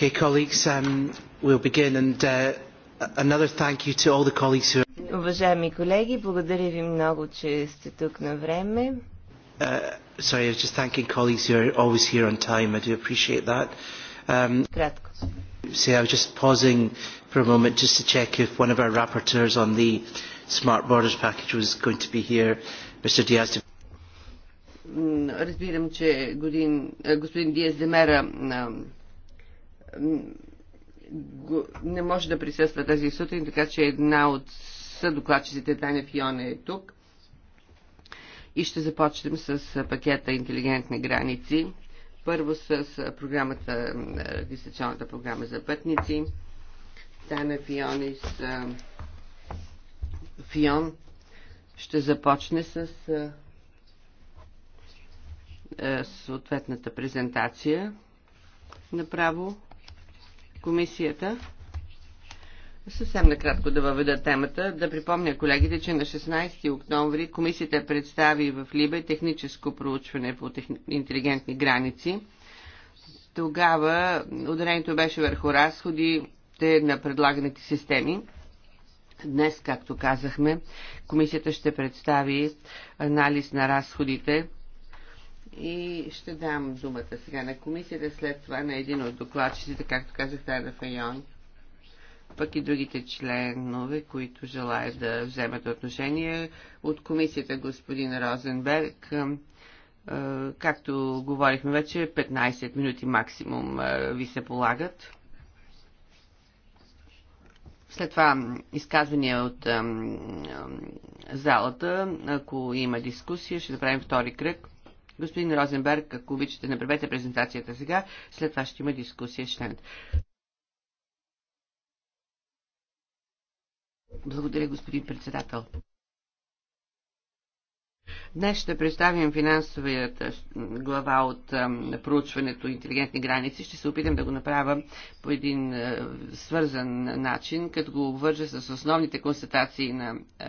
Okay, colleagues, um, we'll begin and uh, another thank you to all the colleagues who are... Уважаеми колеги, благодаря ви много, че сте тук на време. Uh, sorry, I was just thanking colleagues who are always here on time. I do appreciate that. Um, Кратко. Say, I was just pausing for a moment just to check if one of our rapporteurs on the Smart Borders package was going to be here, Mr. Diaz. De Разбирам, че годин, господин Диаз Демера не може да присъства тази сутрин, така че една от съдокладчиците Таня Фиона е тук. И ще започнем с пакета интелигентни граници. Първо с програмата, дистанционната програма за пътници. Таня Тана с Фион ще започне с съответната презентация направо комисията. Съвсем накратко да въведа темата, да припомня колегите, че на 16 октомври комисията представи в Либе техническо проучване по интелигентни граници. Тогава ударението беше върху разходите на предлаганите системи. Днес, както казахме, комисията ще представи анализ на разходите и ще дам думата сега на комисията, след това на един от докладчиците, както казах, Тайна Файон, пък и другите членове, които желаят да вземат отношение. От комисията господин Розенберг, е, както говорихме вече, 15 минути максимум е, ви се полагат. След това изказвания от залата. Ако има дискусия, ще направим втори кръг. Господин Розенберг, ако обичате, направете презентацията сега, след това ще има дискусия с член. Благодаря, господин председател. Днес ще представим финансовият глава от проучването Интелигентни граници. Ще се опитам да го направя по един е, свързан начин, като го обвържа с основните констатации на е,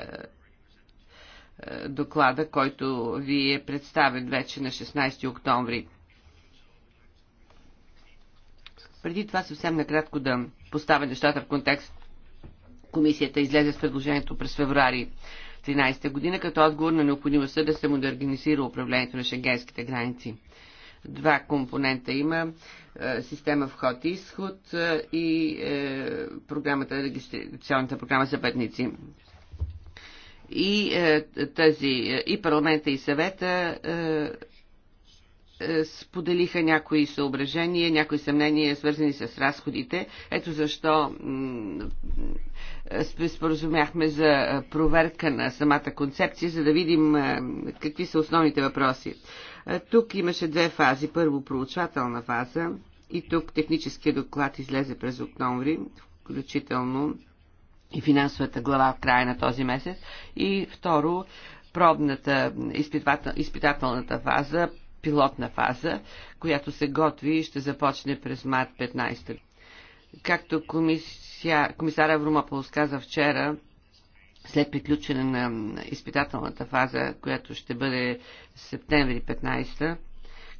доклада, който ви е представен вече на 16 октомври. Преди това съвсем накратко да поставя нещата в контекст. Комисията излезе с предложението през февруари 2013 година като отговор на необходимостта да се модернизира управлението на шенгенските граници. Два компонента има е, система вход е, и изход е, и програмата, регистрационната програма за пътници и, е, тази, и парламента и съвета е, е, споделиха някои съображения, някои съмнения, свързани с разходите. Ето защо споразумяхме за проверка на самата концепция, за да видим какви са основните въпроси. Тук имаше две фази. Първо проучвателна фаза и тук техническия доклад излезе през октомври, включително и финансовата глава в края на този месец. И второ, пробната изпитвател, изпитателната фаза, пилотна фаза, която се готви и ще започне през март 15. Както комисия, комисара Вромопол каза вчера, след приключване на изпитателната фаза, която ще бъде септември 15,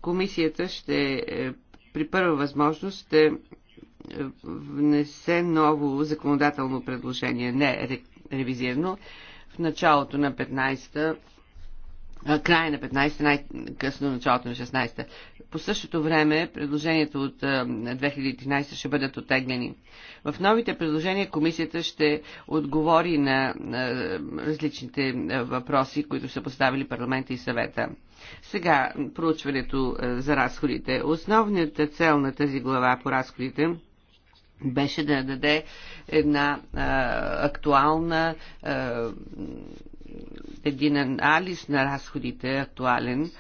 комисията ще е, при първа възможност ще внесе ново законодателно предложение, не ревизирано, в началото на 15-та, края на 15-та, най-късно началото на 16-та. По същото време предложението от 2013 ще бъдат отеглени. В новите предложения комисията ще отговори на различните въпроси, които са поставили парламента и съвета. Сега проучването за разходите. Основната цел на тази глава по разходите – беше да даде една а, актуална а, един анализ на разходите, актуален,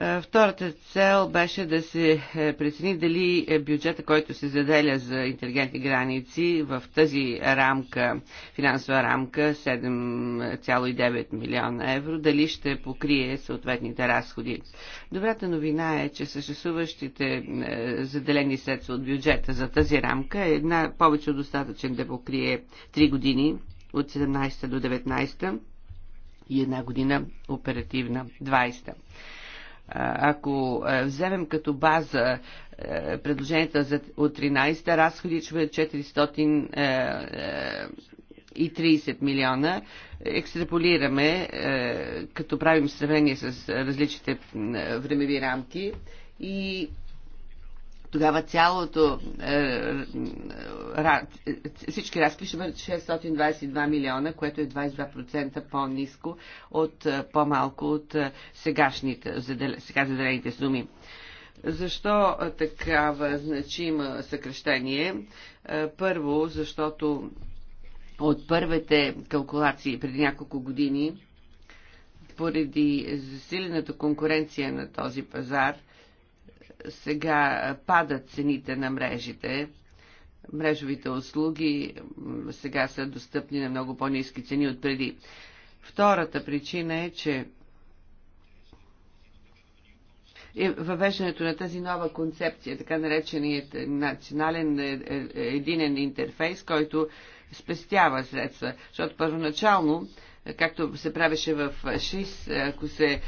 е, втората цел беше да се е, прецени дали е, бюджета, който се заделя за интелигентни граници в тази рамка, финансова рамка 7,9 милиона евро, дали ще покрие съответните разходи. Добрата новина е, че съществуващите заделени средства от бюджета за тази рамка е една повече от достатъчен да покрие 3 години от 17 до 19 и една година оперативна 20. Ако вземем като база предложенията за, от 13-та, разходи ще бъдат 430 милиона. Екстраполираме, като правим сравнение с различните времеви рамки и тогава цялото е, е, всички разкви ще бъдат 622 милиона, което е 22% по-низко от е, по-малко от сегашните, сега заделените суми. Защо такава значима съкрещение? Първо, защото от първите калкулации преди няколко години, поради засилената конкуренция на този пазар – сега падат цените на мрежите. Мрежовите услуги сега са достъпни на много по-низки цени от преди. Втората причина е, че е въвеждането на тази нова концепция, така нареченият национален е, е, единен интерфейс, който спестява средства, защото първоначално както се правеше в ШИС, ако се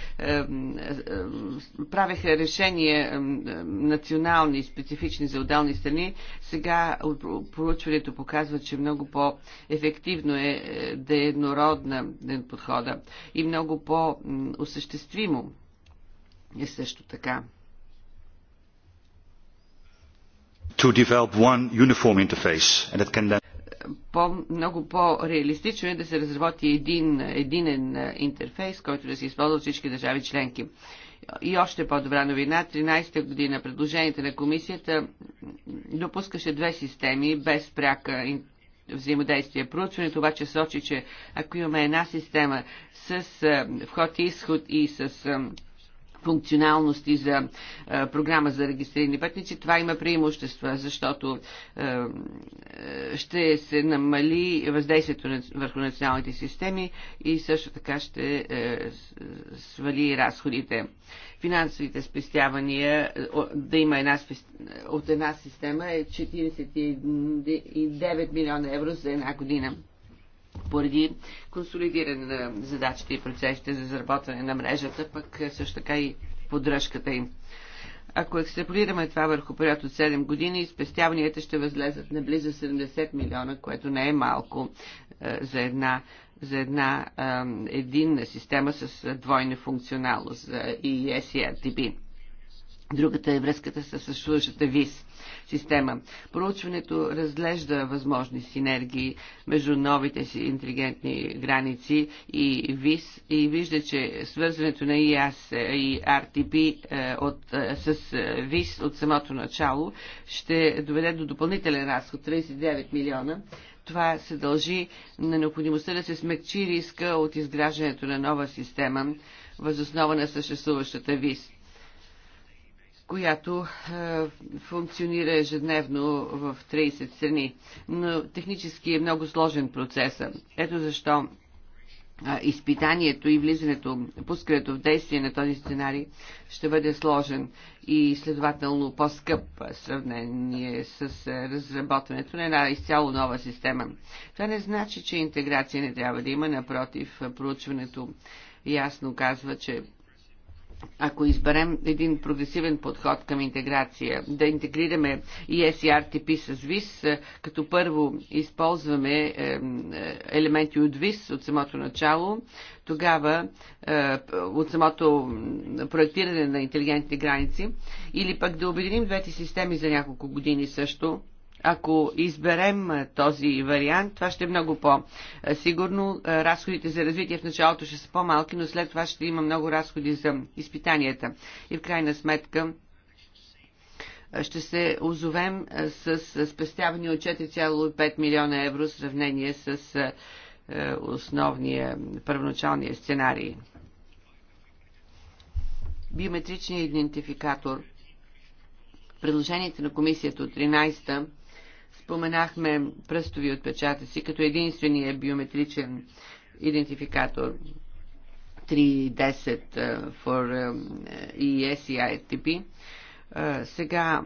правеха решения национални, специфични за отделни страни, сега проучването показва, че много по-ефективно е, е да е еднородна е подхода и много по-осъществимо е също така. To develop one uniform interface, and it can then по, много по-реалистично е да се разработи един единен интерфейс, който да се използва от всички държави членки. И още по-добра новина, 13-та година предложението на комисията допускаше две системи без пряка взаимодействие. Проучването обаче сочи, че ако имаме една система с вход и изход и с функционалности за а, е, програма за регистрирани пътници, това има преимущества, защото а, е, е, ще се намали въздействието на, върху националните системи и също така ще а, свали разходите. Финансовите спестявания да има една спест... от една система е 49 милиона евро за една година поради консолидиране на задачите и процесите за заработване на мрежата, пък е, също така и поддръжката им. Ако екстраполираме това върху период от 7 години, спестяванията ще възлезат на близо 70 милиона, което не е малко е, за една, за една е, единна система с е, двойна функционалност ИС е, и SERTB. Другата е връзката с съществуващата ВИС система. Проучването разглежда възможни синергии между новите си интелигентни граници и ВИС и вижда, че свързването на ИАС е, и RTP е, от, е, с ВИС от самото начало ще доведе до допълнителен разход 39 милиона това се дължи на необходимостта да се смекчи риска от изграждането на нова система, възоснова на съществуващата ВИС която е, функционира ежедневно в 30 страни. Но технически е много сложен процес. Ето защо е, изпитанието и влизането, пускането в действие на този сценарий ще бъде сложен и следователно по-скъп в сравнение с е, разработването на една изцяло нова система. Това не значи, че интеграция не трябва да има, напротив, е, проучването ясно казва, че ако изберем един прогресивен подход към интеграция, да интегрираме и e e RTP с ВИС, е, като първо използваме е, е, елементи от ВИС от самото начало, тогава от самото проектиране на интелигентни граници, или пък да обединим двете системи за няколко години също, ако изберем този вариант, това ще е много по-сигурно. Разходите за развитие в началото ще са по-малки, но след това ще има много разходи за изпитанията. И в крайна сметка ще се озовем с спестяване от 4,5 милиона евро в сравнение с основния, първоначалния сценарий. Биометричният идентификатор. Предложението на комисията от 13 Споменахме пръстови отпечатъци като единствения е биометричен идентификатор 3.10 for ITP. Сега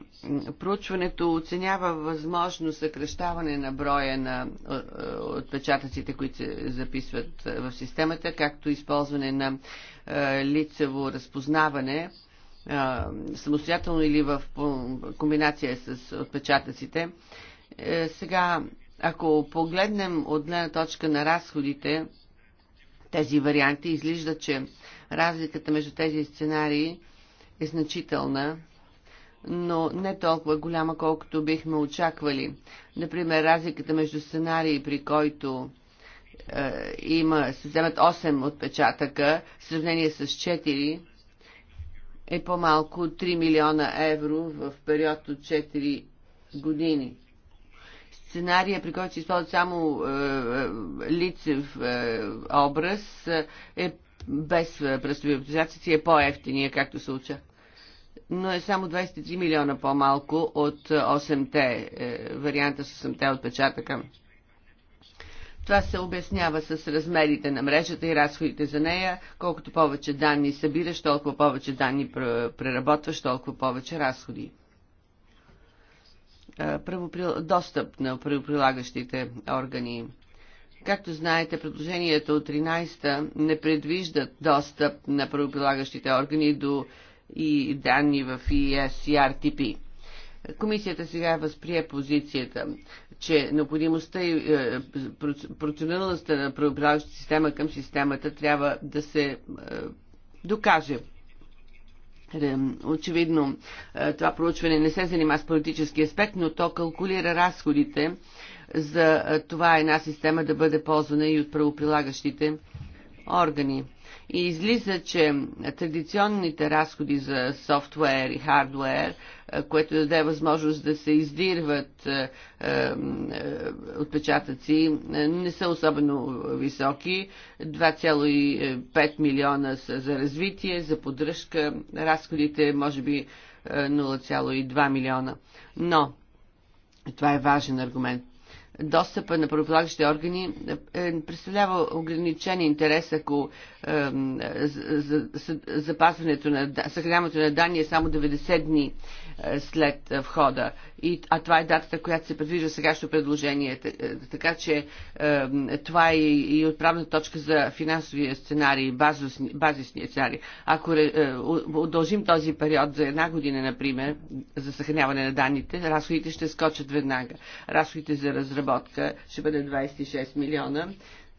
проучването оценява възможно съкръщаване на броя на отпечатъците, които се записват в системата, както използване на лицево разпознаване самостоятелно или в комбинация с отпечатъците е, сега, ако погледнем от гледна точка на разходите, тези варианти, излижда, че разликата между тези сценарии е значителна, но не толкова голяма, колкото бихме очаквали. Например, разликата между сценарии, при който е, има, се вземат 8 отпечатъка, в сравнение с 4, е по-малко 3 милиона евро в период от 4 години. Сценария, при който се използва само е, е лицев е, образ, е, е без е, пръстови оптимизации е по-ефтиния, както се уча. Но е само 23 милиона по-малко от 8-те, е, варианта с 8-те отпечатъка. Това се обяснява с размерите на мрежата и разходите за нея. Колкото повече данни събираш, толкова повече данни преработваш, толкова повече разходи достъп на правоприлагащите органи. Както знаете, предложенията от 13-та не предвиждат достъп на правоприлагащите органи до и данни в ИС и RTP. Комисията сега възприе позицията, че необходимостта и е, процедурността на правоприлагащата система към системата трябва да се е, докаже е, очевидно е, това проучване не се занима с политически аспект, но то калкулира разходите за е, това една система да бъде ползвана и от правоприлагащите органи. И излиза, че традиционните разходи за софтуер и хардуер – което даде възможност да се издирват е, е, отпечатъци, не са особено високи. 2,5 милиона са за развитие, за поддръжка, разходите може би 0,2 е, милиона. Но, това е важен аргумент, достъпа на правополагащите органи представлява ограничен интерес, ако е, за, за, запазването на, съхраняването на данни е само 90 дни след е, входа. И, а това е датата, която се предвижда сегашно предложение. Е, така че е, това е и отправна точка за финансовия сценарий, базисни, базисния сценарий. Ако удължим този период за една година, например, за съхраняване на данните, разходите ще скочат веднага. Разходите за разработка ще бъде 26 милиона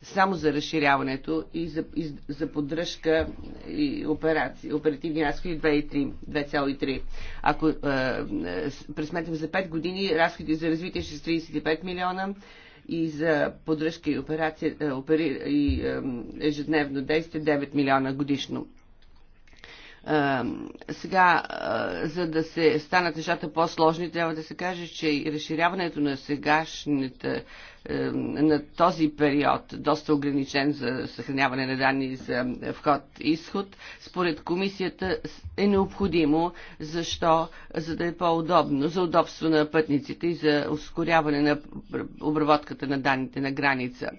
само за разширяването и за, и за поддръжка и операции, оперативни разходи 2,3. Ако е, е пресметим за 5 години, разходи за развитие ще са 35 милиона и за поддръжка и, операция, е, опери, и е, ежедневно действие 9 милиона годишно. Е, сега, е, за да се станат нещата по-сложни, трябва да се каже, че и разширяването на сегашните е, на този период, доста ограничен за съхраняване на данни за вход-изход, според комисията е необходимо. Защо? За да е по-удобно, за удобство на пътниците и за ускоряване на обработката на данните на граница.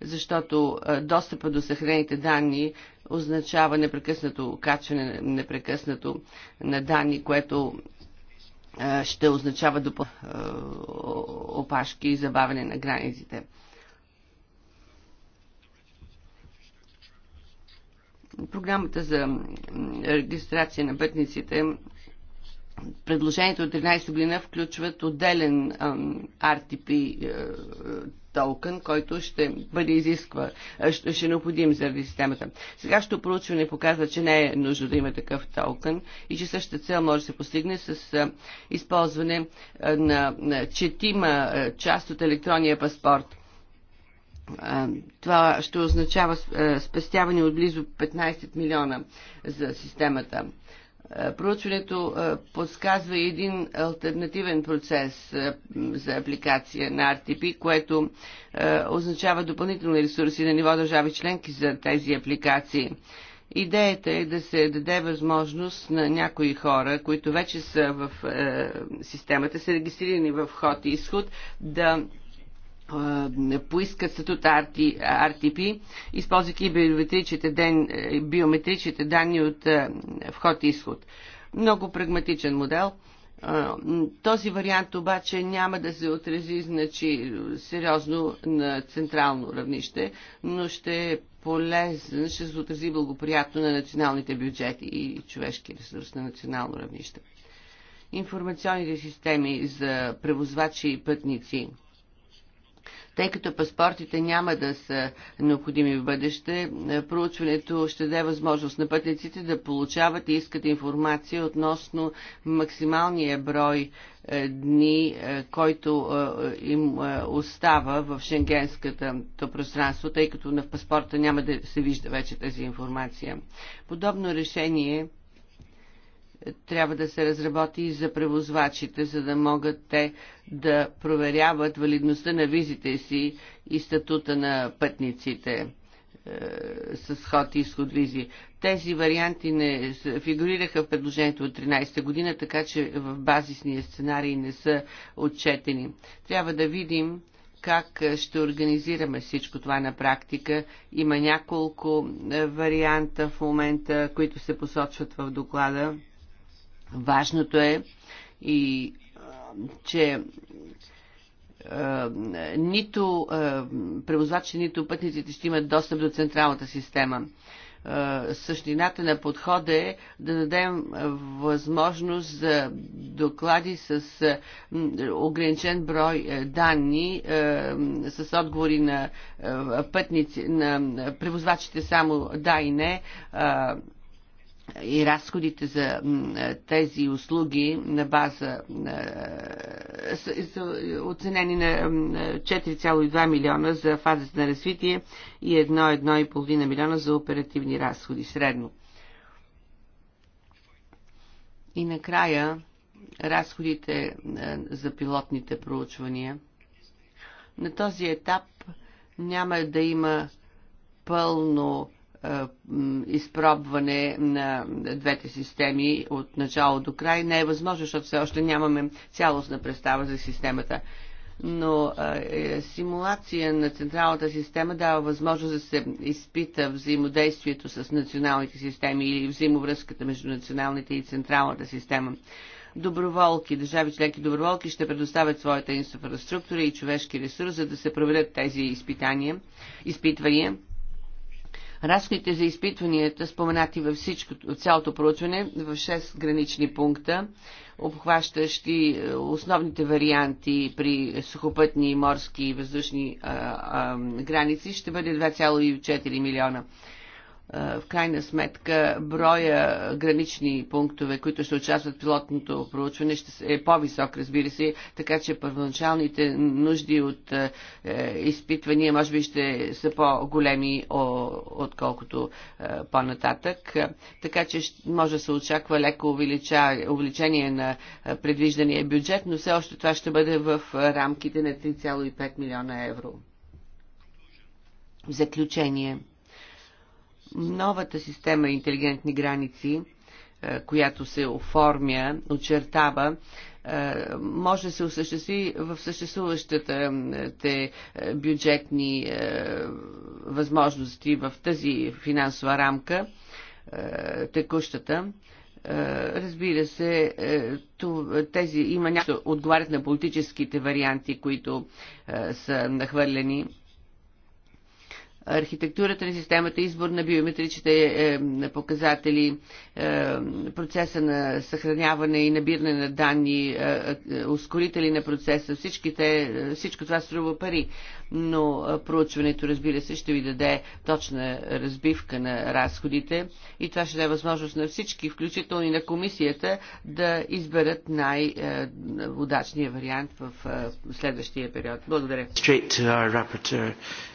Защото достъпа до съхранените данни означава непрекъснато качване, непрекъснато на данни, което ще означава допъл... опашки и забавяне на границите. Програмата за регистрация на пътниците предложението от 13 година включват отделен RTP е, е, токен, който ще бъде изисква, е, ще, ще необходим заради системата. Сегашното проучване показва, че не е нужно да има такъв токен и че същата цел може да се постигне с а, използване а, на, на четима а, част от електронния паспорт. това ще означава спестяване от близо 15 милиона за системата. Проучването е, подсказва един альтернативен процес е, за апликация на RTP, което е, означава допълнителни ресурси на ниво държави членки за тези апликации. Идеята е да се даде възможност на някои хора, които вече са в е, системата, са регистрирани в ход и изход, да поискат статут RTP, използвайки биометричните, ден, е, биометричните данни от е, вход и изход. Много прагматичен модел. Е, този вариант обаче няма да се отрази значи, сериозно на централно равнище, но ще е полезен, ще се отрази благоприятно на националните бюджети и човешки ресурс на национално равнище. Информационните системи за превозвачи и пътници – тъй като паспортите няма да са необходими в бъдеще, е, проучването ще даде възможност на пътниците да получават и искат информация относно максималния брой е, дни, е, който им остава в шенгенското пространство, тъй като на паспорта няма да се вижда вече тази информация. Подобно решение трябва да се разработи и за превозвачите, за да могат те да проверяват валидността на визите си и статута на пътниците е, с ход и изход визи. Тези варианти не фигурираха в предложението от 13-та година, така че в базисния сценарий не са отчетени. Трябва да видим как ще организираме всичко това на практика. Има няколко е, варианта в момента, които се посочват в доклада. Важното е и че нито превозвачите, нито пътниците ще имат достъп до централната система. Същината на подхода е да дадем възможност за доклади с ограничен брой данни, с отговори на пътници, на превозвачите само да и не, и разходите за е, тези услуги на база е, са оценени на 4,2 е, милиона за фазата на развитие и 1,5 милиона за оперативни разходи средно. И накрая разходите за пилотните проучвания. На този етап няма да има пълно е, изпробване на двете системи от начало до край не е възможно, защото все още нямаме цялостна представа за системата. Но е, е, симулация на централната система дава възможност да се изпита взаимодействието с националните системи или взаимовръзката между националните и централната система доброволки, държави членки доброволки ще предоставят своята инфраструктура и човешки ресурс, за да се проведат тези изпитания, изпитвания. Разходите за изпитванията, споменати във всичко, от цялото проучване, в 6 гранични пункта, обхващащи е, основните варианти при сухопътни, морски и въздушни а, а, граници, ще бъде 2,4 милиона е, в крайна сметка броя гранични пунктове, които ще участват в пилотното проучване, ще е по-висок, разбира се, така че първоначалните нужди от е, е, изпитвания може би ще са по-големи, отколкото по-нататък. Така че може да се очаква леко увеличение на предвиждания бюджет, но все още това ще бъде в рамките на 3,5 милиона евро. В заключение – Новата система интелигентни граници, е, която се оформя, очертава, е, може да се осъществи в съществуващата е, те бюджетни възможности в тази финансова рамка, текущата. Разбира се, тези има някои отговарят на политическите варианти, които са нахвърлени архитектурата на системата, избор на биометричните е, показатели, е, процеса на съхраняване и набиране на данни, е, ускорители на процеса, всичките, всичко това струва пари. Но проучването, разбира се, ще ви даде точна разбивка на разходите и това ще даде възможност на всички, включително и на комисията, да изберат най-удачния вариант в следващия период. Благодаря.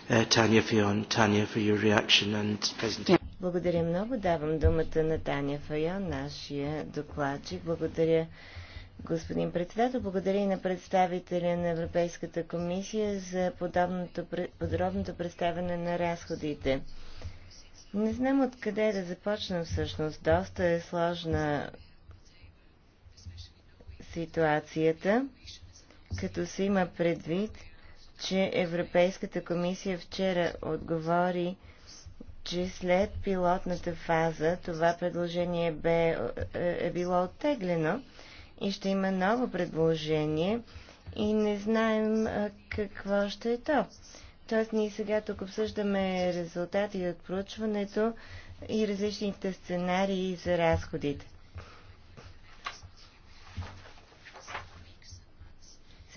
Uh, Tanya Fayon. Tanya, for your reaction and presentation. Благодаря много. Давам думата на Таня Файон, нашия докладчик. Благодаря, господин председател. Благодаря и на представителя на Европейската комисия за подобното, подробното представяне на разходите. Не знам откъде да започна всъщност. Доста е сложна ситуацията, като се има предвид, че Европейската комисия вчера отговори, че след пилотната фаза това предложение бе, е, е било оттеглено и ще има ново предложение и не знаем е, какво ще е то. Тоест ние сега тук обсъждаме резултати от проучването и различните сценарии за разходите.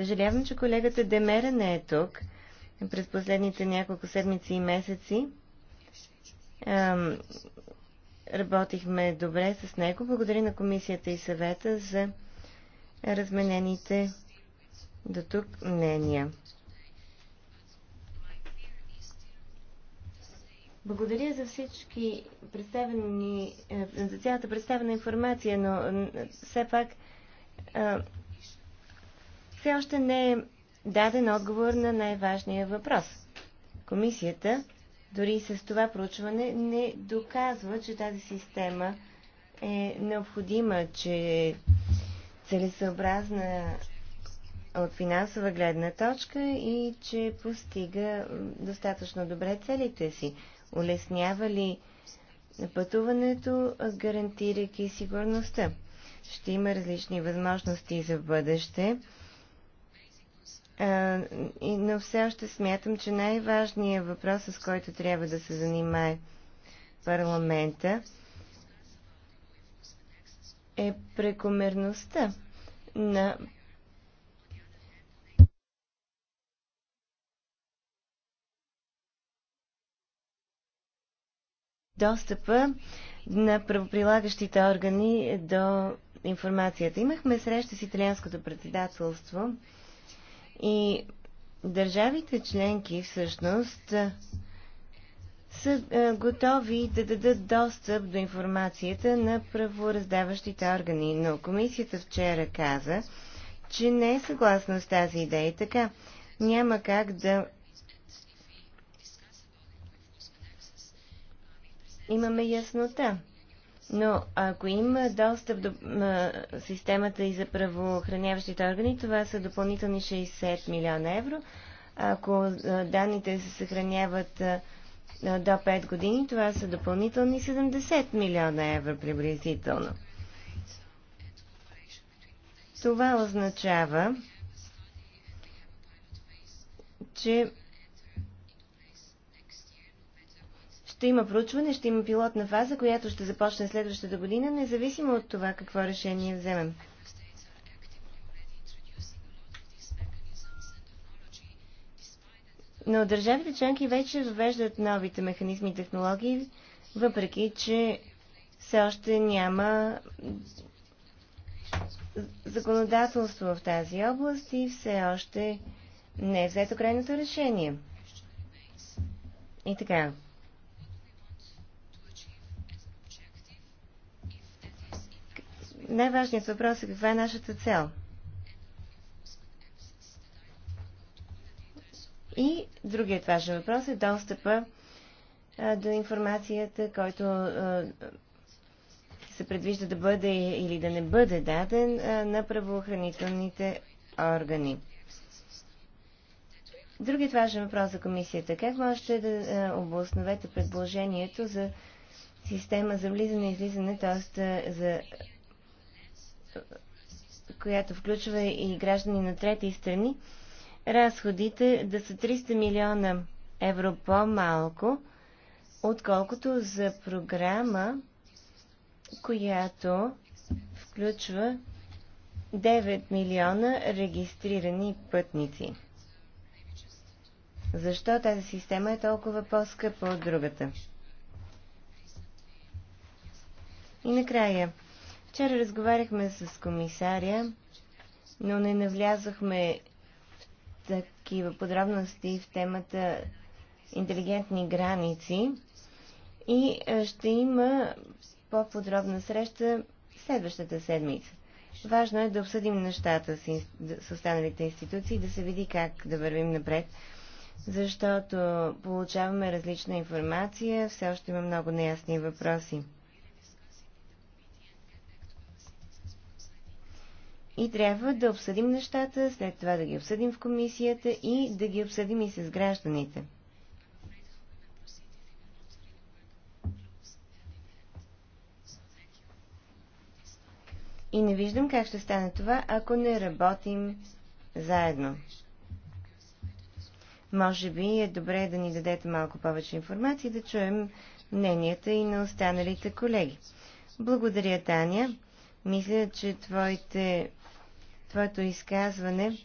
Съжалявам, че колегата Демера не е тук. През последните няколко седмици и месеци ам, работихме добре с него. Благодаря на комисията и съвета за разменените до тук мнения. Благодаря за всички представени, е, за цялата представена информация, но все пак все още не е даден отговор на най-важния въпрос. Комисията дори с това проучване не доказва, че тази система е необходима, че е целесъобразна от финансова гледна точка и че постига достатъчно добре целите си. Улеснява ли пътуването, гарантирайки сигурността? Ще има различни възможности за бъдеще но все още смятам, че най-важният въпрос, с който трябва да се занимае парламента, е прекомерността на достъпа на правоприлагащите органи до информацията. Имахме среща с италианското председателство и държавите членки всъщност са готови да дадат достъп до информацията на правораздаващите органи. Но комисията вчера каза, че не е съгласна с тази идея и така няма как да имаме яснота. Но ако има достъп до а, системата и за правоохраняващите органи, това са допълнителни 60 милиона евро. Ако а, данните се съхраняват а, до 5 години, това са допълнителни 70 милиона евро приблизително. Това означава, че ще има проучване, ще има пилотна фаза, която ще започне следващата година, независимо от това какво решение вземем. Но държавите членки вече въвеждат новите механизми и технологии, въпреки че все още няма законодателство в тази област и все още не е взето крайното решение. И така, най-важният въпрос е каква е нашата цел. И другият важен въпрос е достъпа а, до информацията, който а, се предвижда да бъде или да не бъде даден а, на правоохранителните органи. Другият важен въпрос за комисията. Как можете да обосновете предложението за система за влизане и излизане, т.е. за която включва и граждани на трети страни, разходите да са 300 милиона евро по-малко, отколкото за програма, която включва 9 милиона регистрирани пътници. Защо тази система е толкова по-скъпа от другата? И накрая, Вчера разговаряхме с комисаря, но не навлязохме в такива подробности в темата интелигентни граници и ще има по-подробна среща следващата седмица. Важно е да обсъдим нещата с, останалите институции да се види как да вървим напред, защото получаваме различна информация, все още има много неясни въпроси. И трябва да обсъдим нещата, след това да ги обсъдим в комисията и да ги обсъдим и с гражданите. И не виждам как ще стане това, ако не работим заедно. Може би е добре да ни дадете малко повече информация и да чуем мненията и на останалите колеги. Благодаря, Таня. Мисля, че твоите твоето изказване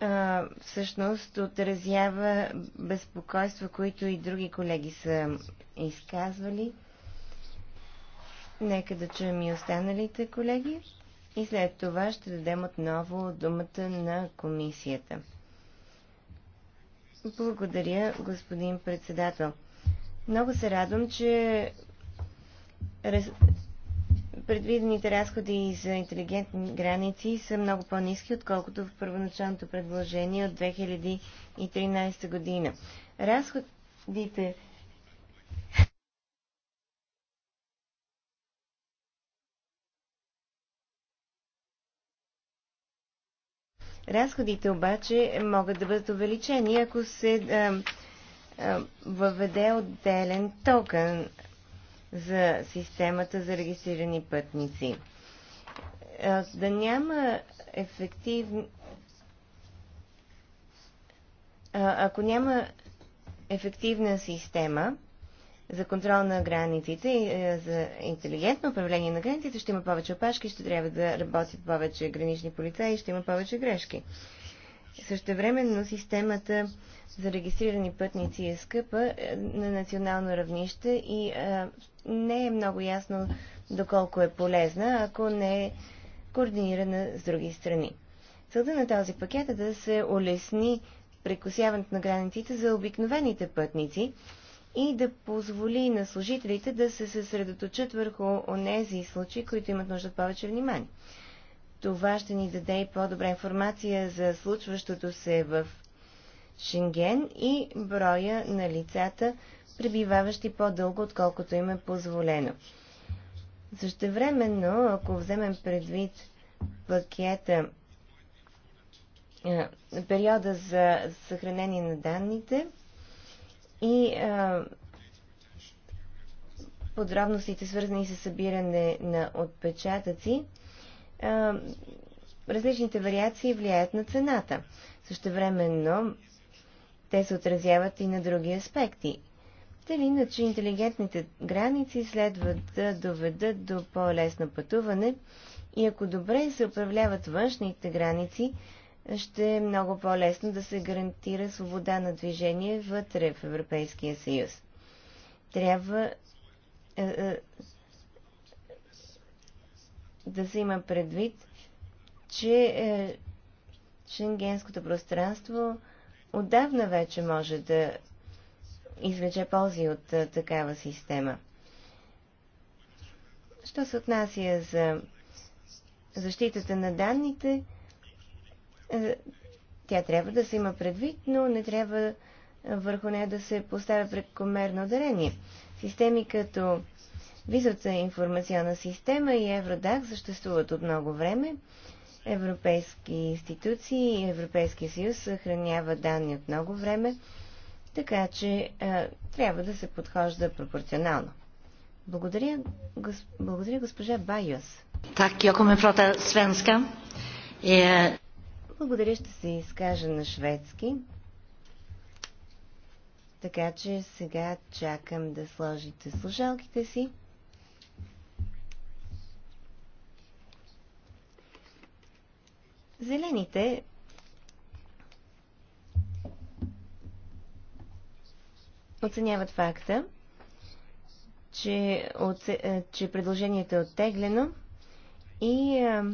а, всъщност отразява безпокойства, които и други колеги са изказвали. Нека да чуем и останалите колеги и след това ще дадем отново думата на комисията. Благодаря, господин председател. Много се радвам, че предвидените разходи за интелигентни граници са много по-низки, отколкото в първоначалното предложение от 2013 година. Разходите Разходите обаче могат да бъдат увеличени, ако се а, а, въведе отделен токен за системата за регистрирани пътници. Да няма ефективни. Ако няма ефективна система за контрол на границите и е, за интелигентно управление на границите, ще има повече опашки, ще трябва да работят повече гранични полицаи и ще има повече грешки. Същевременно системата за регистрирани пътници е скъпа е, на национално равнище и а, е, не е много ясно доколко е полезна, ако не е координирана с други страни. Целта на този пакет е да се улесни прекосяването на границите за обикновените пътници и да позволи на служителите да се съсредоточат върху онези случаи, които имат нужда повече внимание. Това ще ни даде и по-добра информация за случващото се в Шенген и броя на лицата, пребиваващи по-дълго, отколкото им е позволено. Същевременно, ако вземем предвид пакета, на периода за съхранение на данните и подробностите, свързани с събиране на отпечатъци, различните вариации влияят на цената. Същевременно те се отразяват и на други аспекти. Дали иначе интелигентните граници следват да доведат до по-лесно пътуване и ако добре се управляват външните граници, ще е много по-лесно да се гарантира свобода на движение вътре в Европейския съюз. Трябва е, е, да се има предвид, че е, шенгенското пространство отдавна вече може да извлече ползи от е, такава система. Що се отнася за защитата на данните, е, тя трябва да се има предвид, но не трябва върху нея да се поставя прекомерно дарение. Системи като е информационна система и Евродак съществуват от много време. Европейски институции и Европейския съюз съхраняват данни от много време, така че а, трябва да се подхожда пропорционално. Благодаря, гос... Благодаря госпожа Байос. Так, я kommer прота свенска. Е... Благодаря, ще се изкажа на шведски. Така че сега чакам да сложите служалките си. Зелените оценяват факта, че, оце... Е, че предложението е оттеглено и а,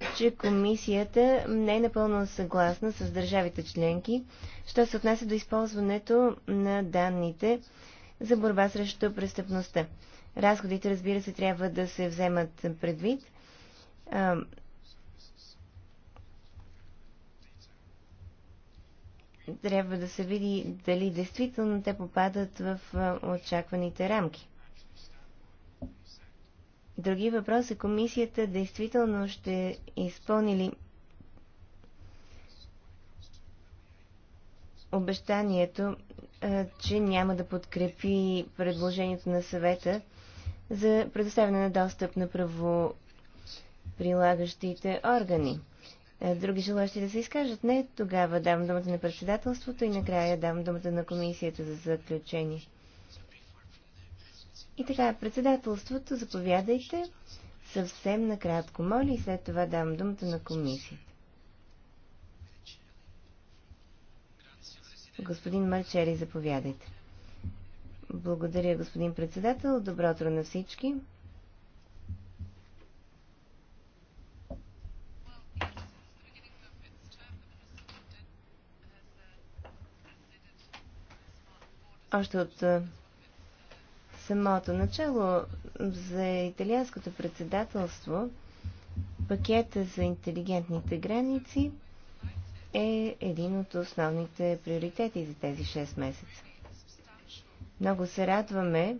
е, че комисията не е напълно съгласна с държавите членки, що се отнася до използването на данните за борба срещу престъпността. Разходите, разбира се, трябва да се вземат предвид. трябва да се види дали действително те попадат в очакваните рамки. Други въпроси, е комисията действително ще изпълнили обещанието, че няма да подкрепи предложението на съвета за предоставяне на достъп на правоприлагащите органи. Е, други желащи да се изкажат? Не. Тогава давам думата на председателството и накрая давам думата на комисията за заключение. И така, председателството, заповядайте съвсем накратко, моля, и след това давам думата на комисията. Господин Марчери, заповядайте. Благодаря, господин председател. Добро утро на всички. още от самото начало за италианското председателство пакета за интелигентните граници е един от основните приоритети за тези 6 месеца. Много се радваме,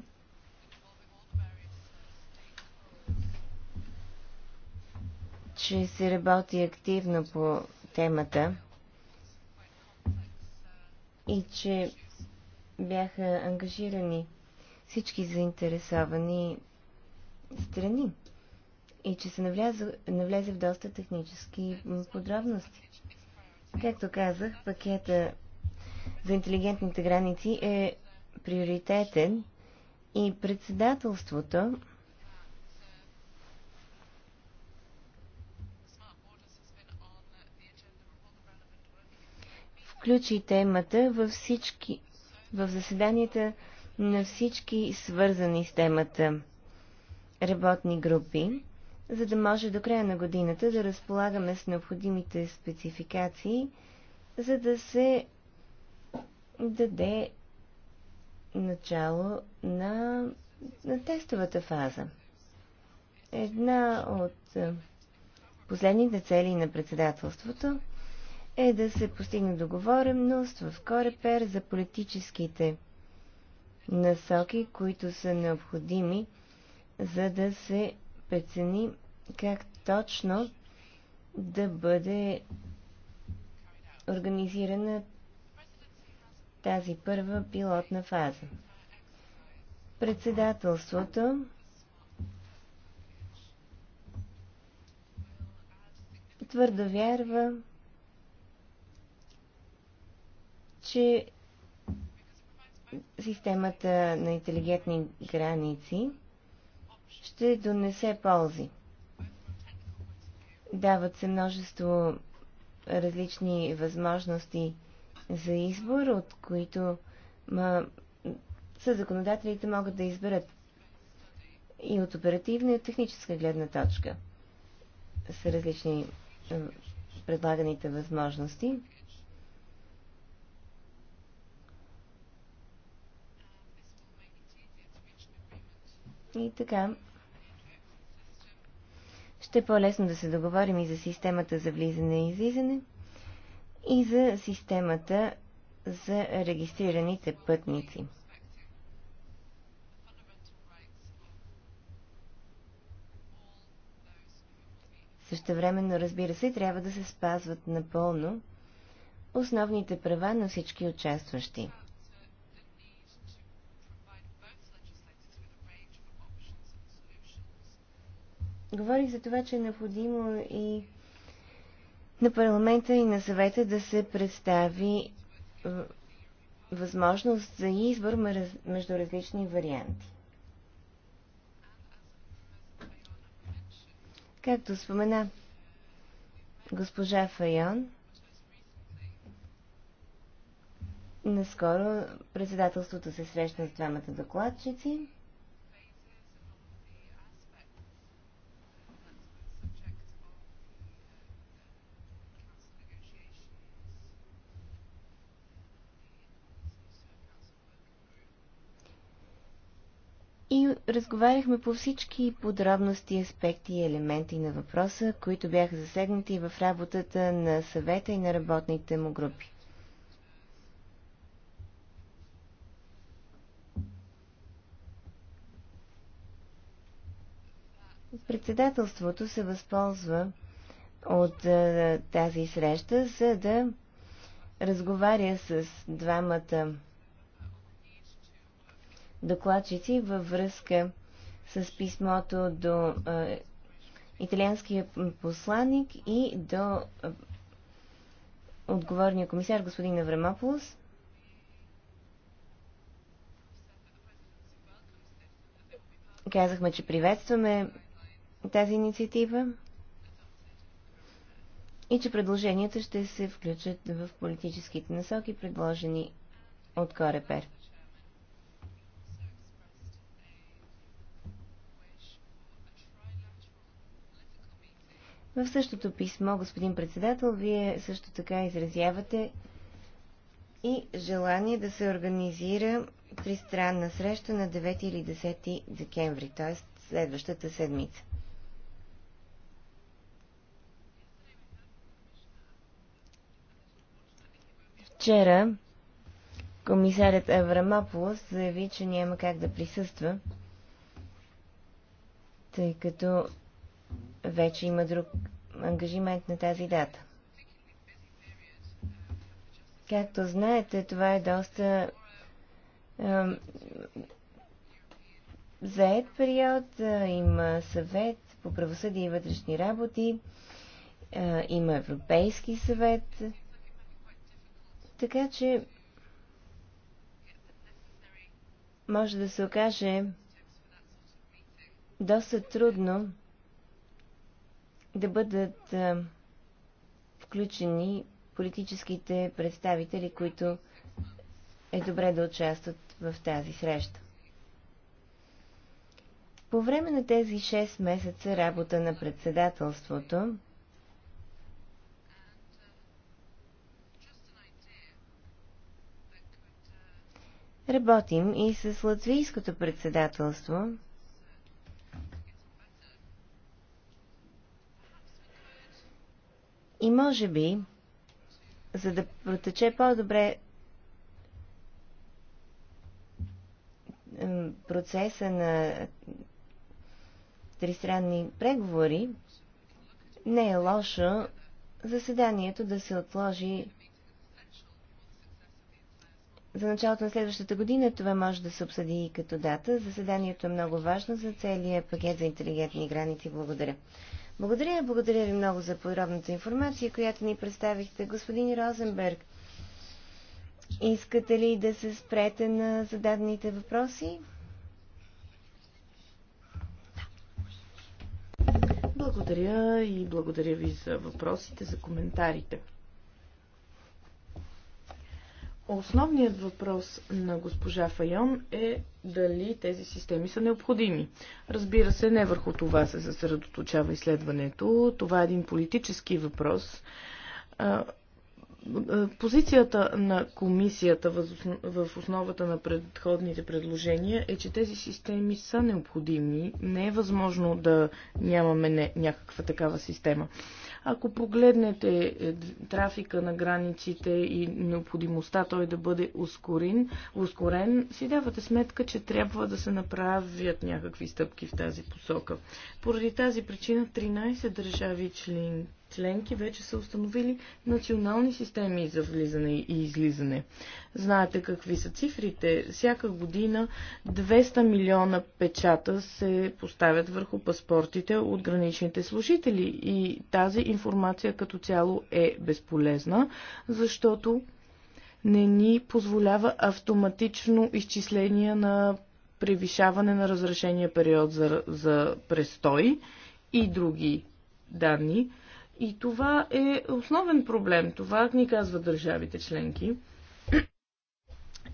че се работи активно по темата и че бяха ангажирани всички заинтересовани страни и че се навлезе, навлезе в доста технически подробности. Както казах, пакета за интелигентните граници е приоритетен и председателството включи темата във всички в заседанията на всички свързани с темата работни групи, за да може до края на годината да разполагаме с необходимите спецификации, за да се даде начало на, на тестовата фаза. Една от последните цели на председателството е да се постигне договореност в Корепер за политическите насоки, които са необходими, за да се прецени как точно да бъде организирана тази първа пилотна фаза. Председателството твърдо вярва, че системата на интелигентни граници ще донесе ползи. Дават се множество различни възможности за избор, от които ма, са законодателите могат да изберат и от оперативна и от техническа гледна точка с различни предлаганите възможности. И така, ще е по-лесно да се договорим и за системата за влизане и излизане, и за системата за регистрираните пътници. Същевременно, разбира се, трябва да се спазват напълно основните права на всички участващи. Говорих за това, че е необходимо и на парламента и на съвета да се представи е, възможност за избор между различни варианти. Както спомена госпожа Файон, наскоро председателството се срещна с двамата докладчици разговаряхме по всички подробности, аспекти и елементи на въпроса, които бяха засегнати в работата на съвета и на работните му групи. Председателството се възползва от а, тази среща, за да разговаря с двамата докладчици във връзка с писмото до е, италианския посланник и до е, отговорния комисар господин Аврамополос. Казахме, че приветстваме тази инициатива и че предложенията ще се включат в политическите насоки, предложени от Корепер. В същото писмо, господин председател, вие също така изразявате и желание да се организира тристранна среща на 9 или 10 декември, т.е. следващата седмица. Вчера комисарят Аврамополос заяви, че няма как да присъства, тъй като вече има друг ангажимент на тази дата. Както знаете, това е доста е, заед период. има съвет по правосъдие и вътрешни работи. Е, има Европейски съвет. Така че може да се окаже доста трудно да бъдат включени политическите представители, които е добре да участват в тази среща. По време на тези 6 месеца работа на председателството, работим и с латвийското председателство, И може би, за да протече по-добре процеса на тристранни преговори, не е лошо заседанието да се отложи за началото на следващата година. Това може да се обсъди и като дата. Заседанието е много важно за целия пакет за интелигентни граници. Благодаря. Благодаря, благодаря ви много за подробната информация, която ни представихте. Господин Розенберг, искате ли да се спрете на зададените въпроси? Благодаря и благодаря ви за въпросите, за коментарите. Основният въпрос на госпожа Файон е дали тези системи са необходими. Разбира се, не върху това се съсредоточава изследването. Това е един политически въпрос. Позицията на комисията в основата на предходните предложения е, че тези системи са необходими. Не е възможно да нямаме някаква такава система. Ако погледнете е, трафика на границите и необходимостта той да бъде ускорен, ускорен, си давате сметка, че трябва да се направят някакви стъпки в тази посока. Поради тази причина 13 държави членки членки вече са установили национални системи за влизане и излизане. Знаете какви са цифрите. Всяка година 200 милиона печата се поставят върху паспортите от граничните служители и тази информация като цяло е безполезна, защото не ни позволява автоматично изчисление на превишаване на разрешения период за, за престой и други данни. И това е основен проблем. Това ни казват държавите членки.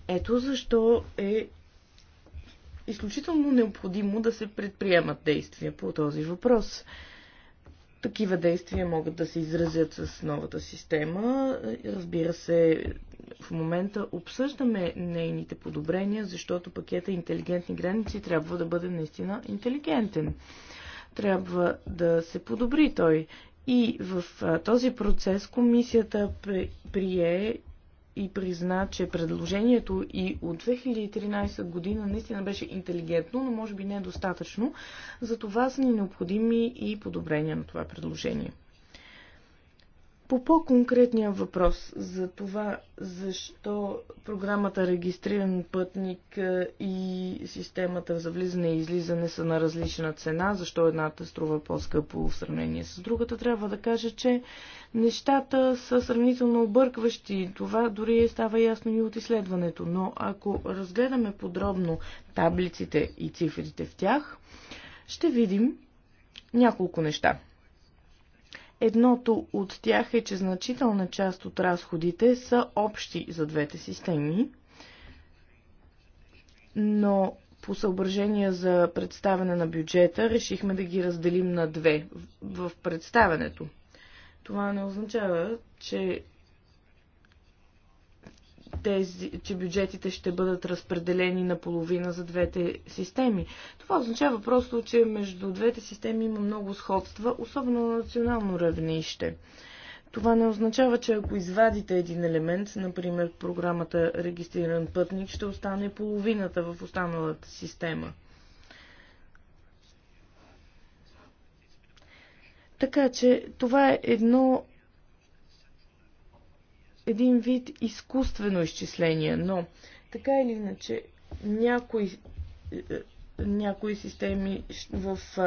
Ето защо е изключително необходимо да се предприемат действия по този въпрос. Такива действия могат да се изразят с новата система. Разбира се, в момента обсъждаме нейните подобрения, защото пакета интелигентни граници трябва да бъде наистина интелигентен. Трябва да се подобри той и в този процес комисията прие и призна, че предложението и от 2013 година наистина беше интелигентно, но може би не е достатъчно. За това са ни необходими и подобрения на това предложение. По по-конкретния въпрос за това, защо програмата Регистриран пътник е, и системата за влизане и излизане са на различна цена, защо едната струва по-скъпо в сравнение с другата, трябва да кажа, че нещата са сравнително объркващи. Това дори става ясно и от изследването. Но ако разгледаме подробно таблиците и цифрите в тях, ще видим няколко неща. Едното от тях е, че значителна част от разходите са общи за двете системи, но по съображения за представяне на бюджета решихме да ги разделим на две в представянето. Това не означава, че тези, че бюджетите ще бъдат разпределени на половина за двете системи. Това означава просто, че между двете системи има много сходства, особено на национално равнище. Това не означава, че ако извадите един елемент, например програмата регистриран пътник, ще остане половината в останалата система. Така че това е едно един вид изкуствено изчисление, но така или иначе някои е, е, някои системи в, в,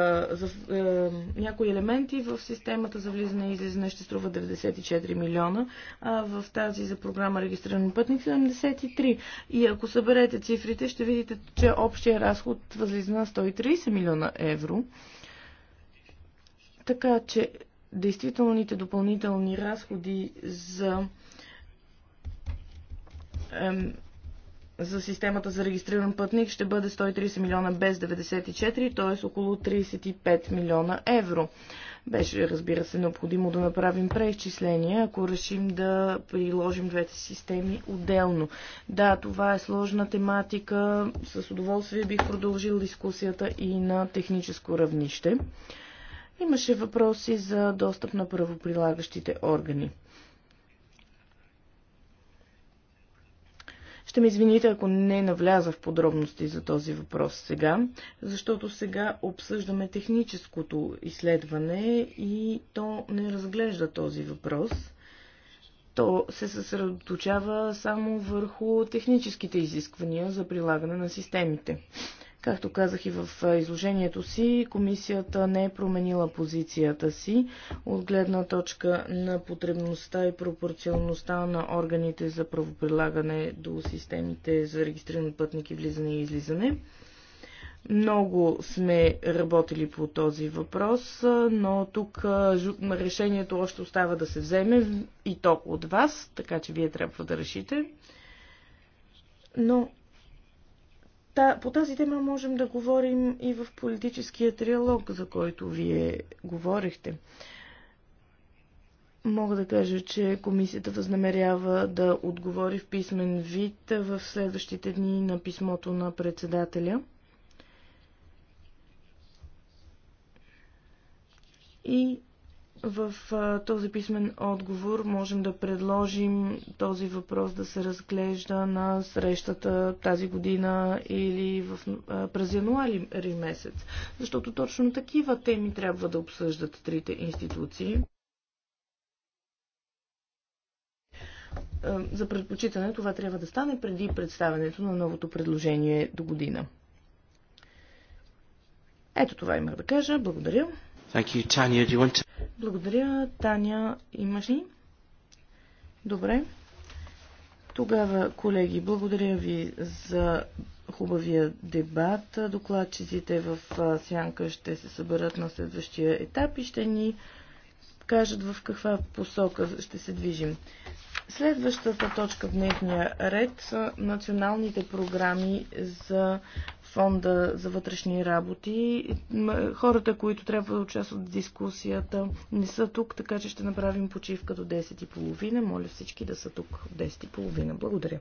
е, в някои елементи в системата за влизане и излизане ще струва 94 милиона, а в тази за програма регистрирани пътници 73. И ако съберете цифрите, ще видите, че общия разход възлиза на 130 милиона евро. Така че действителните допълнителни разходи за за системата за регистриран пътник ще бъде 130 милиона без 94, т.е. около 35 милиона евро. Беше, разбира се, необходимо да направим преизчисления, ако решим да приложим двете системи отделно. Да, това е сложна тематика. С удоволствие бих продължил дискусията и на техническо равнище. Имаше въпроси за достъп на правоприлагащите органи. Ще ме извините, ако не навляза в подробности за този въпрос сега, защото сега обсъждаме техническото изследване и то не разглежда този въпрос. То се съсредоточава само върху техническите изисквания за прилагане на системите. Както казах и в изложението си, комисията не е променила позицията си от гледна точка на потребността и пропорционалността на органите за правоприлагане до системите за регистрирани пътники влизане и излизане. Много сме работили по този въпрос, но тук решението още остава да се вземе и то от вас, така че вие трябва да решите. Но Та, по тази тема можем да говорим и в политическия триалог, за който вие говорихте. Мога да кажа, че комисията възнамерява да отговори в писмен вид в следващите дни на писмото на председателя. И в този писмен отговор можем да предложим този въпрос да се разглежда на срещата тази година или в, през януари месец, защото точно такива теми трябва да обсъждат трите институции. За предпочитане това трябва да стане преди представянето на новото предложение до година. Ето това имах да кажа. Благодаря. You, Tanya, to... Благодаря, Таня. Имаш ли? Добре. Тогава, колеги, благодаря ви за хубавия дебат. Докладчиците в Сянка ще се съберат на следващия етап и ще ни кажат в каква посока ще се движим. Следващата точка в дневния ред са националните програми за фонда за вътрешни работи. Хората, които трябва да участват в дискусията, не са тук, така че ще направим почивка до 10.30. Моля всички да са тук в 10.30. Благодаря.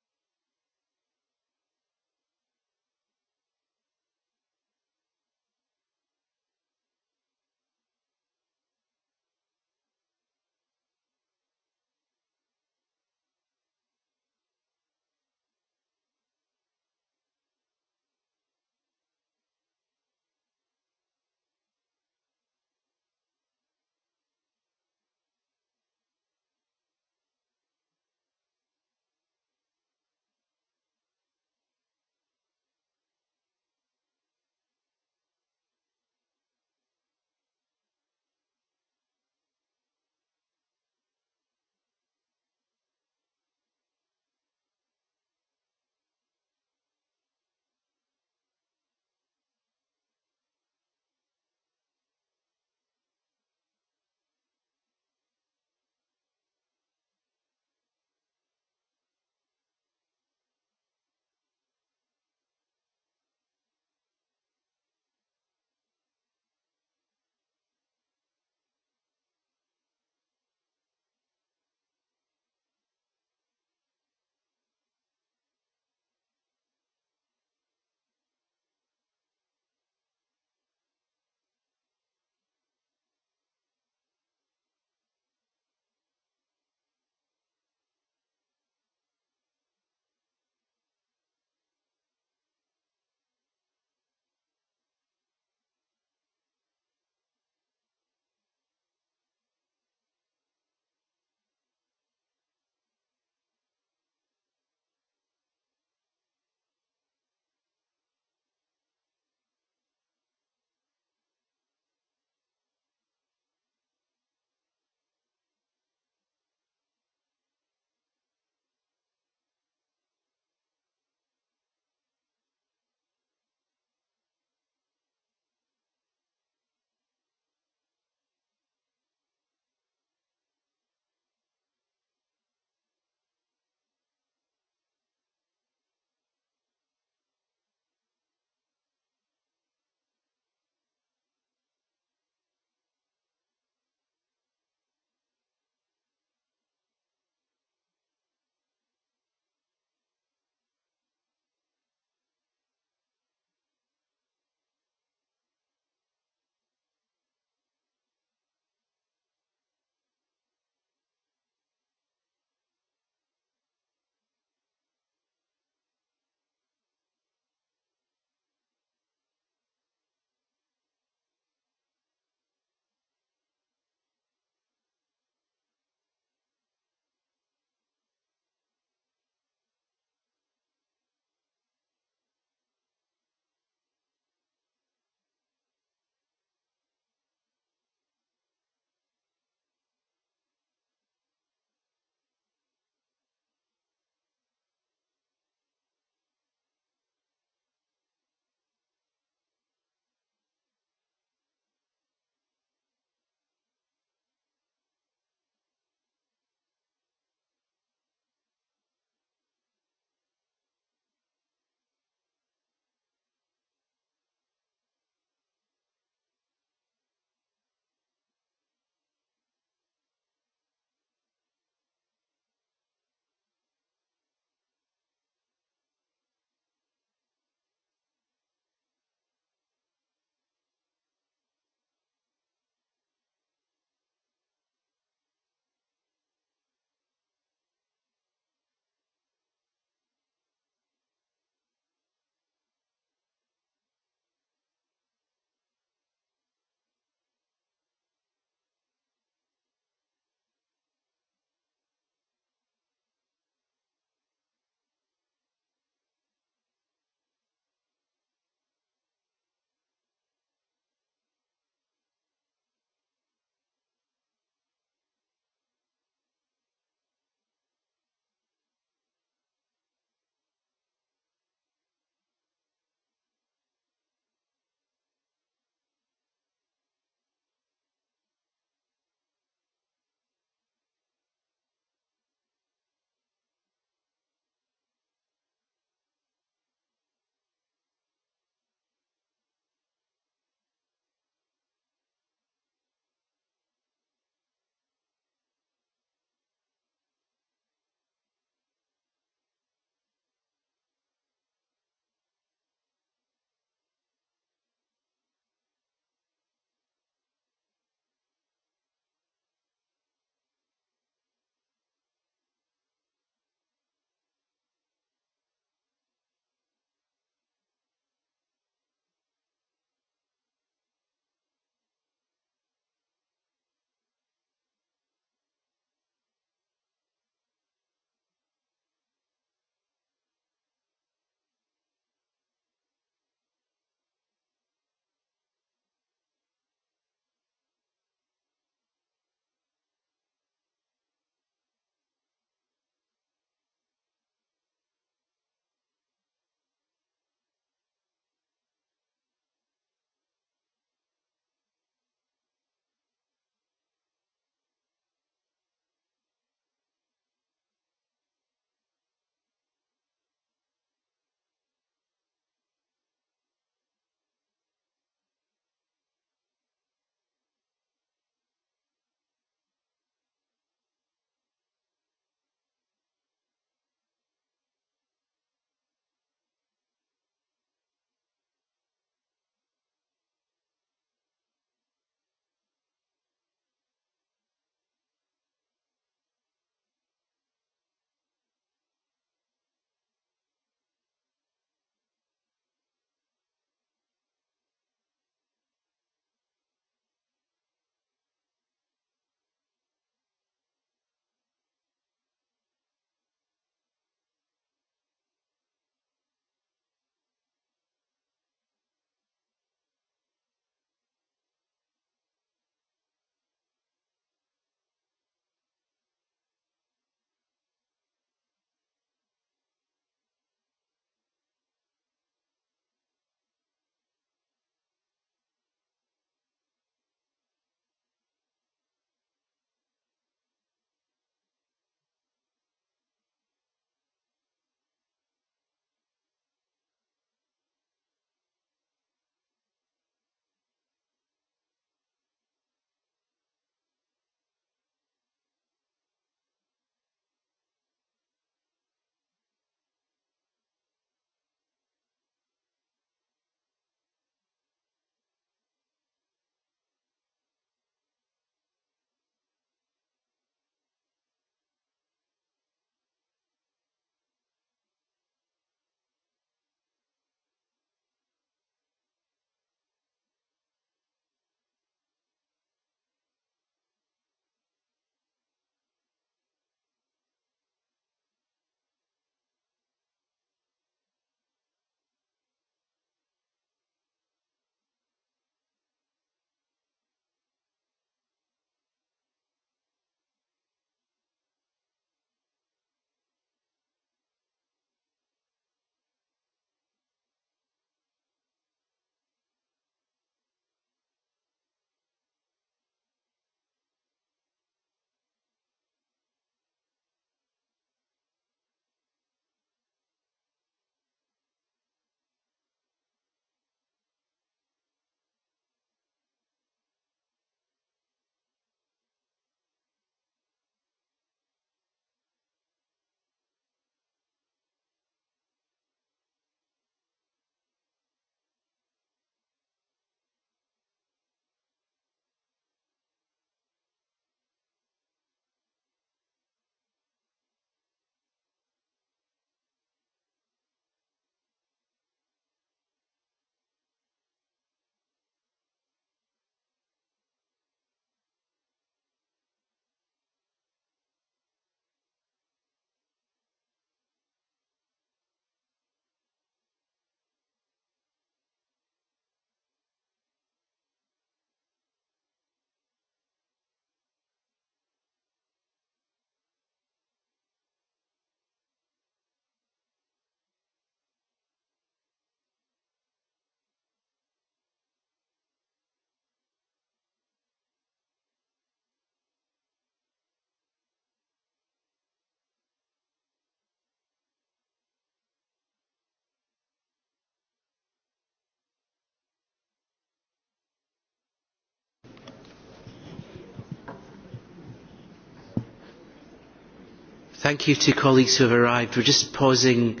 Thank you to colleagues who have arrived. We're just pausing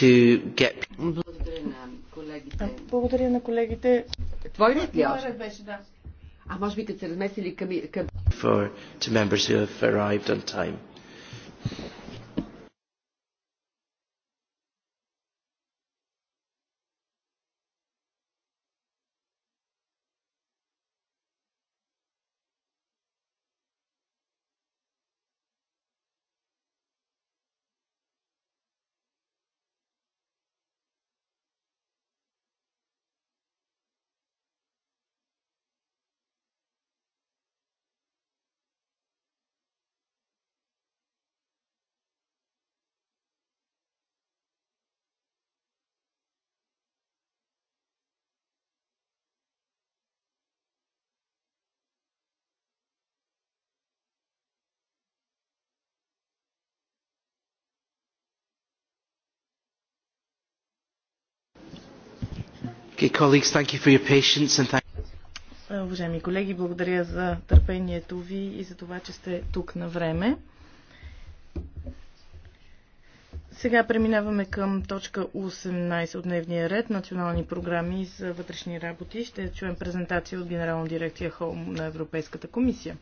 to get... Благодаря на колегите. Благодаря на колегите. Твой ред ли още? беше, да. А може би като се разместили към... към... For, to members who have arrived on time. Уважаеми колеги, благодаря за търпението ви и за това, че сте тук на време. Сега преминаваме към точка 18 от дневния ред национални програми за вътрешни работи. Ще чуем презентация от Генерална дирекция Холм на Европейската комисия.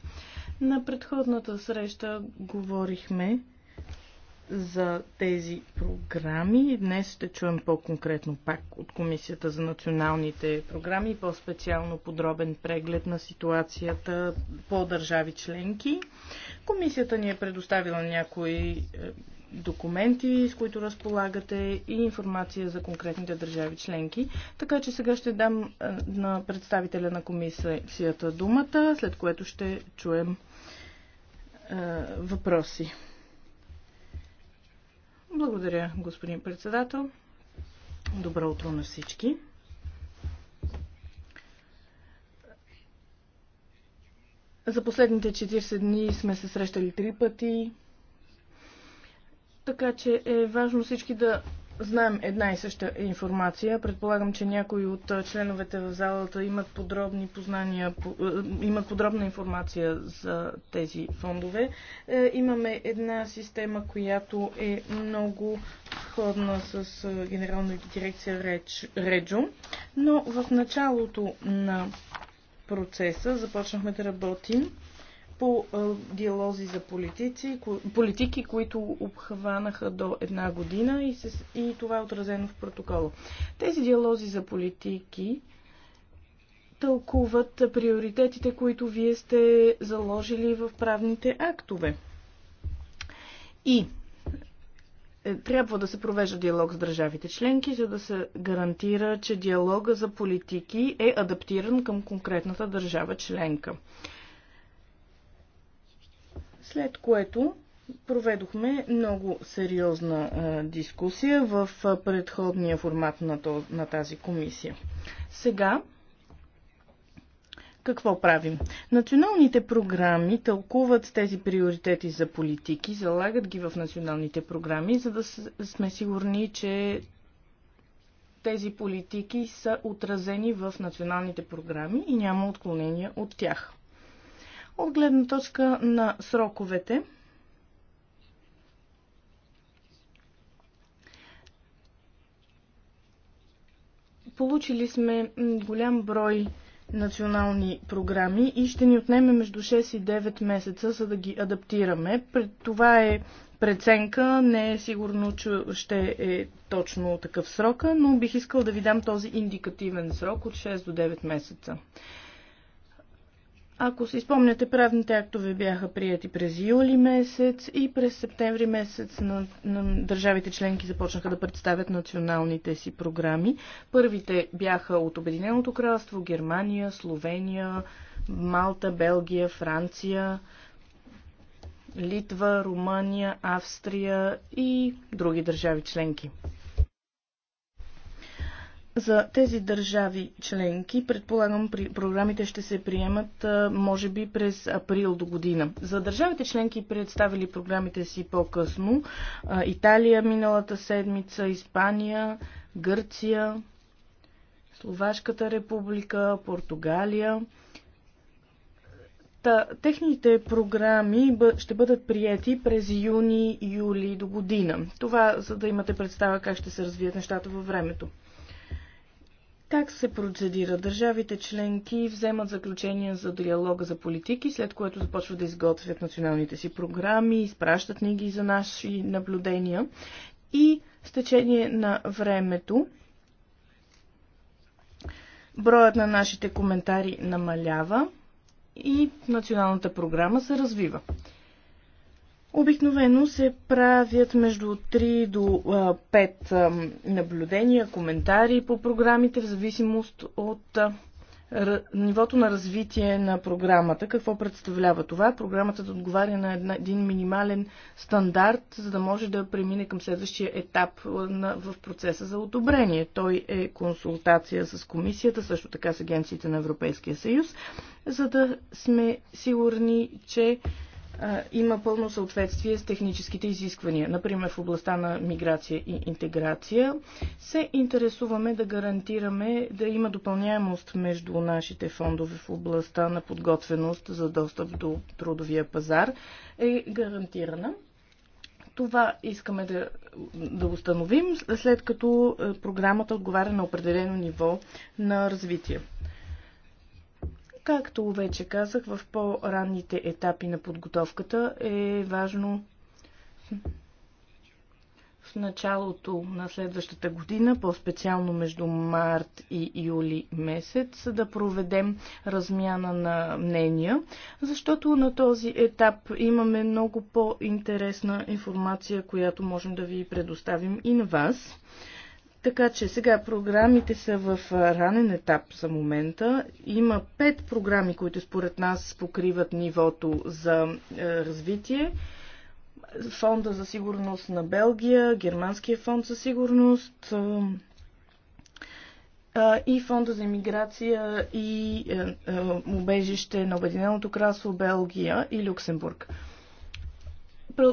На предходната среща говорихме за тези програми. Днес ще чуем по-конкретно пак от Комисията за националните програми, по-специално подробен преглед на ситуацията по държави членки. Комисията ни е предоставила някои е, документи, с които разполагате и информация за конкретните държави членки. Така че сега ще дам е, на представителя на комисията думата, след което ще чуем е, въпроси. Благодаря, господин председател. Добро утро на всички. За последните 40 дни сме се срещали три пъти, така че е важно всички да знаем една и съща информация. Предполагам, че някои от членовете в залата имат подробни познания, имат подробна информация за тези фондове. Е, имаме една система, която е много сходна с Генерална дирекция Реджо, но в началото на процеса започнахме да работим по диалози за политици, политики, които обхванаха до една година и, се, и това е отразено в протокола. Тези диалози за политики тълкуват приоритетите, които вие сте заложили в правните актове. И е, трябва да се провежда диалог с държавите членки, за да се гарантира, че диалога за политики е адаптиран към конкретната държава членка. След което проведохме много сериозна а, дискусия в а, предходния формат на, то, на тази комисия. Сега какво правим? Националните програми тълкуват тези приоритети за политики, залагат ги в националните програми, за да сме сигурни, че тези политики са отразени в националните програми и няма отклонения от тях. От гледна точка на сроковете, получили сме голям брой национални програми и ще ни отнеме между 6 и 9 месеца, за да ги адаптираме. Това е преценка, не е сигурно, че ще е точно такъв срока, но бих искал да ви дам този индикативен срок от 6 до 9 месеца. Ако си спомняте, правните актове бяха прияти през юли месец и през септември месец на, на държавите членки започнаха да представят националните си програми. Първите бяха от Обединеното кралство, Германия, Словения, Малта, Белгия, Франция, Литва, Румъния, Австрия и други държави членки. За тези държави членки, предполагам, при програмите ще се приемат, може би, през април до година. За държавите членки, представили програмите си по-късно, Италия миналата седмица, Испания, Гърция, Словашката република, Португалия. Та, техните програми ще бъдат приети през юни-юли до година. Това, за да имате представа как ще се развият нещата във времето. Как се процедира? Държавите членки вземат заключения за диалога за политики, след което започват да изготвят националните си програми, изпращат ни ги за наши наблюдения и с течение на времето броят на нашите коментари намалява и националната програма се развива. Обикновено се правят между 3 до 5 наблюдения, коментари по програмите, в зависимост от нивото на развитие на програмата. Какво представлява това? Програмата да отговаря на един минимален стандарт, за да може да премине към следващия етап в процеса за одобрение. Той е консултация с комисията, също така с агенциите на Европейския съюз, за да сме сигурни, че има пълно съответствие с техническите изисквания. Например, в областта на миграция и интеграция се интересуваме да гарантираме да има допълняемост между нашите фондове в областта на подготвеност за достъп до трудовия пазар е гарантирана. Това искаме да, да установим, след като програмата отговаря на определено ниво на развитие. Както вече казах, в по-ранните етапи на подготовката е важно в началото на следващата година, по-специално между март и юли месец, да проведем размяна на мнения, защото на този етап имаме много по-интересна информация, която можем да ви предоставим и на вас. Така че сега програмите са в ранен етап за момента. Има пет програми, които според нас покриват нивото за развитие. Фонда за сигурност на Белгия, Германския фонд за сигурност и Фонда за иммиграция и убежище на Обединеното кралство, Белгия и Люксембург.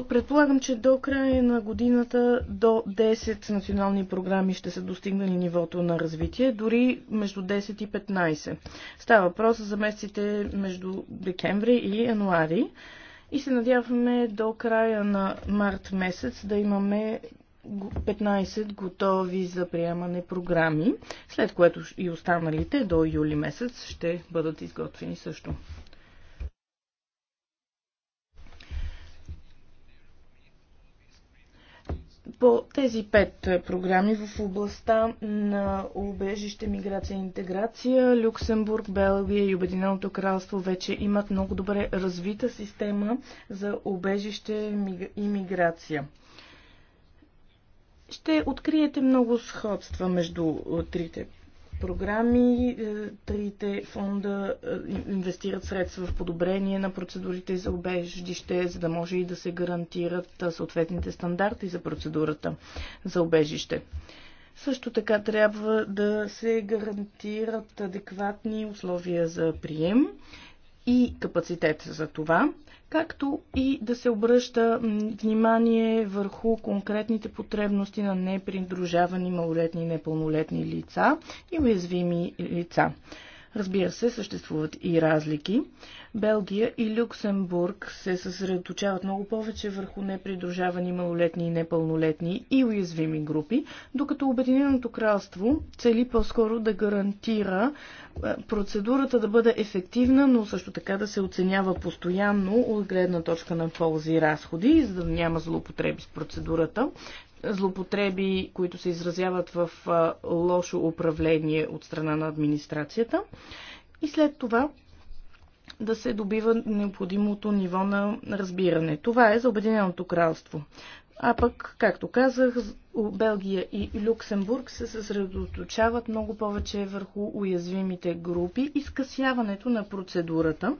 Предполагам, че до края на годината до 10 национални програми ще са достигнали нивото на развитие, дори между 10 и 15. Става въпрос за месеците между декември и януари. И се надяваме до края на март месец да имаме 15 готови за приемане програми, след което и останалите до юли месец ще бъдат изготвени също. По тези пет програми в областта на убежище, миграция и интеграция, Люксембург, Белгия и Обединеното кралство вече имат много добре развита система за убежище и миграция. Ще откриете много сходства между трите програми. Е, трите фонда е, инвестират средства в подобрение на процедурите за обежище, за да може и да се гарантират е, съответните стандарти за процедурата за обежище. Също така трябва да се гарантират адекватни условия за прием и капацитет за това както и да се обръща внимание върху конкретните потребности на непридружавани малолетни и непълнолетни лица и уязвими лица. Разбира се, съществуват и разлики. Белгия и Люксембург се съсредоточават много повече върху непридружавани малолетни и непълнолетни и уязвими групи, докато Обединеното кралство цели по-скоро да гарантира е, процедурата да бъде ефективна, но също така да се оценява постоянно от гледна точка на ползи и разходи, за да няма злоупотреби с процедурата злопотреби, които се изразяват в лошо управление от страна на администрацията. И след това да се добива необходимото ниво на разбиране. Това е за Обединеното кралство. А пък, както казах, Белгия и Люксембург се съсредоточават много повече върху уязвимите групи и скъсяването на процедурата.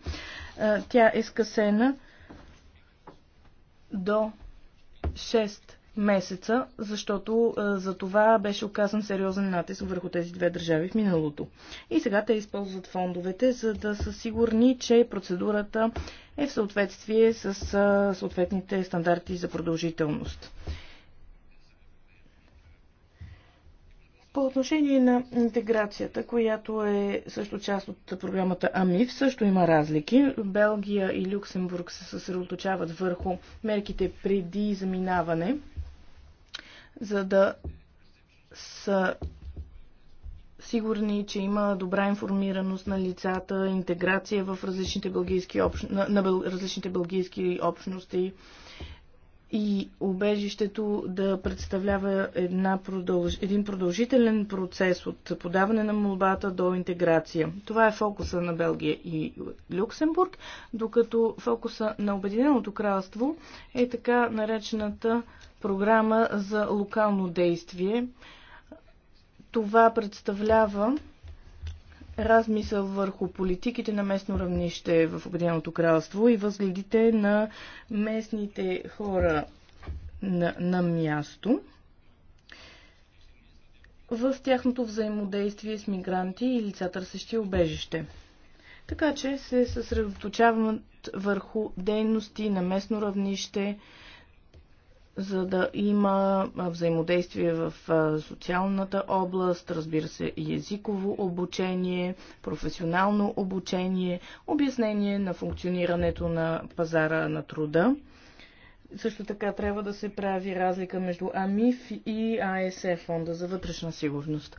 Тя е скъсена до 6 месеца, защото е, за това беше оказан сериозен натиск върху тези две държави в миналото. И сега те използват фондовете, за да са сигурни, че процедурата е в съответствие с е, съответните стандарти за продължителност. По отношение на интеграцията, която е също част от програмата АМИФ, също има разлики. Белгия и Люксембург се съсредоточават върху мерките преди заминаване за да са сигурни, че има добра информираност на лицата, интеграция в различните бългийски общ... на, на бъл... различните бългийски общности, и убежището да представлява една продълж... един продължителен процес от подаване на молбата до интеграция. Това е фокуса на Белгия и Люксембург, докато фокуса на Обединеното кралство е така наречената програма за локално действие. Това представлява размисъл върху политиките на местно равнище в Обединеното кралство и възгледите на местните хора на, на място в тяхното взаимодействие с мигранти и лица търсещи обежище. Така че се съсредоточават върху дейности на местно равнище, за да има взаимодействие в социалната област, разбира се, и езиково обучение, професионално обучение, обяснение на функционирането на пазара на труда. Също така трябва да се прави разлика между АМИФ и АСФ, Фонда за вътрешна сигурност.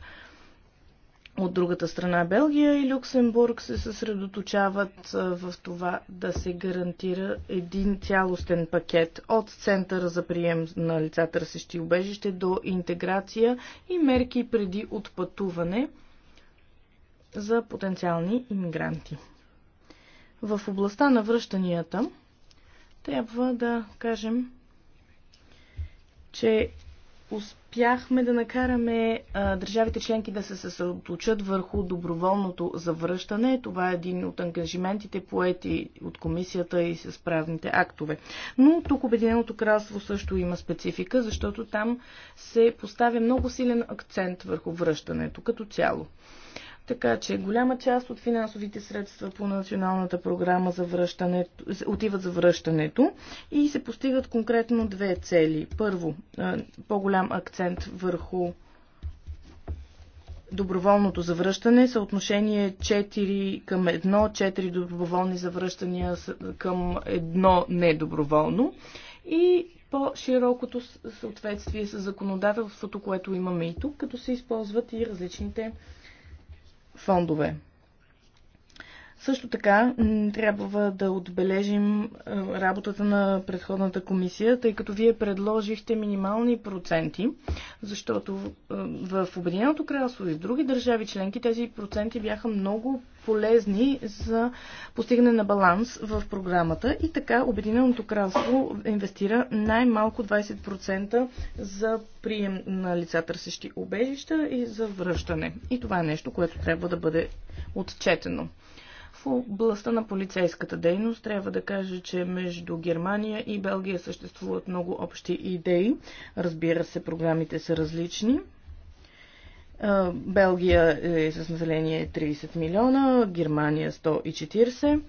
От другата страна Белгия и Люксембург се съсредоточават в това да се гарантира един цялостен пакет от Центъра за прием на лица търсещи убежище до интеграция и мерки преди отпътуване за потенциални иммигранти. В областта на връщанията трябва да кажем, че успяхме да накараме а, държавите членки да се съсредоточат върху доброволното завръщане. Това е един от ангажиментите поети от комисията и с правните актове. Но тук Обединеното кралство също има специфика, защото там се поставя много силен акцент върху връщането като цяло. Така че голяма част от финансовите средства по националната програма за връщането, отиват за връщането и се постигат конкретно две цели. Първо, по-голям акцент върху доброволното завръщане, съотношение 4 към 1, 4 доброволни завръщания към 1 недоброволно и по-широкото съответствие с законодателството, което имаме и тук, като се използват и различните фондове. Също така трябва да отбележим е, работата на предходната комисия, тъй като вие предложихте минимални проценти, защото е, в Обединеното кралство и в други държави членки тези проценти бяха много полезни за постигане на баланс в програмата и така Обединеното кралство инвестира най-малко 20% за прием на лица търсещи убежища и за връщане. И това е нещо, което трябва да бъде отчетено. В областта на полицейската дейност трябва да кажа, че между Германия и Белгия съществуват много общи идеи. Разбира се, програмите са различни. Белгия е с население 30 милиона, Германия 140.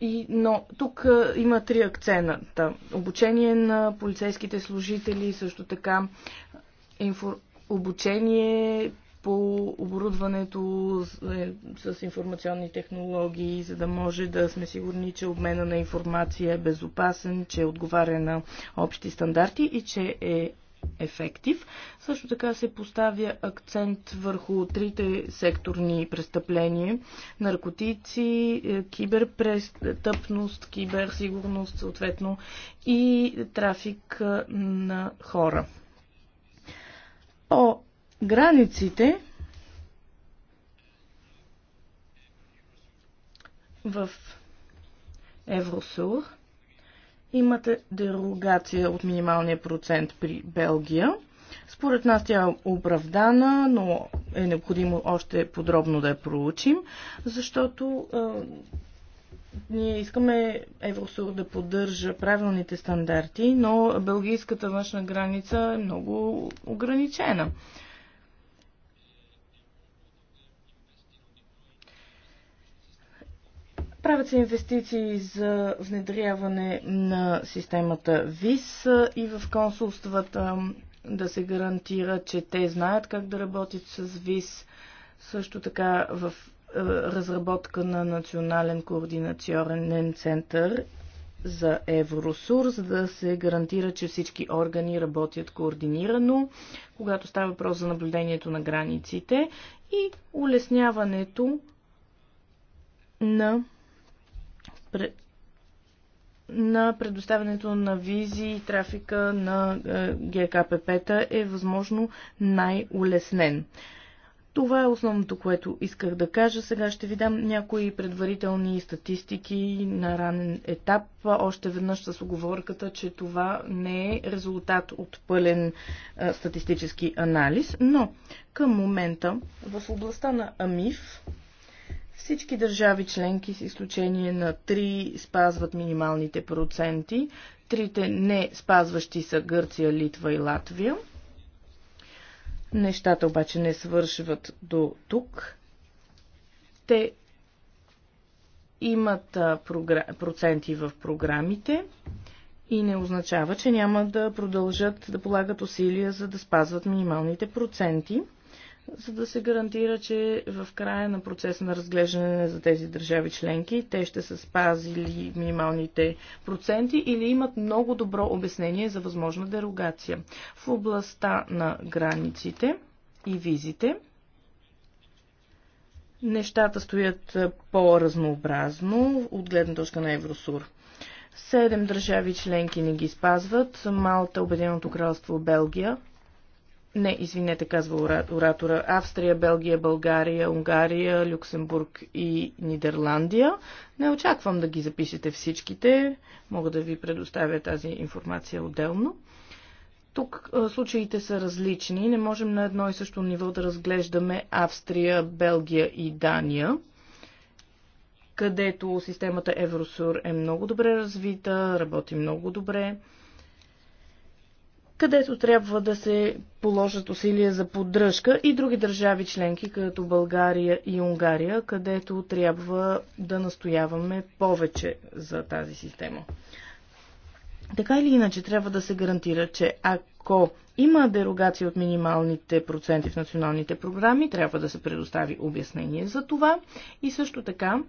И, но тук има три акцента. Обучение на полицейските служители, също така инфор... обучение по оборудването с, е, с информационни технологии, за да може да сме сигурни, че обмена на информация е безопасен, че отговаря на общи стандарти и че е ефектив. Също така се поставя акцент върху трите секторни престъпления наркотици, е, киберпрестъпност, киберсигурност, съответно, и трафик е, на хора. По границите в Евросур имате дерогация от минималния процент при Белгия. Според нас тя е оправдана, но е необходимо още подробно да я проучим, защото ние искаме Евросур да поддържа правилните стандарти, но бългийската външна граница е много ограничена. Правят се инвестиции за внедряване на системата ВИС и в консулствата да се гарантира, че те знаят как да работят с ВИС. Също така в разработка на Национален координационен център за евросурс, да се гарантира, че всички органи работят координирано, когато става въпрос за наблюдението на границите и улесняването на на предоставянето на визи и трафика на е, ГКПП-та е възможно най-улеснен. Това е основното, което исках да кажа. Сега ще ви дам някои предварителни статистики на ранен етап. Още веднъж с оговорката, че това не е резултат от пълен е, статистически анализ, но към момента в областта на АМИФ всички държави членки, с изключение на три, спазват минималните проценти. Трите не спазващи са Гърция, Литва и Латвия. Нещата обаче не свършват до тук. Те имат проценти в програмите и не означава, че няма да продължат да полагат усилия за да спазват минималните проценти за да се гарантира, че в края на процеса на разглеждане за тези държави членки те ще са спазили минималните проценти или имат много добро обяснение за възможна дерогация. В областта на границите и визите нещата стоят по-разнообразно от гледна точка на Евросур. Седем държави членки не ги спазват. Малта, Обединеното кралство, Белгия – не, извинете, казва оратора. Австрия, Белгия, България, Унгария, Люксембург и Нидерландия. Не очаквам да ги запишете всичките. Мога да ви предоставя тази информация отделно. Тук случаите са различни. Не можем на едно и също ниво да разглеждаме Австрия, Белгия и Дания където системата Евросур е много добре развита, работи много добре където трябва да се положат усилия за поддръжка и други държави членки, като България и Унгария, където трябва да настояваме повече за тази система. Така или иначе трябва да се гарантира, че ако има дерогация от минималните проценти в националните програми, трябва да се предостави обяснение за това и също така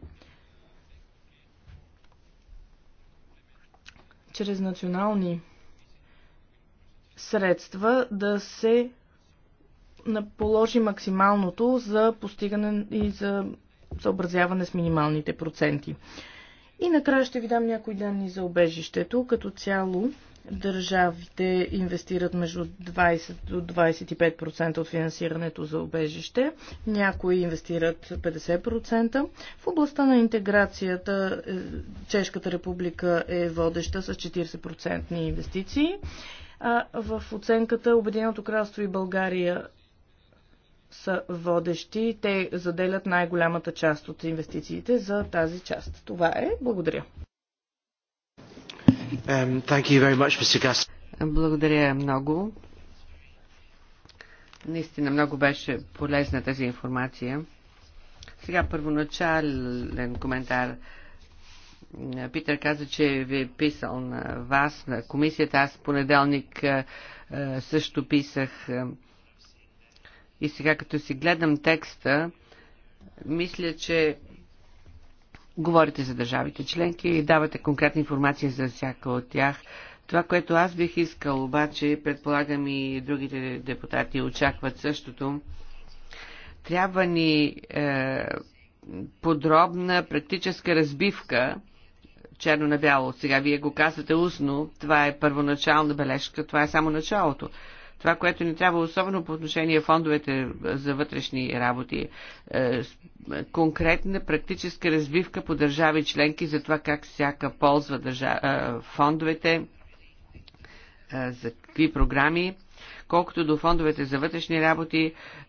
чрез национални средства да се положи максималното за постигане и за съобразяване с минималните проценти. И накрая ще ви дам някои данни за обежището. Като цяло държавите инвестират между 20 до 25% от финансирането за обежище, някои инвестират 50%. В областта на интеграцията е, Чешката република е водеща с 40% инвестиции а в оценката Обединеното кралство и България са водещи. Те заделят най-голямата част от инвестициите за тази част. Това е. Благодаря. Um, thank you very much, Mr. Благодаря много. Наистина много беше полезна тази информация. Сега първоначален коментар. Питър каза, че ви е писал на вас, на комисията. Аз понеделник е, е, също писах. Е, и сега, като си гледам текста, мисля, че говорите за държавите членки и давате конкретна информация за всяка от тях. Това, което аз бих искал, обаче, предполагам и другите депутати очакват същото, трябва ни е, подробна практическа разбивка черно на бяло. Сега вие го казвате устно, това е първоначална бележка, това е само началото. Това, което ни трябва, особено по отношение фондовете за вътрешни работи, е, конкретна практическа развивка по държави членки за това как всяка ползва държа... Е, фондовете, е, за какви програми. Колкото до фондовете за вътрешни работи,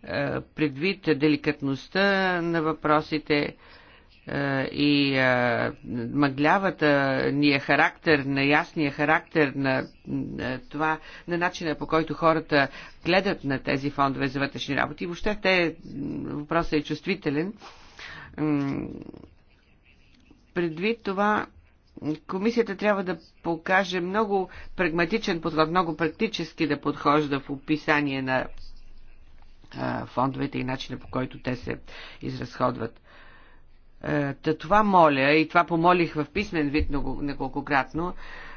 е, предвид деликатността на въпросите, е, и е, мъглявата е характер, на ясния характер на е, това, на начина по който хората гледат на тези фондове за вътрешни работи. Въобще те, въпросът е чувствителен. Предвид това, комисията трябва да покаже много прагматичен подход, много практически да подхожда в описание на фондовете и начина по който те се изразходват. Е, та това моля и това помолих в писмен вид много, неколкократно.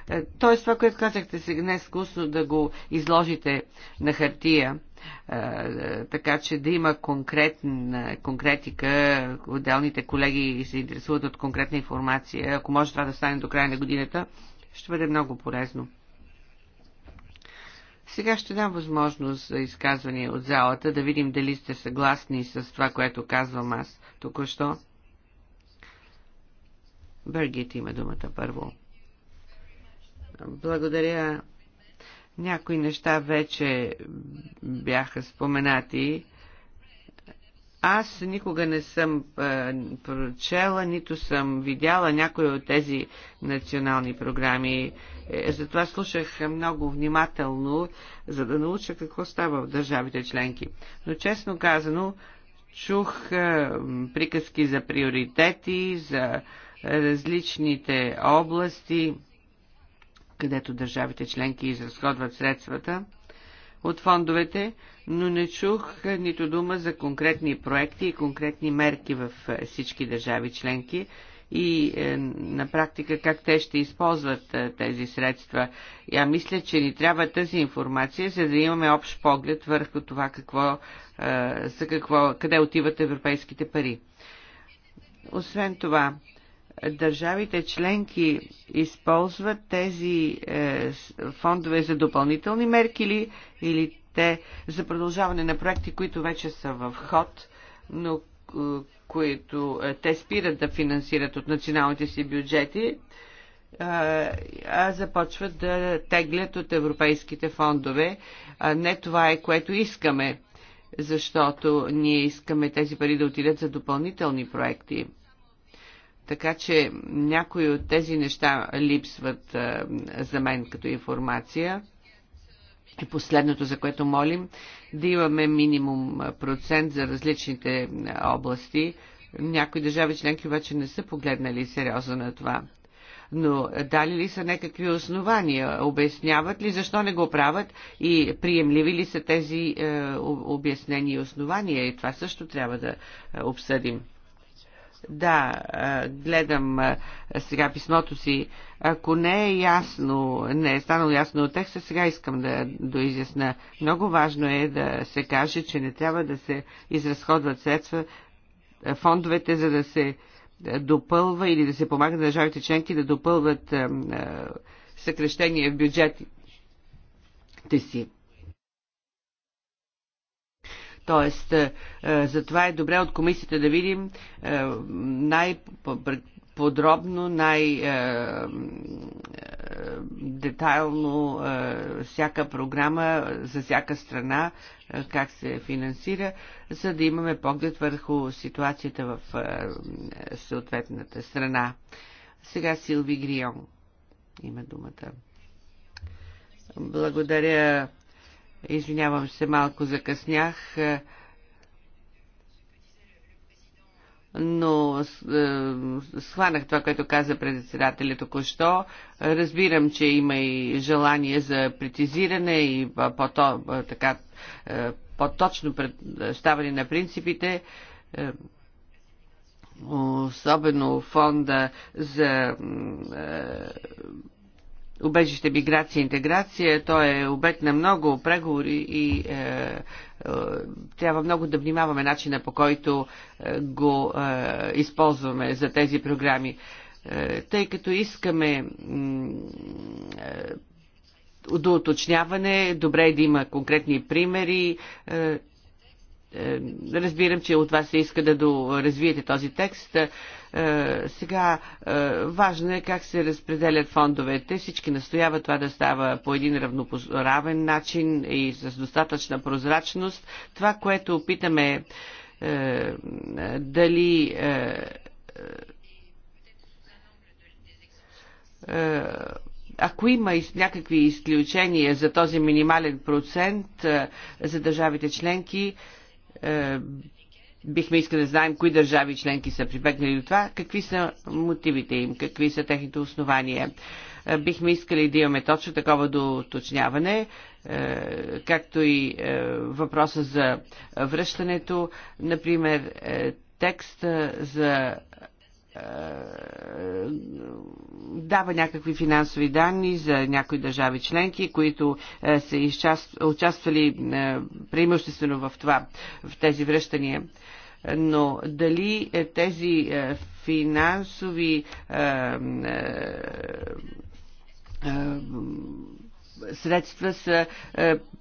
Е, тоест това, което казахте си днес, вкусно да го изложите на хартия, е, така че да има конкретна конкретика, отделните колеги се интересуват от конкретна информация. Ако може това да стане до края на годината, ще бъде много полезно. Сега ще дам възможност за изказвания от залата, да видим дали сте съгласни с това, което казвам аз току-що. Бергит има думата първо. Благодаря. Някои неща вече бяха споменати. Аз никога не съм е, прочела, нито съм видяла някои от тези национални програми. Е, затова слушах много внимателно, за да науча какво става в държавите членки. Но честно казано, чух е, приказки за приоритети, за е, различните области, където държавите членки изразходват средствата от фондовете, но не чух нито дума за конкретни проекти и конкретни мерки в е, всички държави членки и е, на практика как те ще използват е, тези средства. Я мисля, че ни трябва тази информация, за да имаме общ поглед върху това какво, е, за какво, къде отиват европейските пари. Освен това, държавите членки използват тези е, фондове за допълнителни мерки или, или те за продължаване на проекти, които вече са в ход, но е, които е, те спират да финансират от националните си бюджети, е, а започват да теглят от европейските фондове. А не това е, което искаме, защото ние искаме тези пари да отидат за допълнителни проекти така че някои от тези неща липсват а, за мен като информация. И последното, за което молим, да имаме минимум процент за различните области. Някои държави членки обаче не са погледнали сериозно на това. Но дали ли са някакви основания? Обясняват ли защо не го правят? И приемливи ли са тези е, обяснения и основания? И това също трябва да е, обсъдим. Да, гледам сега писмото си. Ако не е ясно, не е станало ясно от текста, сега искам да доизясна. Много важно е да се каже, че не трябва да се изразходват средства фондовете, за да се допълва или да се помага на държавите членки да допълват съкрещения в бюджетите си. Тоест, е, е, затова е добре от комисията да видим е, най подробно, най-детайлно всяка програма за всяка страна, как се финансира, за да имаме поглед върху ситуацията в съответната страна. Сега Силви Грион има думата. Благодаря, Извинявам се, малко закъснях. но е, схванах това, което каза председателя току-що. Разбирам, че има и желание за притизиране и е, по-то, е, така, по-точно представане на принципите. Особено фонда за убежище, миграция, интеграция. Той е обект на много преговори и е, е, трябва много да внимаваме начина по който е, го е, използваме за тези програми. Е, тъй като искаме е, до уточняване, добре е да има конкретни примери. Е, е, разбирам, че от вас се иска да развиете този текст. Е, сега е, важно е как се разпределят фондовете. Всички настояват това да става по един равнопоравен начин и с достатъчна прозрачност. Това, което опитаме дали ако има някакви изключения за този минимален процент за държавите членки, е, бихме искали да знаем кои държави членки са прибегнали до това, какви са мотивите им, какви са техните основания. Е, бихме искали да имаме точно такова доточняване, е, както и въпроса за връщането, например, текста за е, дава някакви финансови данни за някои държави членки, които е, са изчаст... участвали е, преимуществено в това, в тези връщания. Но дали тези финансови средства са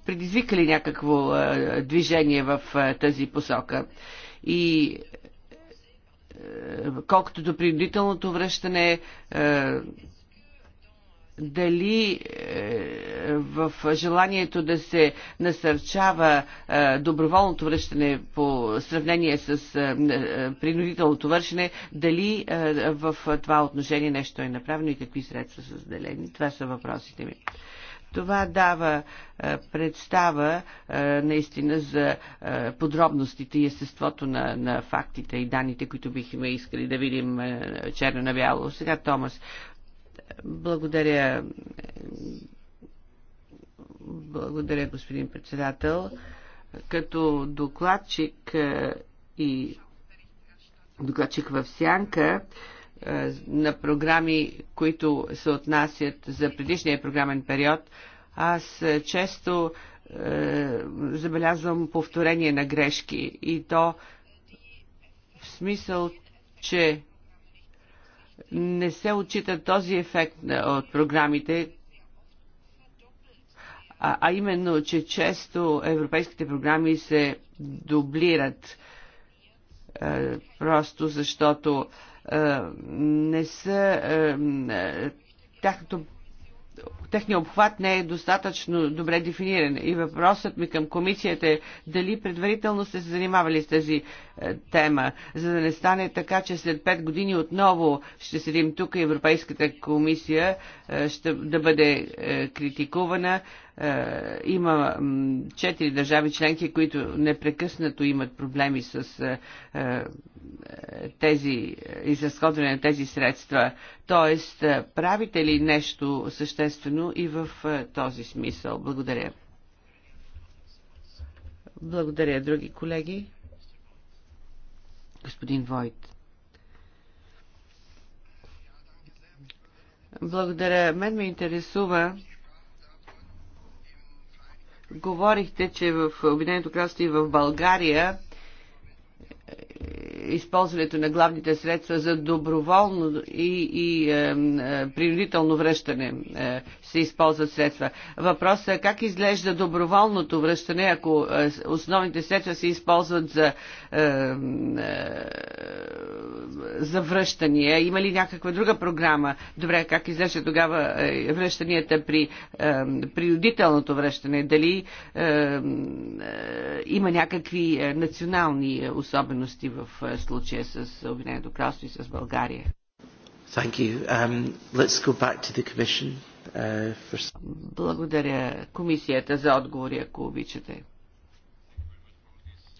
предизвикали някакво движение в тази посока. И колкото до принудителното връщане, е, дали е, в желанието да се насърчава е, доброволното връщане по сравнение с принудителното вършене, дали в това отношение нещо е направено и какви средства са заделени. Това са въпросите ми. Това дава е, представа е, наистина за е, подробностите и естеството на, на фактите и данните, които бихме искали да видим черно на бяло. Сега Томас, благодаря. Благодаря, господин председател. Като докладчик и докладчик в Сянка, е, на програми, които се отнасят за предишния програмен период, аз често е, забелязвам повторение на грешки и то в смисъл, че не се отчита този ефект от програмите, а, а именно, че често европейските програми се дублират е, просто защото е, е, не са е, е, тяхното техния обхват не е достатъчно добре дефиниран. И въпросът ми към комисията е дали предварително сте се занимавали с тази е, тема, за да не стане така, че след 5 години отново ще седим тук и Европейската комисия е, ще, да бъде е, критикувана е, има четири държави членки, които непрекъснато имат проблеми с е, е, тези изразходване на тези средства. Тоест, правите ли нещо съществено и в този смисъл? Благодаря. Благодаря, други колеги. Господин Войт. Благодаря. Мен ме интересува Говорихте, че в Обединеното кралство и в България е, използването на главните средства за доброволно и, и е, е, принудително връщане е, се използват средства. Въпросът е как изглежда доброволното връщане, ако е, основните средства се използват за е, е, за връщания? Има ли някаква друга програма? Добре, как изглежда тогава е, връщанията при е, приудителното връщане? Дали е, има някакви национални особености в случая с Обединеното кралство и с България? Thank you. Um, let's go back to the commission. Uh, for... Благодаря комисията за отговори, ако обичате.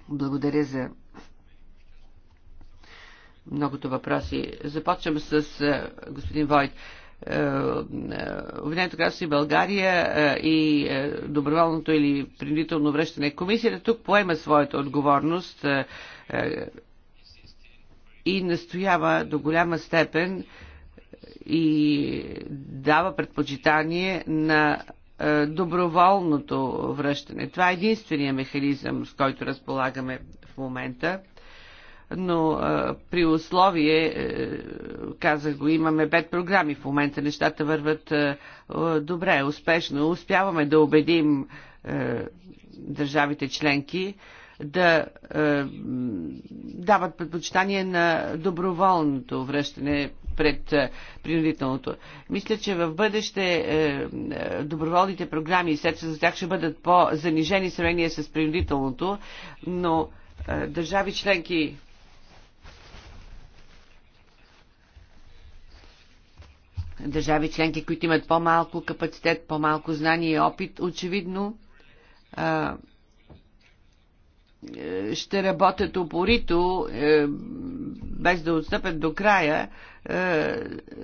Благодаря за многото въпроси. Започвам с е, господин Войт. Е, е, Обединението кралство и България и доброволното или принудително връщане. Комисията тук поема своята отговорност и настоява до голяма степен и дава предпочитание на доброволното връщане. Това е единствения механизъм, с който разполагаме в момента но а, при условие, а, е, казах го, имаме пет програми в момента, нещата върват а, е, а, е, добре, успешно, успяваме да убедим а, държавите членки да а, дават предпочитание на доброволното връщане пред а, принудителното. Мисля, че в бъдеще а, доброволните програми и средства за тях ще бъдат по-занижени в сравнение с принудителното, но а, държави членки държави членки, които имат по-малко капацитет, по-малко знание и опит, очевидно е, ще работят упорито, е, без да отстъпят до края, е,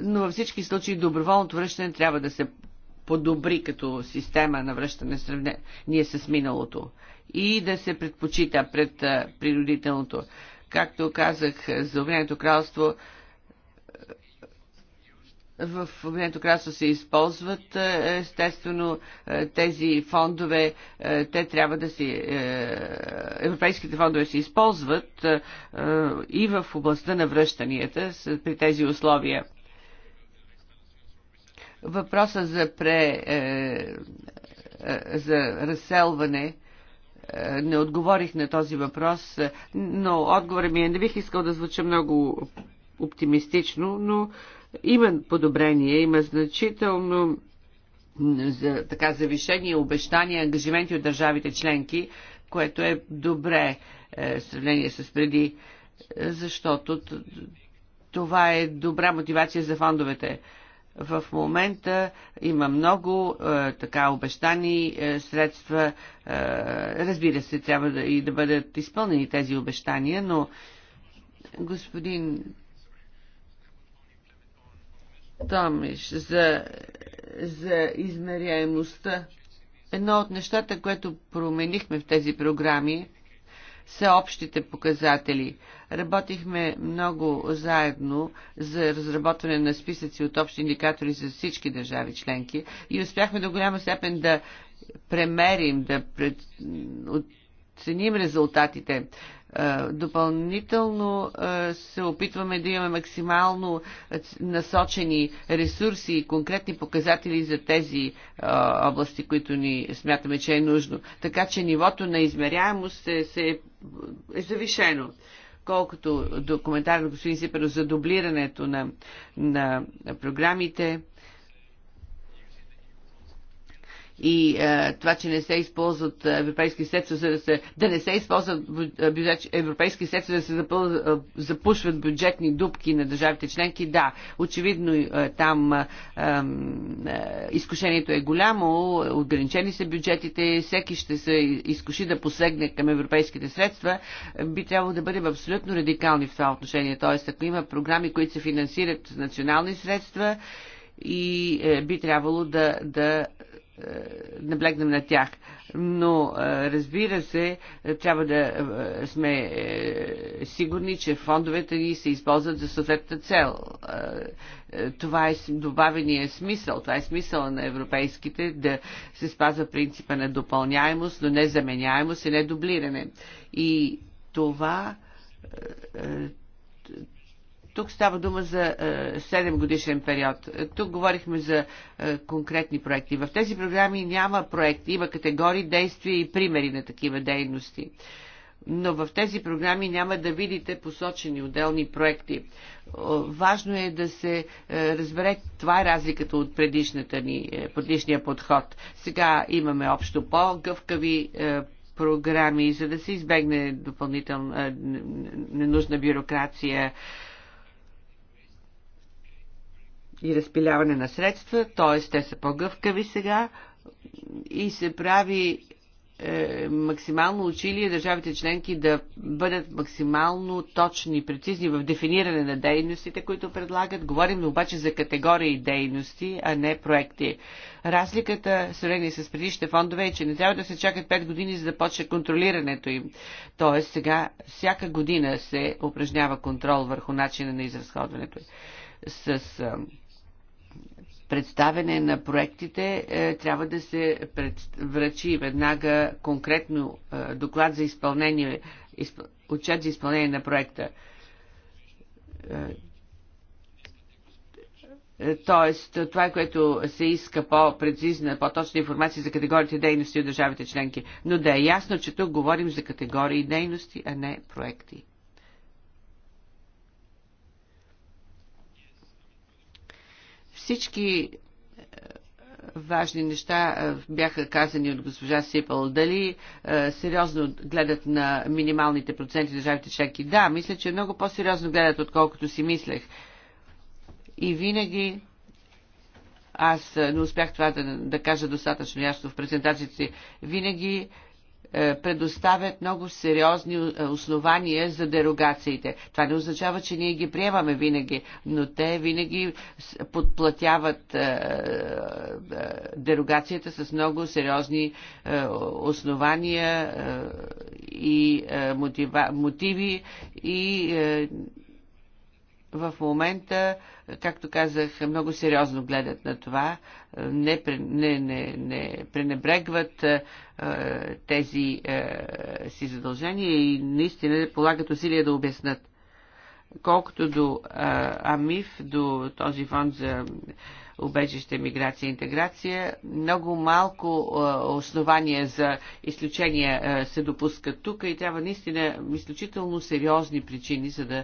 но във всички случаи доброволното връщане трябва да се подобри като система на връщане сравнение с миналото и да се предпочита пред природителното. Както казах за Обединеното кралство, в Обединеното кралство се използват. Е, естествено, е, тези фондове, е, те трябва да се. Европейските фондове се използват и в областта на връщанията при тези условия. Въпроса за, пре, за разселване не отговорих на този въпрос, но отговорът ми е не бих искал да звуча много оптимистично, но има подобрение, има значително за, така, завишени обещания, ангажименти от държавите членки, което е добре е, в сравнение с преди, е, защото това е добра мотивация за фондовете. В момента има много е, така обещани е, средства. Е, разбира се, трябва да, и да бъдат изпълнени тези обещания, но господин Томиш за, за измеряемостта. Едно от нещата, което променихме в тези програми, са общите показатели. Работихме много заедно за разработване на списъци от общи индикатори за всички държави членки и успяхме до голяма степен да премерим, да пред... оценим резултатите е, допълнително е, се опитваме да имаме максимално насочени ресурси и конкретни показатели за тези е, области, които ни смятаме, че е нужно. Така че нивото на измеряемост е, се е завишено. Колкото до коментар на господин Сиперо за дублирането на, на програмите, и а, е, това, че не се използват е, европейски средства, за да се, да не се използват е, бюджет, европейски средства, да се запъл, запушват бюджетни дупки на държавите членки, да, очевидно там а, а, изкушението е голямо, ограничени са бюджетите, всеки ще се изкуши да посегне към европейските средства, би трябвало да бъдем абсолютно радикални в това отношение. Тоест, ако има програми, които се финансират с национални средства, и би трябвало да, да е, наблегнем на тях. Но е, разбира се, е, трябва да сме сигурни, че фондовете ни се използват за съответната цел. Това е добавения смисъл, това е смисъл на европейските да се спазва принципа на допълняемост, но не заменяемост и не дублиране. И това тук става дума за 7 е, годишен период. Тук говорихме за е, конкретни проекти. В тези програми няма проекти, има категории, действия и примери на такива дейности но в тези програми няма да видите посочени отделни проекти. Важно е да се е, разбере, това е разликата от предишната ни, предишния подход. Сега имаме общо по-гъвкави програми, за да се избегне допълнителна ненужна бюрокрация и разпиляване на средства, т.е. те са по-гъвкави сега и се прави е, максимално усилие държавите членки да бъдат максимално точни и прецизни в дефиниране на дейностите, които предлагат. Говорим обаче за категории дейности, а не проекти. Разликата в сравнение с предишните фондове е, че не трябва да се чакат 5 години, за да почне контролирането им. Тоест сега всяка година се упражнява контрол върху начина на изразходването. С Представяне на проектите е, трябва да се връчи веднага конкретно е, доклад за изпълнение, отчет за изпълнение на проекта. Е, тоест, това е което се иска по-прецизна, по-точна информация за категориите дейности от държавите членки. Но да е ясно, че тук говорим за категории дейности, а не проекти. Всички е, важни неща е, бяха казани от госпожа Сипъл. Дали е, сериозно гледат на минималните проценти държавите чеки? Да, мисля, че много по-сериозно гледат, отколкото си мислех. И винаги аз не успях това да, да кажа достатъчно ясно в презентацията си. Винаги е, предоставят много сериозни е, основания за дерогациите. Това не означава, че ние ги приемаме винаги, но те винаги подплатяват е, дерогацията с много сериозни основания и мотива, мотиви и в момента, както казах, много сериозно гледат на това, не, не, не, не пренебрегват тези си задължения и наистина полагат усилия да обяснат. Колкото до а, АМИФ, до този фонд за убежище, миграция и интеграция, много малко а, основания за изключения а, се допускат тук и трябва наистина изключително сериозни причини, за да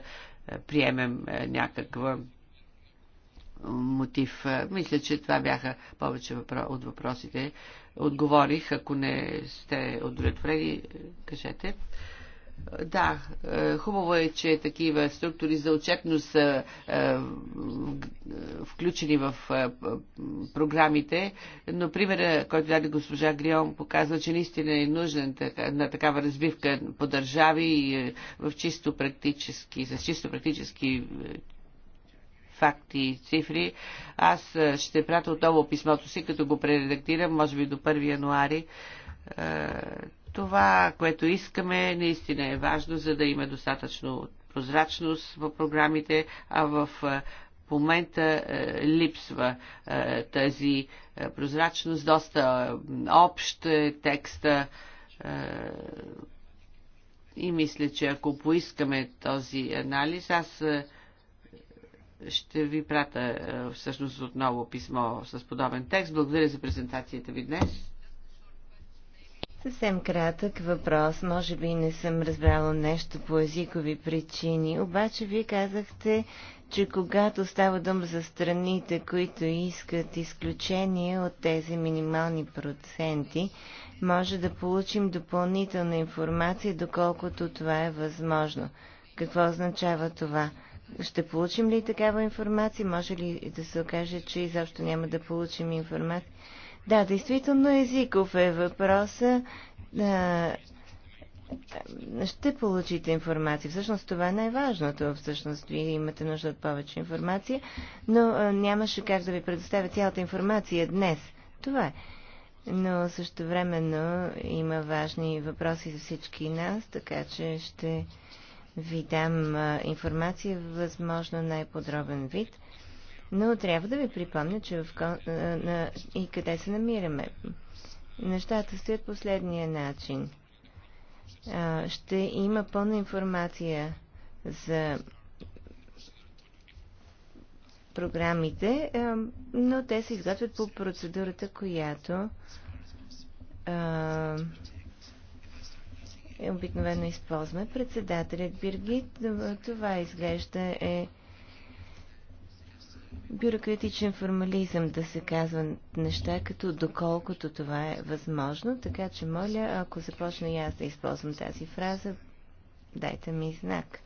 приемем е, някаква мотив. Е, мисля, че това бяха повече от въпросите. Отговорих, ако не сте удовлетворени, кажете. Да, е, хубаво е, че такива структури за отчетност са е, е, включени в програмите, но примерът, който даде госпожа Грион, показва, че наистина е нужна на такава разбивка по държави и в чисто практически, с чисто практически факти и цифри. Аз ще пратя отново писмото си, като го прередактирам, може би до 1 януари това, което искаме, наистина е важно, за да има достатъчно прозрачност в програмите, а в в момента е, липсва е, тази е, прозрачност, доста е, общ е, текста е, и мисля, че ако поискаме този анализ, аз е, ще ви пратя е, всъщност отново писмо с подобен текст. Благодаря за презентацията ви днес. Съвсем кратък въпрос. Може би не съм разбрала нещо по езикови причини, обаче вие казахте, че когато става дума за страните, които искат изключение от тези минимални проценти, може да получим допълнителна информация, доколкото това е възможно. Какво означава това? Ще получим ли такава информация? Може ли да се окаже, че изобщо няма да получим информация? Да, действително езиков е въпроса. Ще получите информация. Всъщност това е най-важното. Всъщност вие имате нужда от повече информация, но нямаше как да ви предоставя цялата информация днес. Това е. Но също времено има важни въпроси за всички нас, така че ще ви дам информация в възможно най-подробен вид. Но трябва да ви припомня, че в, а, на, и къде се намираме. Нещата стоят последния начин. А, ще има пълна информация за програмите, а, но те се изготвят по процедурата, която а, обикновено използваме. Председателят Биргит, това изглежда е бюрократичен формализъм да се казват неща, като доколкото това е възможно. Така че, моля, ако започна и аз да използвам тази фраза, дайте ми знак.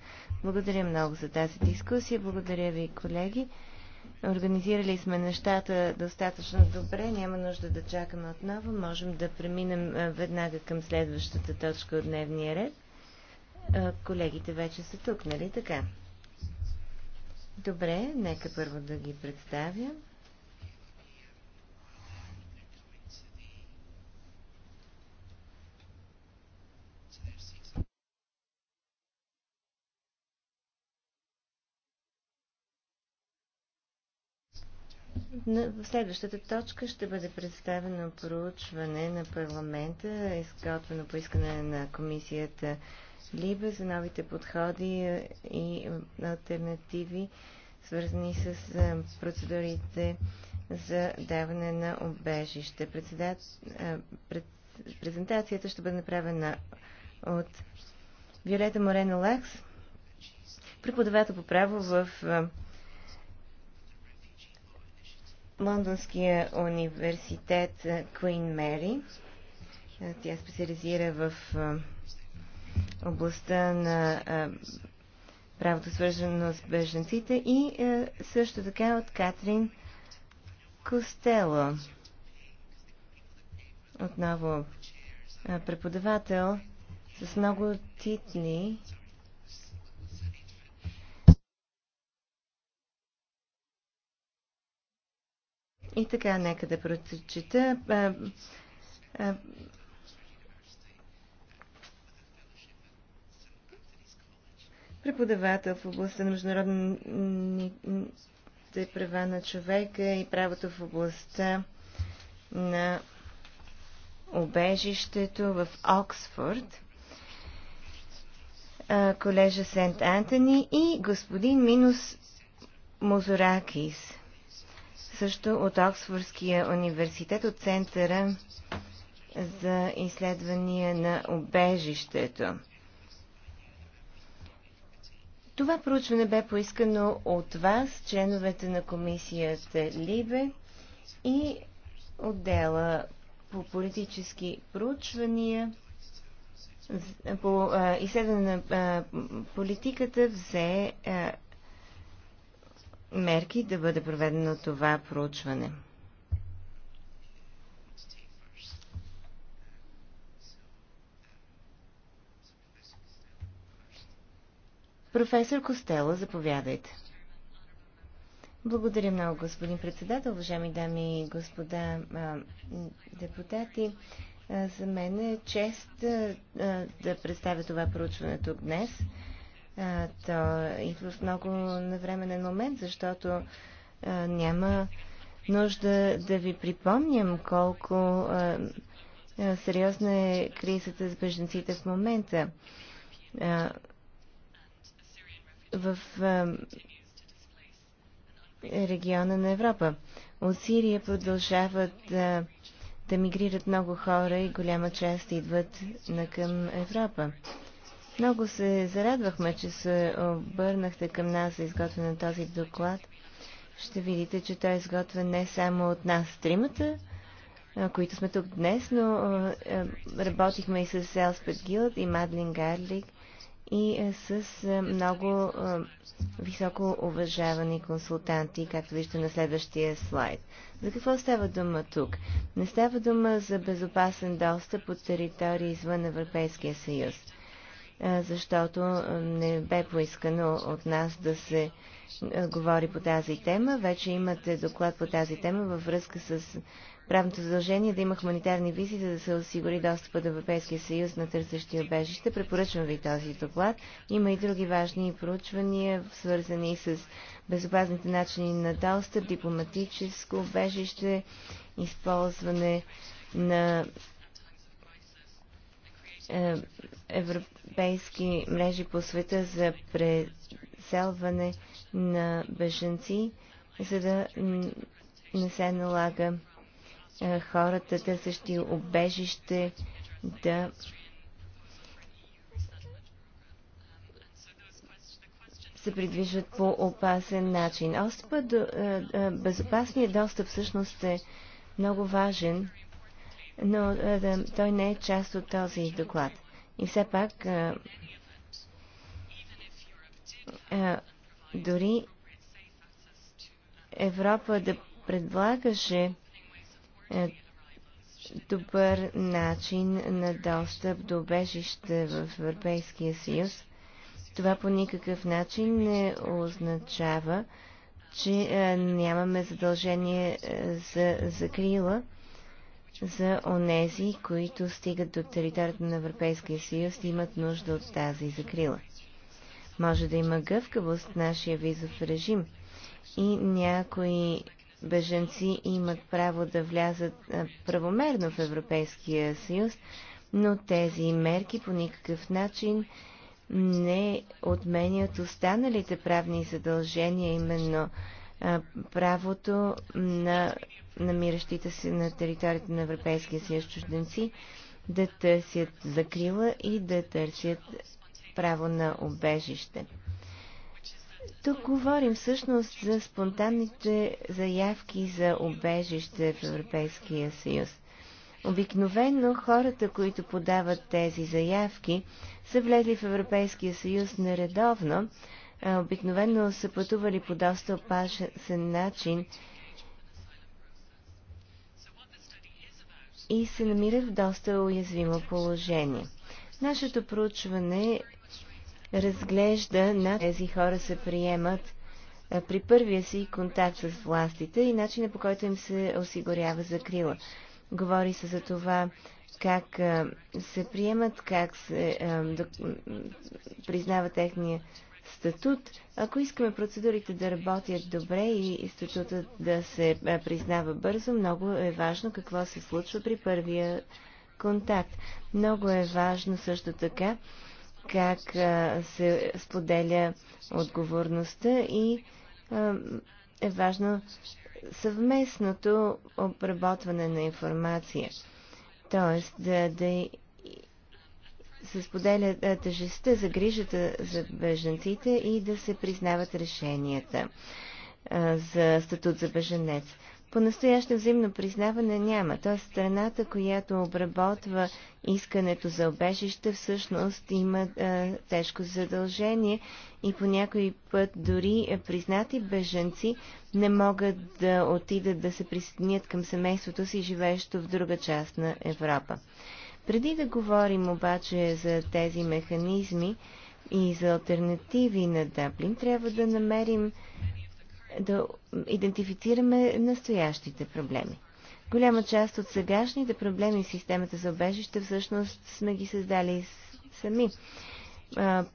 Благодаря много за тази дискусия. Благодаря ви, колеги. Организирали сме нещата достатъчно добре, няма нужда да чакаме отново. Можем да преминем веднага към следващата точка от дневния ред. Колегите вече са тук, нали така? Добре, нека първо да ги представя. В следващата точка ще бъде представено проучване на парламента, изготвено по искане на комисията Либе за новите подходи е, и е, альтернативи, свързани с е, процедурите за даване на обежище. Презентацията ще бъде направена от Виолета Морено Лакс, преподавател по право в Лондонския университет Queen Mary. Тя специализира в областта на правото свързано с беженците и също така от Катрин Костело. Отново преподавател с много титни И така, нека да прочета. преподавател в областта на международните права на човека и правото в областта на обежището в Оксфорд, колежа Сент Антони и господин Минус Мозоракис, също от Оксфордския университет, от Центъра за изследвания на обежището. Това проучване бе поискано от вас, членовете на комисията Либе и отдела по политически проучвания по изследване на политиката взе мерки да бъде проведено това проучване. Професор Костела, заповядайте. Благодаря много, господин председател, уважаеми дами и господа а, депутати. А, за мен е чест а, да представя това проучване тук днес. А, то и в много навременен момент, защото а, няма нужда да ви припомням колко а, а, сериозна е кризата с беженците в момента. А, в региона на Европа. От Сирия продължават да, да мигрират много хора и голяма част идват на към Европа. Много се зарадвахме, че се обърнахте към нас за изготвяне на този доклад. Ще видите, че той е изготвен не само от нас тримата, които сме тук днес, но работихме и с Елспет Гилд и Мадлин Гарлик – и е, с е, много е, високо уважавани консултанти, както виждате на следващия слайд. За какво става дума тук? Не става дума за безопасен достъп от територии извън Европейския съюз, защото не бе поискано от нас да се говори по тази тема. Вече имате доклад по тази тема във връзка с правното задължение да има хуманитарни визи, за да се осигури достъп до Европейския съюз на търсещи обежище. Препоръчвам ви този доклад. Има и други важни проучвания, свързани с безопасните начини на достъп, дипломатическо обежище, използване на е, европейски мрежи по света за преселване на беженци, за да не се налага е, хората, търсещи обежище, да се придвижват по опасен начин. Е, е, безопасният до, безопасния достъп всъщност е много важен, но той не е част от този доклад. И все пак, дори Европа да предлагаше е, добър начин на достъп до бежище в Европейския съюз. Това по никакъв начин не означава, че е, нямаме задължение е, за закрила за онези, които стигат до територията на Европейския съюз и имат нужда от тази закрила. Може да има гъвкавост в нашия визов режим и някои беженци имат право да влязат правомерно в Европейския съюз, но тези мерки по никакъв начин не отменят останалите правни задължения, именно правото на намиращите се на територията на Европейския съюз чужденци да търсят закрила и да търсят право на обежище. Тук говорим всъщност за спонтанните заявки за убежище в Европейския съюз. Обикновено хората, които подават тези заявки, са влезли в Европейския съюз нередовно, обикновено са пътували по доста опасен начин и се намират в доста уязвимо положение. Нашето проучване разглежда на тези хора се приемат при първия си контакт с властите и начина по който им се осигурява закрила. Говори се за това как се приемат, как се да, признава техния статут. Ако искаме процедурите да работят добре и статутът да се признава бързо, много е важно какво се случва при първия контакт. Много е важно също така как се споделя отговорността и е важно съвместното обработване на информация. Тоест да, да се споделя тъжестта за грижата за беженците и да се признават решенията за статут за беженец. По-настояще взаимно признаване няма, т.е. страната, която обработва искането за обежище, всъщност има е, тежко задължение и по някой път дори признати беженци не могат да отидат да се присъединят към семейството си, живеещо в друга част на Европа. Преди да говорим обаче за тези механизми и за альтернативи на Даблин, трябва да намерим да идентифицираме настоящите проблеми. Голяма част от сегашните проблеми в системата за обежище всъщност сме ги създали сами.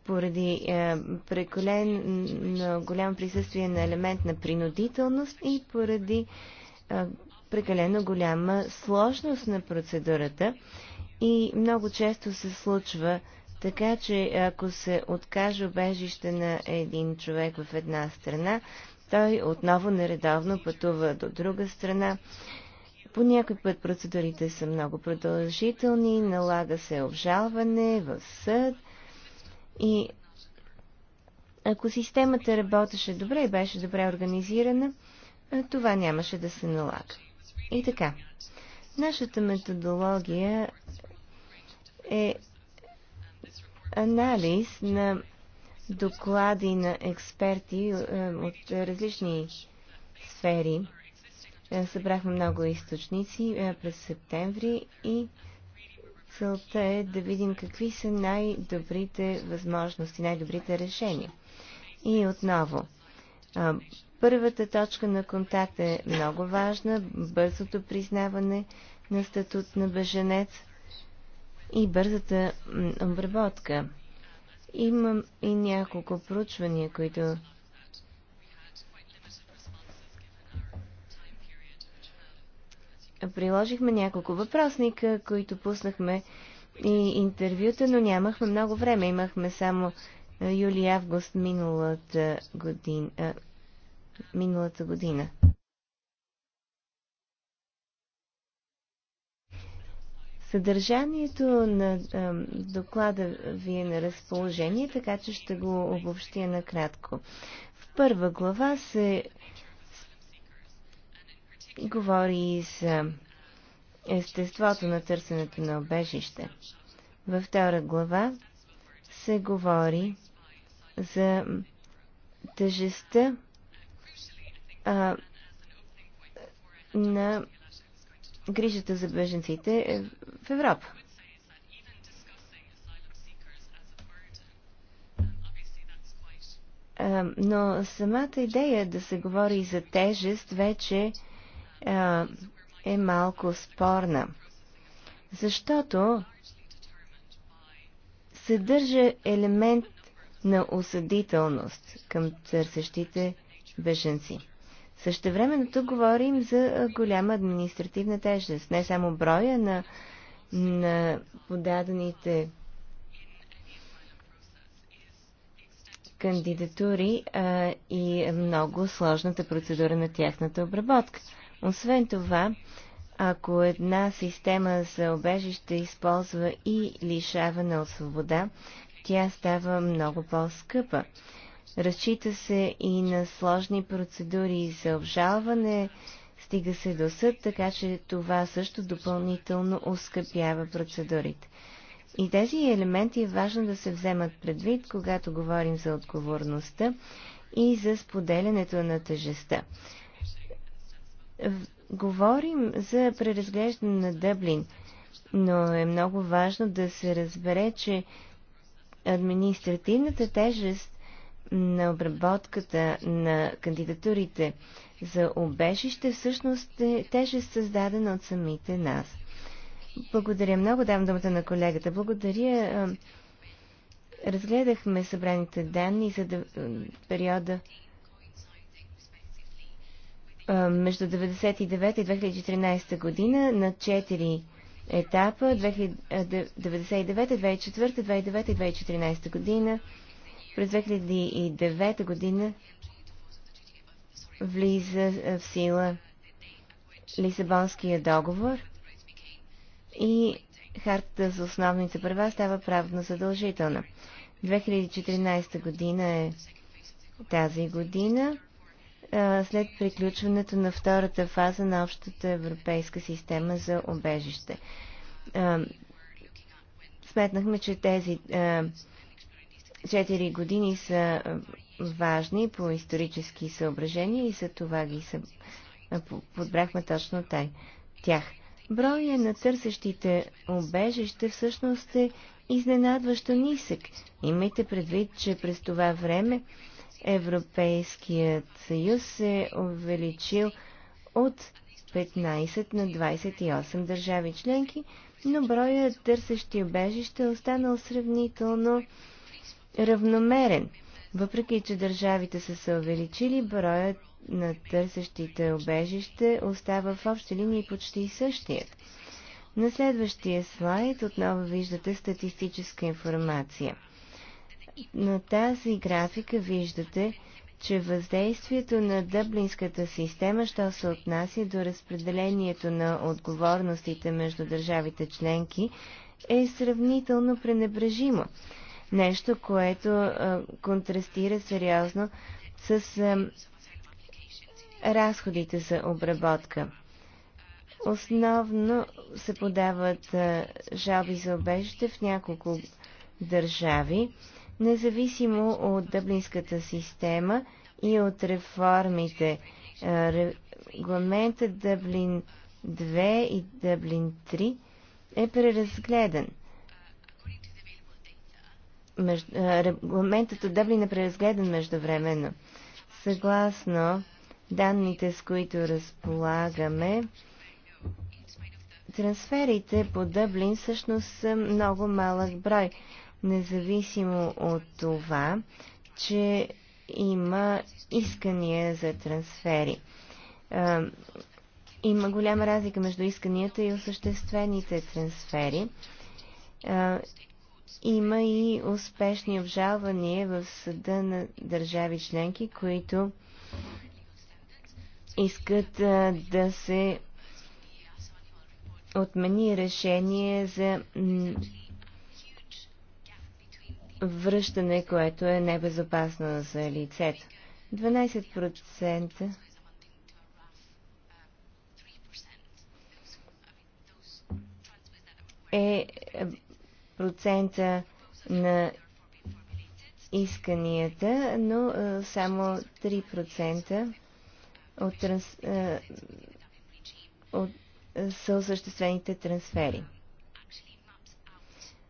поради а, прекалено голямо присъствие на елемент на принудителност и поради прекалено голяма сложност на процедурата. И много често се случва така че ако се откаже обежище на един човек в една страна, той отново нередовно пътува до друга страна. По някой път процедурите са много продължителни, налага се обжалване в съд и ако системата работеше добре и беше добре организирана, това нямаше да се налага. И така, нашата методология е анализ на доклади на експерти е, от различни сфери. Е, събрахме много източници е, през септември и целта е да видим какви са най-добрите възможности, най-добрите решения. И отново, първата точка на контакт е много важна, бързото признаване на статут на беженец – и бързата обработка. Имам и няколко проучвания, които приложихме няколко въпросника, които пуснахме и интервюта, но нямахме много време. Имахме само юли-август миналата година. Миналата година. Съдържанието на а, доклада ви е на разположение, така че ще го обобщя накратко. В първа глава се говори за естеството на търсенето на обежище. Във втора глава се говори за тъжестта а, на грижата за беженците е в Европа. но самата идея да се говори за тежест вече е малко спорна. Защото съдържа елемент на осъдителност към търсещите беженци. Същевременно тук говорим за голяма административна тежест. Не само броя на, на подадените кандидатури а, и много сложната процедура на тяхната обработка. Освен това, ако една система за обежище използва и лишаване от свобода, тя става много по-скъпа. Разчита се и на сложни процедури за обжалване, стига се до съд, така че това също допълнително ускъпява процедурите. И тези елементи е важно да се вземат предвид, когато говорим за отговорността и за споделянето на тъжеста. Говорим за преразглеждане на Дъблин, но е много важно да се разбере, че административната тежест на обработката на кандидатурите за обежище всъщност е тежест създадена от самите нас. Благодаря много, давам думата на колегата. Благодаря. Разгледахме събраните данни за периода между 1999 и 2013 година на 4 етапа 1999, 2004, 2009 и 2014 година. През 2009 година влиза в сила Лисабонския договор и Хартата за основните права става правно задължителна. 2014 година е тази година, след приключването на втората фаза на общата европейска система за обежище. Сметнахме, че тези четири години са важни по исторически съображения и за това ги са... подбрахме точно тай, тях. Броя на търсещите обежище всъщност е изненадващо нисък. Имайте предвид, че през това време Европейският съюз се е увеличил от 15 на 28 държави членки, но броя търсещи обежище е останал сравнително равномерен, въпреки че държавите са се увеличили, броят на търсещите обежище остава в общи линии почти същият. На следващия слайд отново виждате статистическа информация. На тази графика виждате, че въздействието на дъблинската система, що се отнася до разпределението на отговорностите между държавите членки, е сравнително пренебрежимо нещо, което а, контрастира сериозно с а, разходите за обработка. Основно се подават а, жалби за обежище в няколко държави, независимо от дъблинската система и от реформите. А, регламента Дъблин 2 и Дъблин 3 е преразгледан регламентът от Дъблин е преразгледан междувременно. Съгласно данните, с които разполагаме, трансферите по Дъблин всъщност са много малък брой, независимо от това, че има искания за трансфери. има голяма разлика между исканията и осъществените трансфери. Има и успешни обжалвания в съда на държави членки, които искат да се отмени решение за връщане, което е небезопасно за лицето. 12% е процента на исканията, но само 3% от, транс... от... са осъществените трансфери.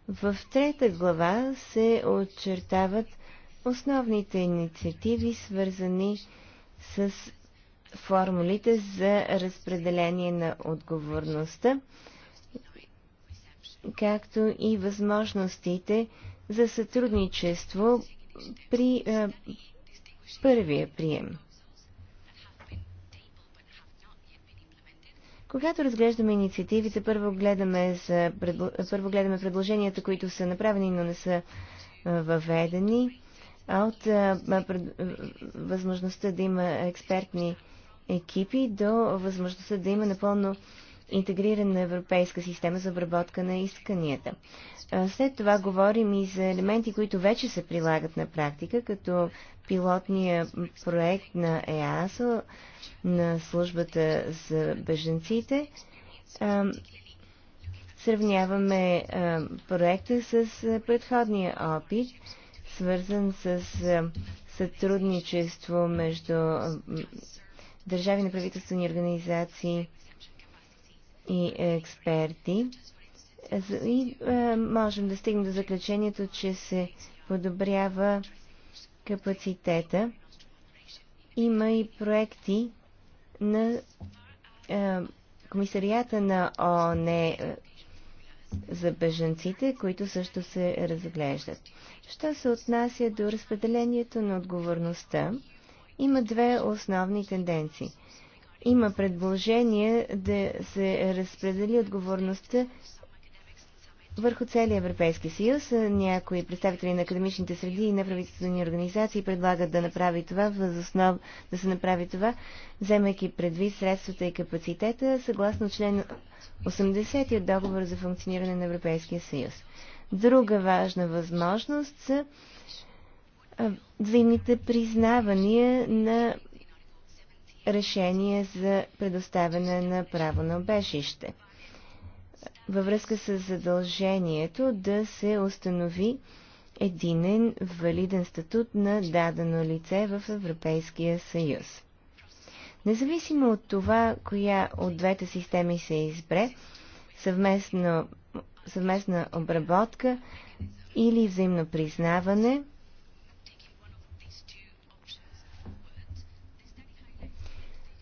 В трета глава се очертават основните инициативи, свързани с формулите за разпределение на отговорността както и възможностите за сътрудничество при а, е, първия прием. Когато разглеждаме инициативите, първо гледаме, за, първо гледаме предложенията, които са направени, но не са е, въведени, а от е, а, пред, възможността да има експертни екипи до възможността да има напълно интегрирана европейска система за обработка на исканията. След това говорим и за елементи, които вече се прилагат на практика, като пилотния проект на ЕАСО, на службата за беженците. Сравняваме проекта с предходния опит, свързан с сътрудничество между държави на правителствени организации – и експерти. И е, можем да стигнем до заключението, че се подобрява капацитета. Има и проекти на е, комисарията на ООН е, за бежанците, които също се разглеждат. Що се отнася до разпределението на отговорността, има две основни тенденции – има предложение да се разпредели отговорността върху целия Европейски съюз. Някои представители на академичните среди и неправителствени организации предлагат да направи това, възоснов... да се направи това, вземайки предвид средствата и капацитета, съгласно член 80 от Договор за функциониране на Европейския съюз. Друга важна възможност са взаимните признавания на решение за предоставяне на право на обежище. Във връзка с задължението да се установи единен валиден статут на дадено лице в Европейския съюз. Независимо от това, коя от двете системи се избре, съвместно, съвместна обработка или взаимно признаване –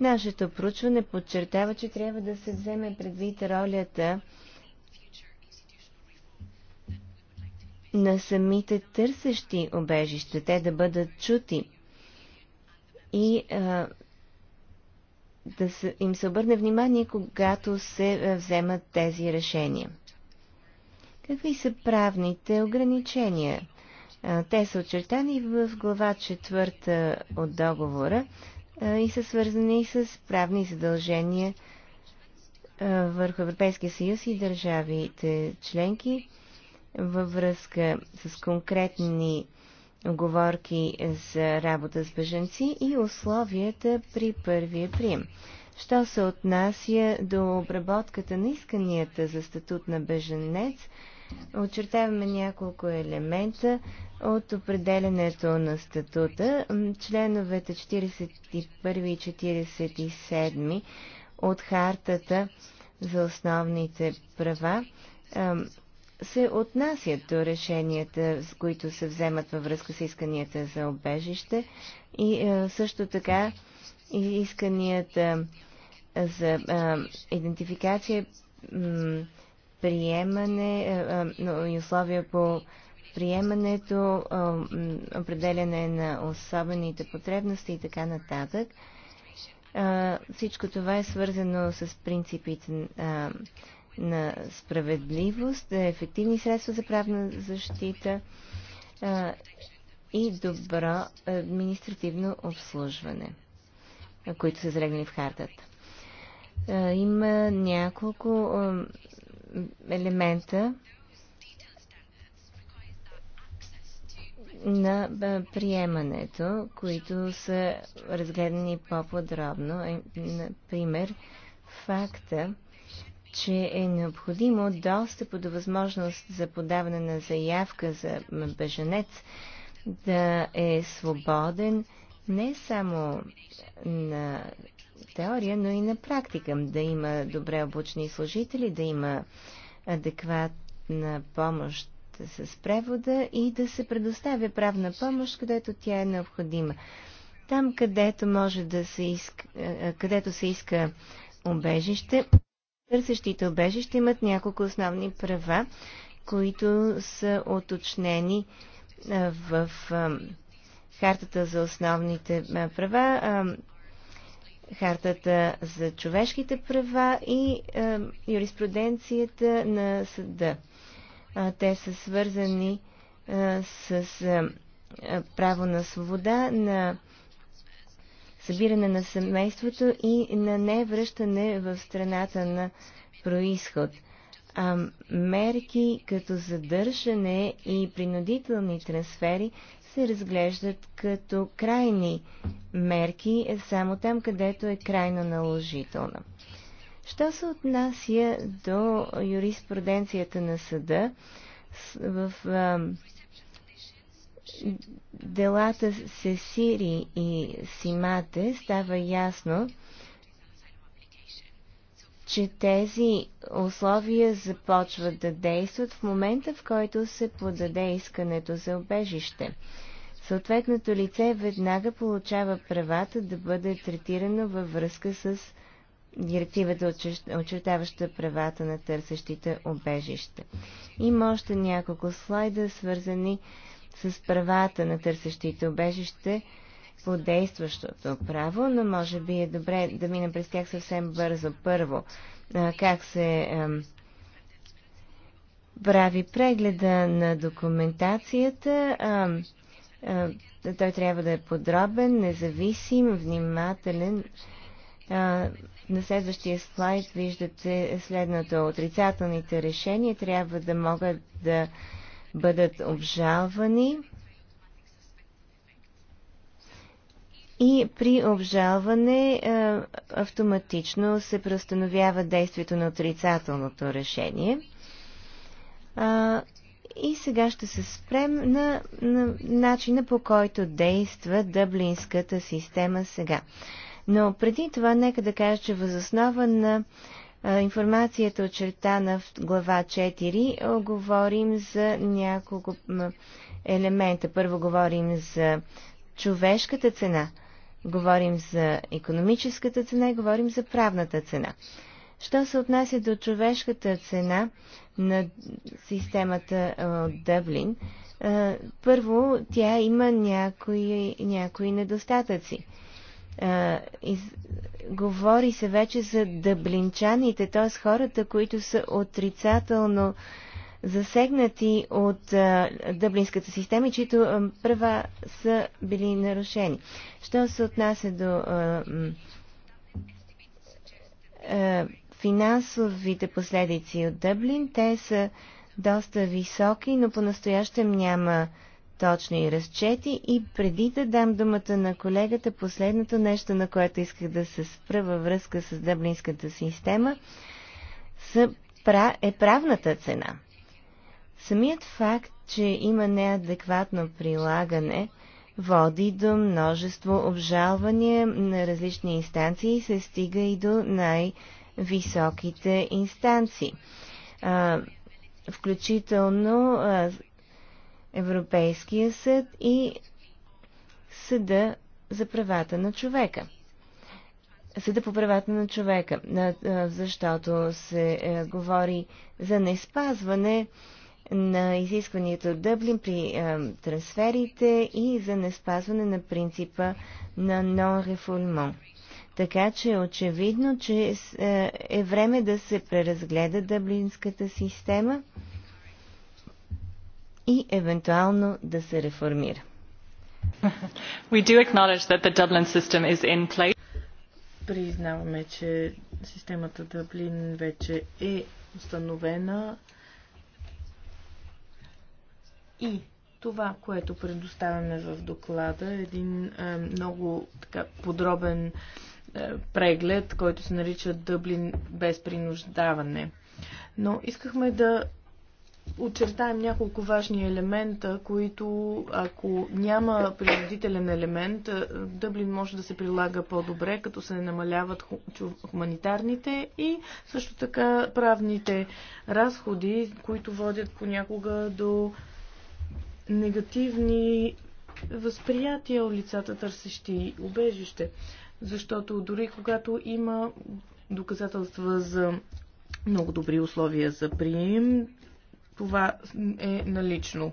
Нашето проучване подчертава, че трябва да се вземе предвид ролята на самите търсещи обежище, те да бъдат чути и а, да се, им се обърне внимание, когато се вземат тези решения. Какви са правните ограничения? Те са очертани в глава четвърта от договора и са свързани с правни задължения върху Европейския съюз и държавите членки във връзка с конкретни оговорки за работа с беженци и условията при първия прием. Що се отнася до обработката на исканията за статут на беженец, очертаваме няколко елемента от определенето на статута. Членовете 41 и 47 от Хартата за основните права се отнасят до решенията, с които се вземат във връзка с исканията за обежище и също така исканията за идентификация приемане е, е, и условия по приемането, е, определяне на особените потребности и така нататък. Всичко това е свързано с принципите на справедливост, ефективни средства за правна защита и добро административно обслужване, които са залегнали в хартата. Има няколко елемента на приемането, които са разгледани по-подробно. Е, например, факта, че е необходимо достъп до възможност за подаване на заявка за беженец да е свободен не само на теория, но и на практика. Да има добре обучени служители, да има адекватна помощ с превода и да се предоставя правна помощ, където тя е необходима. Там, където може да се иска, е, е, където се иска обежище, търсещите обежище имат няколко основни права, които са оточнени е, в Хартата за основните права хартата за човешките права и е, юриспруденцията на съда. Е, те са свързани е, с е, е, право на свобода, на събиране на семейството и на невръщане в страната на происход. А мерки като задържане и принудителни трансфери се разглеждат като крайни мерки само там, където е крайно наложително. Що се отнася до юриспруденцията на съда, в а, делата Сесири и Симате става ясно, че тези условия започват да действат в момента, в който се подаде искането за обежище. Съответното лице веднага получава правата да бъде третирано във връзка с директивата, очертаваща правата на търсещите обежище. Има още няколко слайда, свързани с правата на търсещите обежище, по действащото право, но може би е добре да минем през тях съвсем бързо. Първо, как се прави прегледа на документацията. Той трябва да е подробен, независим, внимателен. На следващия слайд виждате следното. Отрицателните решения трябва да могат да бъдат обжалвани и при обжалване е, автоматично се преустановява действието на отрицателното решение. И сега ще се спрем на, на начина по който действа дъблинската система сега. Но преди това нека да кажа, че възоснова на а, информацията очертана в глава 4 говорим за няколко елемента. Първо говорим за човешката цена – Говорим за економическата цена и говорим за правната цена. Що се отнася до човешката цена на системата от Дъблин, първо, тя има някои, някои недостатъци. Из... Говори се вече за дъблинчаните, т.е. хората, които са отрицателно засегнати от а, дъблинската система, чието а, права са били нарушени. Що се отнася до а, а, финансовите последици от Дъблин, те са доста високи, но по-настоящем няма точни разчети и преди да дам думата на колегата, последното нещо, на което исках да се спра във връзка с дъблинската система, са, е правната цена. Самият факт, че има неадекватно прилагане, води до множество обжалвания на различни инстанции и се стига и до най-високите инстанции. А, включително а, Европейския съд и Съда за правата на човека. Съда по правата на човека, защото се е, говори за неспазване на изискванията от Дъблин при е, трансферите и за неспазване на принципа на нон реформон. Така че е очевидно, че е, е време да се преразгледа дъблинската система и евентуално да се реформира. We do acknowledge that the Dublin system is in place. Признаваме, че системата Дъблин вече е установена и това, което предоставяме в доклада, е един е, много така, подробен е, преглед, който се нарича Дъблин без принуждаване. Но искахме да очертаем няколко важни елемента, които ако няма принудителен елемент, е, Дъблин може да се прилага по-добре, като се намаляват хуманитарните и също така правните разходи, които водят понякога до негативни възприятия от лицата, търсещи убежище. Защото дори когато има доказателства за много добри условия за прием, това е налично.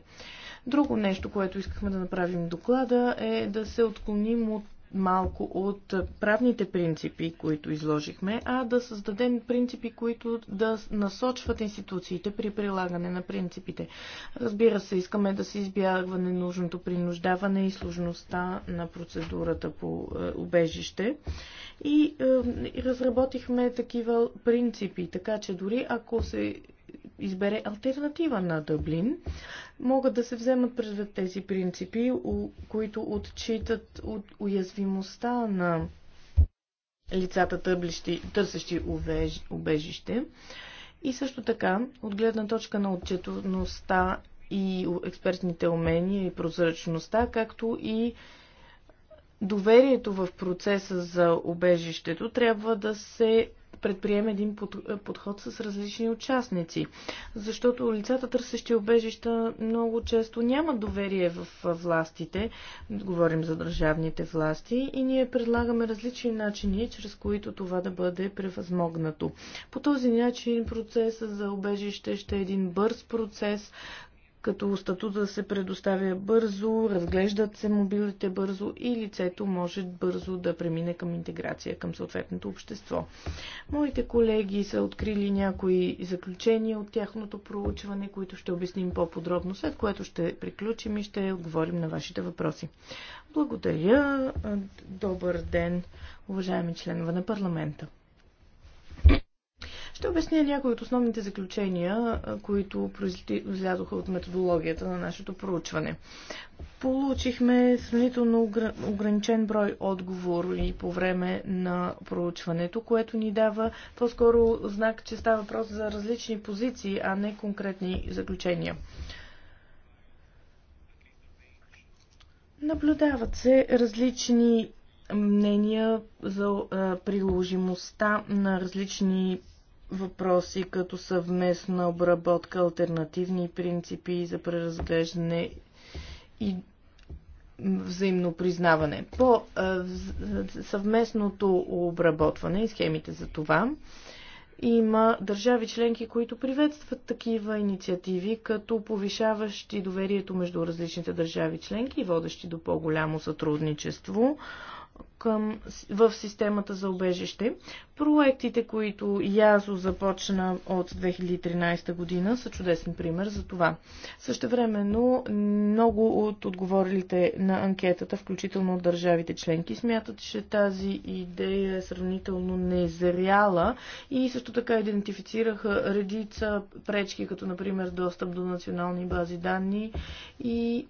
Друго нещо, което искахме да направим доклада е да се отклоним от малко от правните принципи, които изложихме, а да създадем принципи, които да насочват институциите при прилагане на принципите. Разбира се, искаме да се избягва ненужното принуждаване и сложността на процедурата по е, убежище. И, е, и разработихме такива принципи, така че дори ако се избере альтернатива на Дъблин. Могат да се вземат предвид тези принципи, които отчитат от уязвимостта на лицата, тъблищи, търсещи убежище. И също така, от гледна точка на отчетността и експертните умения и прозрачността, както и доверието в процеса за обежището трябва да се Предприеме един е, подход с различни участници. Защото лицата, търсещи обежища, много често нямат доверие в е, властите, говорим за държавните власти, и ние предлагаме различни начини, чрез които това да бъде превъзмогнато. По този начин процесът за обежище ще е един бърз процес, като статута се предоставя бързо, разглеждат се мобилите бързо и лицето може бързо да премине към интеграция към съответното общество. Моите колеги са открили някои заключения от тяхното проучване, които ще обясним по-подробно, след което ще приключим и ще отговорим на вашите въпроси. Благодаря. Добър ден, уважаеми членове на парламента. Ще обясня някои от основните заключения, които произлязоха от методологията на нашето проучване. Получихме сравнително ограничен брой отговори по време на проучването, което ни дава по-скоро знак, че става въпрос за различни позиции, а не конкретни заключения. Наблюдават се различни мнения за приложимостта на различни въпроси като съвместна обработка, альтернативни принципи за преразглеждане и взаимно признаване. По съвместното обработване и схемите за това има държави членки, които приветстват такива инициативи, като повишаващи доверието между различните държави членки и водещи до по-голямо сътрудничество към, в системата за обежище. Проектите, които Язо започна от 2013 година, са чудесен пример за това. Същевременно много от отговорилите на анкетата, включително от държавите членки, смятат, че тази идея е сравнително незряла и също така идентифицираха редица пречки, като например достъп до национални бази данни и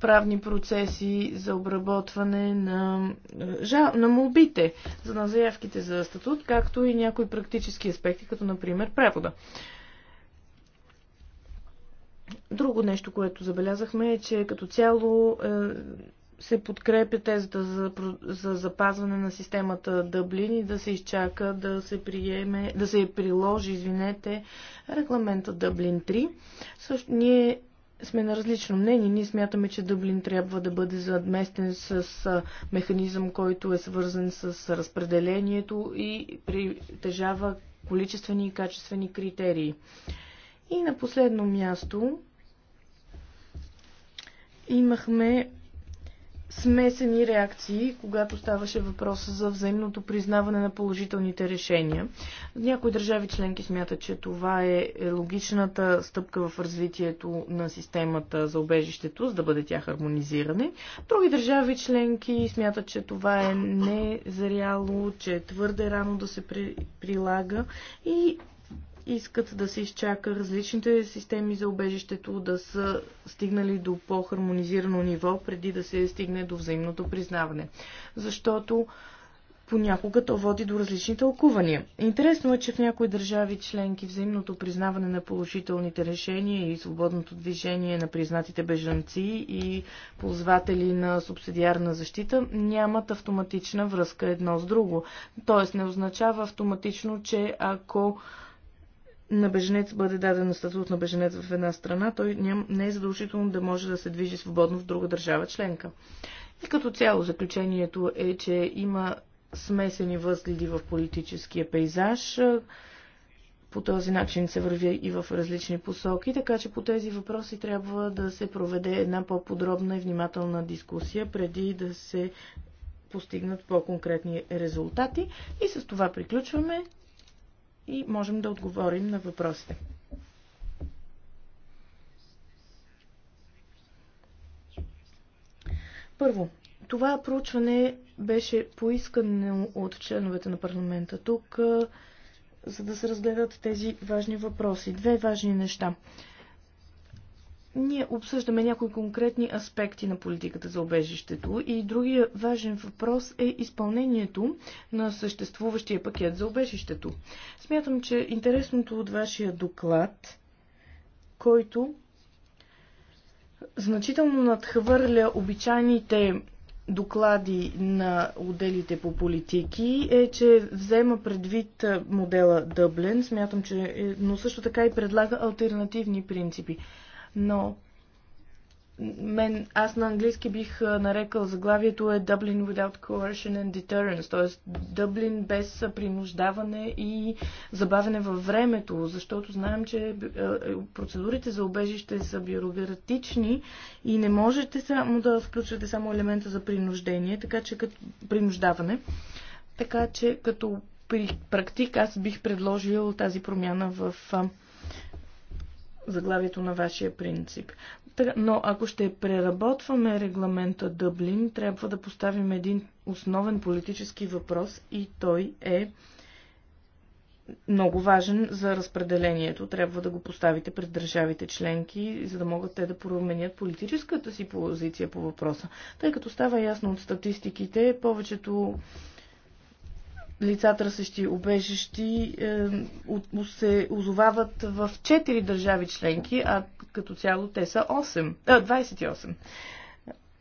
правни процеси за обработване на, е, жал... на молбите, за на заявките за статут, както и някои практически аспекти, като например превода. Друго нещо, което забелязахме е, че като цяло е, се подкрепя тезата за, за запазване на системата Дъблин и да се изчака да се приеме, да се приложи, извинете, регламента Дъблин 3. Също ние сме на различно мнение. Ние смятаме, че Дъблин трябва да бъде заместен с механизъм, който е свързан с разпределението и притежава количествени и качествени критерии. И на последно място имахме смесени реакции, когато ставаше въпрос за взаимното признаване на положителните решения. Някои държави членки смятат, че това е логичната стъпка в развитието на системата за обежището, за да бъде тя хармонизиране. Други държави членки смятат, че това е незряло, че е твърде рано да се при, прилага и искат да се изчака различните системи за обежището да са стигнали до по-хармонизирано ниво, преди да се стигне до взаимното признаване. Защото понякога то води до различни тълкувания. Интересно е, че в някои държави членки взаимното признаване на положителните решения и свободното движение на признатите бежанци и ползватели на субсидиарна защита нямат автоматична връзка едно с друго. Тоест не означава автоматично, че ако на беженец бъде даден статут на беженец в една страна, той не е задължително да може да се движи свободно в друга държава членка. И като цяло заключението е, че има смесени възгледи в политическия пейзаж. По този начин се върви и в различни посоки, така че по тези въпроси трябва да се проведе една по-подробна и внимателна дискусия, преди да се постигнат по-конкретни резултати. И с това приключваме и можем да отговорим на въпросите. Първо, това проучване беше поискано от членовете на парламента тук, за да се разгледат тези важни въпроси. Две важни неща. Ние обсъждаме някои конкретни аспекти на политиката за обежището и другия важен въпрос е изпълнението на съществуващия пакет за обежището. Смятам, че интересното от вашия доклад, който значително надхвърля обичайните доклади на отделите по политики е, че взема предвид модела Дъблен, смятам, че, е, но също така и предлага альтернативни принципи но мен, аз на английски бих нарекал заглавието е Dublin without coercion and deterrence, т.е. Дъблин без принуждаване и забавене във времето, защото знаем, че е, е, процедурите за обежище са бюрократични и не можете само да включвате само елемента за принуждение, така че като принуждаване. Така че като при практик аз бих предложил тази промяна в заглавието на вашия принцип. Но ако ще преработваме регламента Дъблин, трябва да поставим един основен политически въпрос и той е много важен за разпределението. Трябва да го поставите пред държавите членки, за да могат те да променят политическата си позиция по въпроса. Тъй като става ясно от статистиките, повечето лица, търсещи убежищи, е, се озовават в 4 държави членки, а като цяло те са 8, а, 28.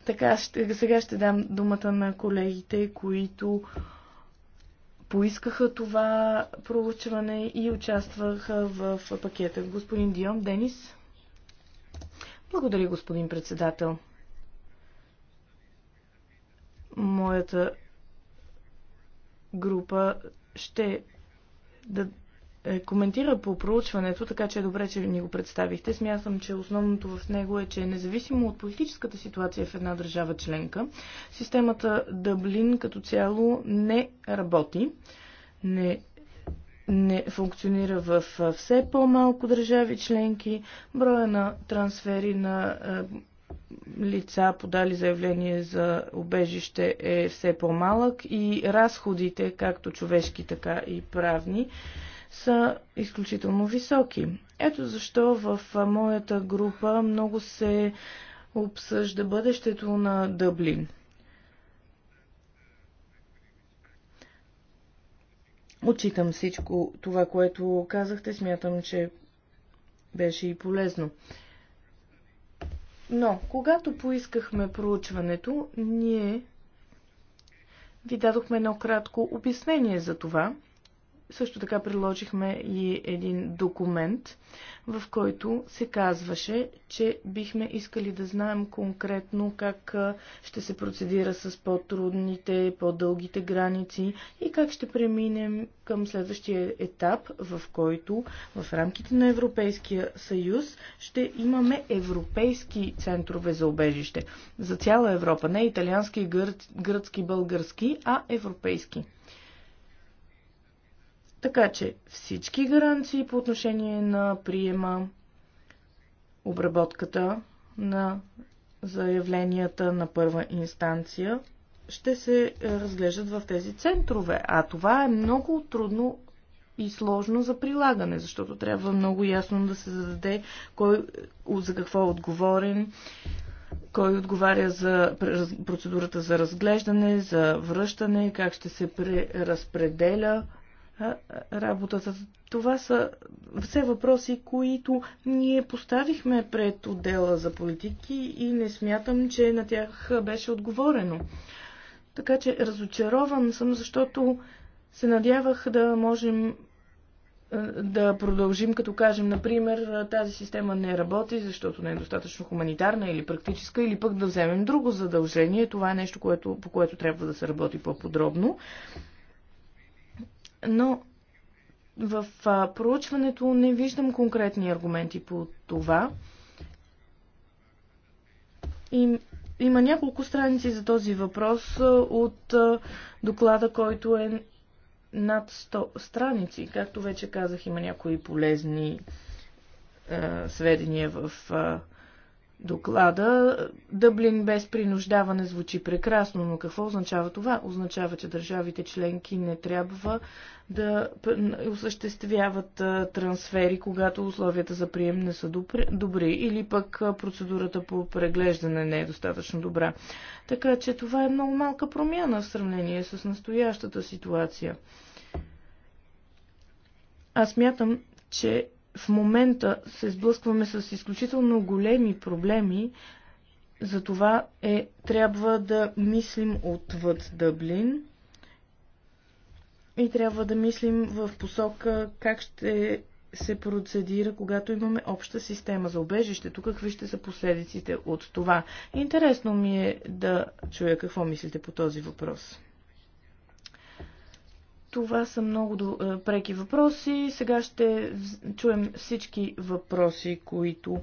Така, сега ще дам думата на колегите, които поискаха това проучване и участваха в пакета. Господин Дион, Денис. Благодаря, господин председател. Моята група ще да е, коментира по проучването, така че е добре, че ни го представихте. Смятам, че основното в него е, че независимо от политическата ситуация в една държава членка, системата Дъблин като цяло не работи, не, не функционира в все по-малко държави членки. Броя на трансфери на е, лица подали заявление за убежище е все по-малък и разходите, както човешки, така и правни, са изключително високи. Ето защо в моята група много се обсъжда бъдещето на Дъблин. Отчитам всичко това, което казахте. Смятам, че беше и полезно. Но, когато поискахме проучването, ние ви дадохме едно кратко обяснение за това – също така предложихме и един документ, в който се казваше, че бихме искали да знаем конкретно как ще се процедира с по-трудните, по-дългите граници и как ще преминем към следващия етап, в който в рамките на Европейския съюз ще имаме европейски центрове за обежище. За цяла Европа, не италиански, гръцки, български, а европейски. Така че всички гаранции по отношение на приема, обработката на заявленията на първа инстанция ще се е, разглеждат в тези центрове. А това е много трудно и сложно за прилагане, защото трябва много ясно да се зададе кой за какво е отговорен, кой отговаря за процедурата за разглеждане, за връщане, как ще се преразпределя работата. Това са все въпроси, които ние поставихме пред отдела за политики и не смятам, че на тях беше отговорено. Така че разочарован съм, защото се надявах да можем да продължим, като кажем, например, тази система не работи, защото не е достатъчно хуманитарна или практическа, или пък да вземем друго задължение. Това е нещо, което, по което трябва да се работи по-подробно но в проучването не виждам конкретни аргументи по това. И има няколко страници за този въпрос от доклада, който е над 100 страници. Както вече казах, има някои полезни а, сведения в А, доклада. Дъблин без принуждаване звучи прекрасно, но какво означава това? Означава, че държавите членки не трябва да осъществяват трансфери, когато условията за прием не са добри или пък процедурата по преглеждане не е достатъчно добра. Така че това е много малка промяна в сравнение с настоящата ситуация. Аз мятам, че в момента се сблъскваме с изключително големи проблеми, затова е, трябва да мислим отвъд Дъблин и трябва да мислим в посока как ще се процедира, когато имаме обща система за обежището, какви ще са последиците от това. Интересно ми е да чуя какво мислите по този въпрос. Това са много е, преки въпроси. Сега ще чуем всички въпроси, които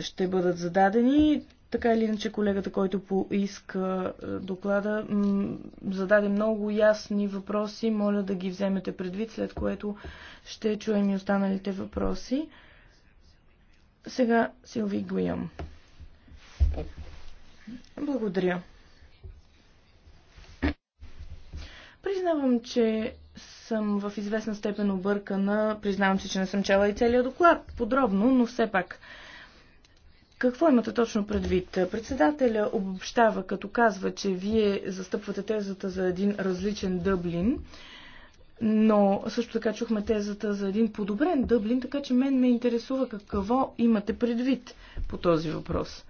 ще бъдат зададени. Така или иначе колегата, който поиска е, доклада, зададе много ясни въпроси. Моля да ги вземете предвид, след което ще чуем и останалите въпроси. Сега Силви Гуям. Благодаря. Признавам, че съм в известна степен объркана. Признавам се, че не съм чела и целият доклад подробно, но все пак. Какво имате точно предвид? Председателя обобщава, като казва, че вие застъпвате тезата за един различен Дъблин, но също така чухме тезата за един подобрен Дъблин, така че мен ме интересува какво имате предвид по този въпрос.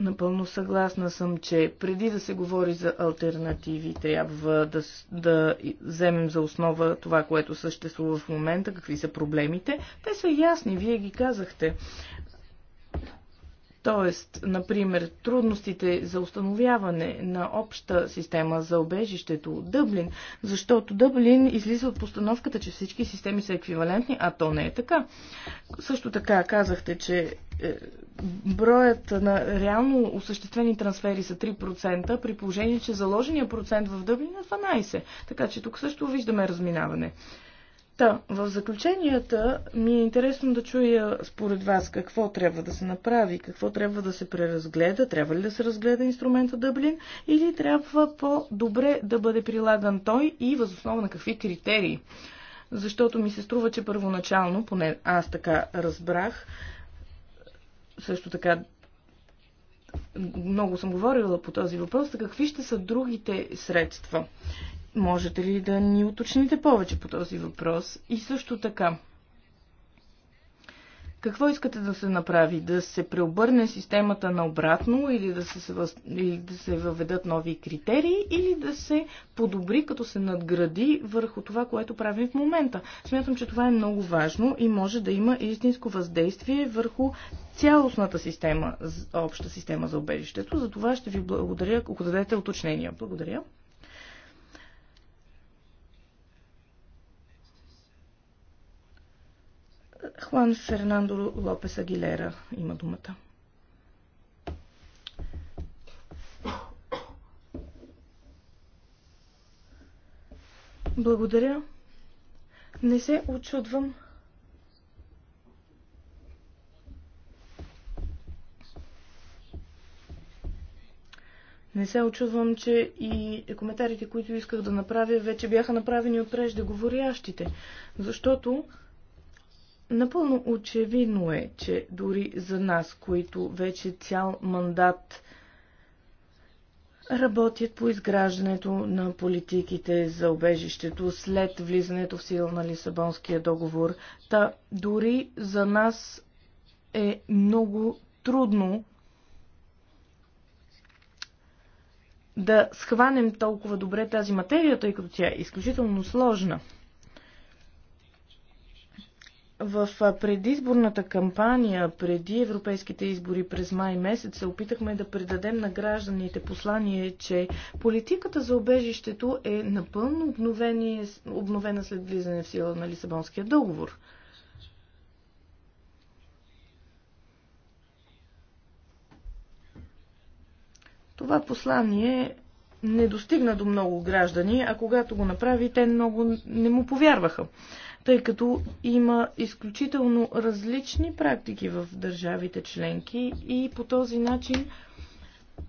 Напълно съгласна съм, че преди да се говори за альтернативи, трябва да, да вземем за основа това, което съществува в момента, какви са проблемите. Те са ясни, вие ги казахте. Тоест, например, трудностите за установяване на обща система за обежището Дъблин, защото Дъблин излиза от постановката, че всички системи са еквивалентни, а то не е така. Също така казахте, че е, броят на реално осъществени трансфери са 3%, при положение, че заложения процент в Дъблин е 12%. Така че тук също виждаме разминаване. Та, в заключенията ми е интересно да чуя според вас какво трябва да се направи, какво трябва да се преразгледа, трябва ли да се разгледа инструмента Дъблин или трябва по-добре да бъде прилаган той и възоснова на какви критерии. Защото ми се струва, че първоначално, поне аз така разбрах, също така много съм говорила по този въпрос, какви ще са другите средства. Можете ли да ни уточните повече по този въпрос? И също така, какво искате да се направи? Да се преобърне системата наобратно или да се, или да се въведат нови критерии или да се подобри, като се надгради върху това, което правим в момента? Смятам, че това е много важно и може да има истинско въздействие върху цялостната система, обща система за убежището. За това ще ви благодаря, ако дадете уточнения. Благодаря. Хуан Фернандо Лопес Агилера има думата. Благодаря. Не се очудвам. Не се очудвам, че и коментарите, които исках да направя, вече бяха направени от преждеговорящите. Защото Напълно очевидно е, че дори за нас, които вече цял мандат работят по изграждането на политиките за обежището след влизането в сила на Лисабонския договор, та дори за нас е много трудно да схванем толкова добре тази материя, тъй като тя е изключително сложна. В предизборната кампания, преди европейските избори през май месец, се опитахме да предадем на гражданите послание, че политиката за обежището е напълно обновена след влизане в сила на Лисабонския договор. Това послание не достигна до много граждани, а когато го направи, те много не му повярваха тъй като има изключително различни практики в държавите членки и по този начин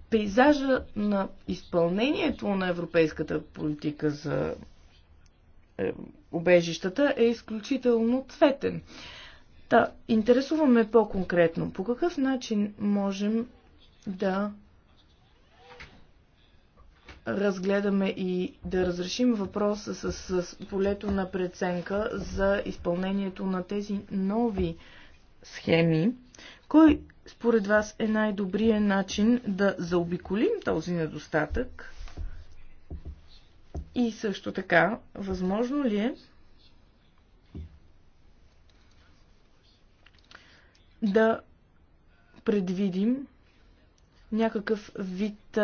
пейзажа на изпълнението на европейската политика за е, убежищата е изключително цветен. Та, да, интересуваме по-конкретно по какъв начин можем да разгледаме и да разрешим въпроса с, с полето на преценка за изпълнението на тези нови схеми. Кой според вас е най-добрият начин да заобиколим този недостатък? И също така, възможно ли е да предвидим някакъв вид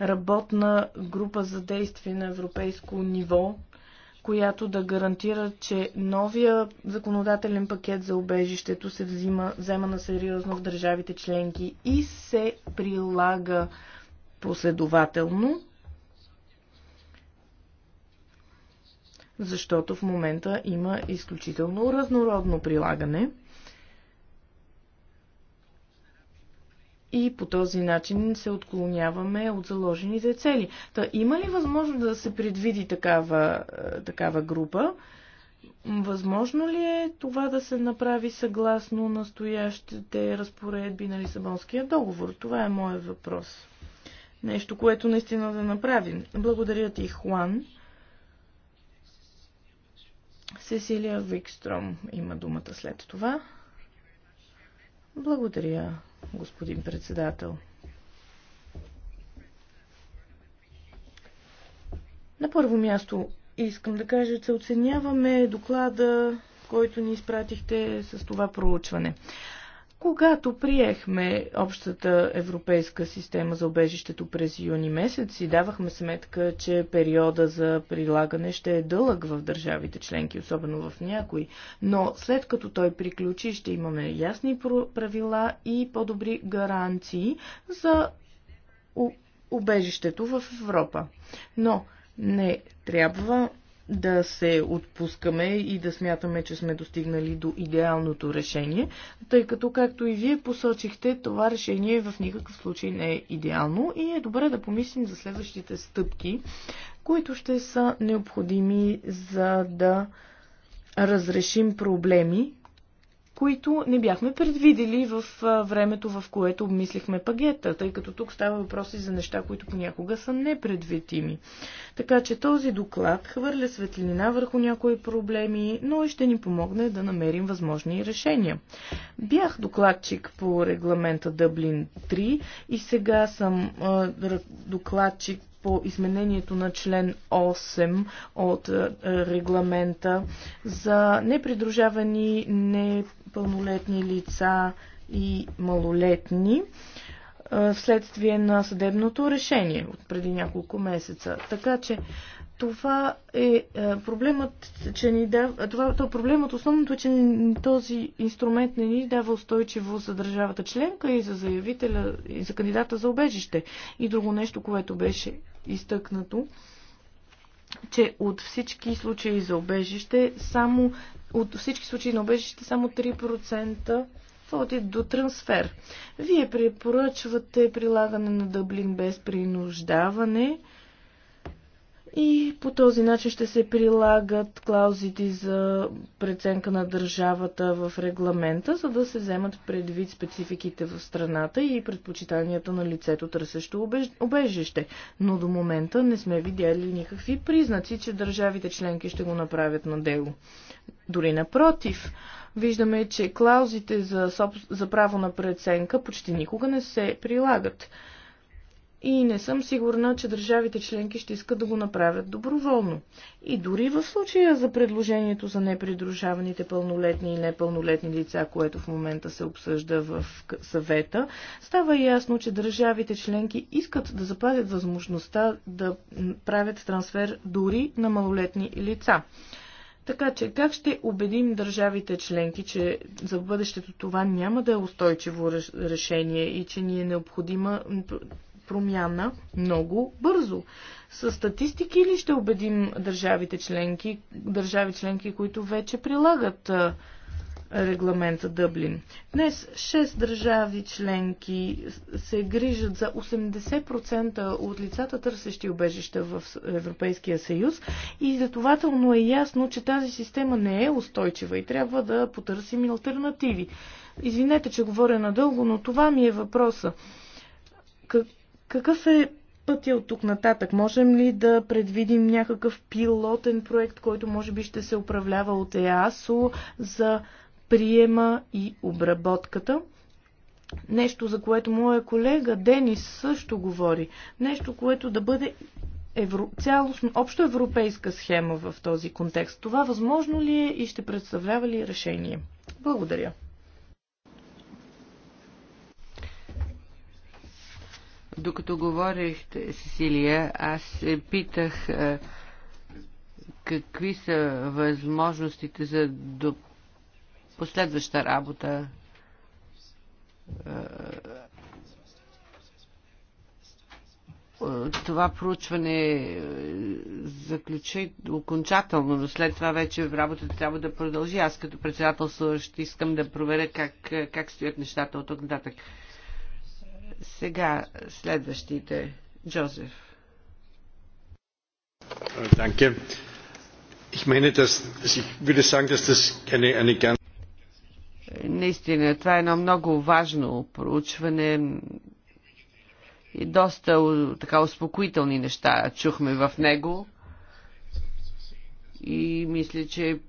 работна група за действие на европейско ниво, която да гарантира, че новия законодателен пакет за обежището се взима, взема на сериозно в държавите членки и се прилага последователно, защото в момента има изключително разнородно прилагане – и по този начин се отклоняваме от заложените цели. Та има ли възможност да се предвиди такава, е, такава група? Възможно ли е това да се направи съгласно настоящите разпоредби на Лисабонския договор? Това е моят въпрос. Нещо, което наистина да направим. Благодаря ти, Хуан. Сесилия Викстром има думата след това. Благодаря, господин председател. На първо място искам да кажа, че оценяваме доклада, който ни изпратихте с това проучване. Когато приехме общата европейска система за обежището през юни месец, си давахме сметка, че периода за прилагане ще е дълъг в държавите членки, особено в някои, но след като той приключи, ще имаме ясни правила и по-добри гаранции за убежището в Европа. Но не трябва да се отпускаме и да смятаме, че сме достигнали до идеалното решение, тъй като, както и вие посочихте, това решение в никакъв случай не е идеално и е добре да помислим за следващите стъпки, които ще са необходими за да разрешим проблеми, които не бяхме предвидели в времето, в което обмислихме пагета, тъй като тук става въпроси за неща, които понякога са непредвидими. Така че този доклад хвърля светлина върху някои проблеми, но и ще ни помогне да намерим възможни решения. Бях докладчик по регламента Дъблин 3 и сега съм докладчик по изменението на член 8 от е, регламента за непридружавани непълнолетни лица и малолетни е, вследствие на съдебното решение от преди няколко месеца. Така че това е, е проблемът, че ни дава, това, това проблемът основното е, че този инструмент не ни дава устойчиво за държавата членка и за заявителя, и за кандидата за обежище. И друго нещо, което беше изтъкнато, че от всички случаи за обежище, само от всички случаи на обежище, само 3% води до трансфер. Вие препоръчвате прилагане на Дъблин без принуждаване, и по този начин ще се прилагат клаузите за преценка на държавата в регламента, за да се вземат предвид спецификите в страната и предпочитанията на лицето търсещо обежище. Но до момента не сме видяли никакви признаци, че държавите членки ще го направят на дело. Дори напротив, виждаме, че клаузите за, за право на преценка почти никога не се прилагат и не съм сигурна, че държавите членки ще искат да го направят доброволно. И дори в случая за предложението за непридружаваните пълнолетни и непълнолетни лица, което в момента се обсъжда в съвета, става ясно, че държавите членки искат да запазят възможността да правят трансфер дори на малолетни лица. Така че как ще убедим държавите членки, че за бъдещето това няма да е устойчиво решение и че ни е необходима промяна много бързо. С статистики ли ще убедим държавите членки, държави членки, които вече прилагат регламента Дъблин. Днес 6 държави членки се грижат за 80% от лицата, търсещи убежища в Европейския съюз и затователно е ясно, че тази система не е устойчива и трябва да потърсим альтернативи. Извинете, че говоря надълго, но това ми е въпроса. Какъв е пътя от тук нататък? Можем ли да предвидим някакъв пилотен проект, който може би ще се управлява от ЕАСО за приема и обработката? Нещо, за което моя колега Денис също говори. Нещо, което да бъде евро, цялостно, общо европейска схема в този контекст. Това възможно ли е и ще представлява ли решение? Благодаря. Докато говорихте, Сесилия, аз се питах какви са възможностите за до последваща работа това проучване заключи окончателно, но след това вече работата трябва да продължи. Аз като председател ще искам да проверя как, как стоят нещата от тук нататък. Сега следващите. Джозеф. Ich meine, dass, ich würde sagen, dass das eine, eine ganz Наистина, това е едно много важно проучване и доста така успокоителни неща чухме в него и мисля, че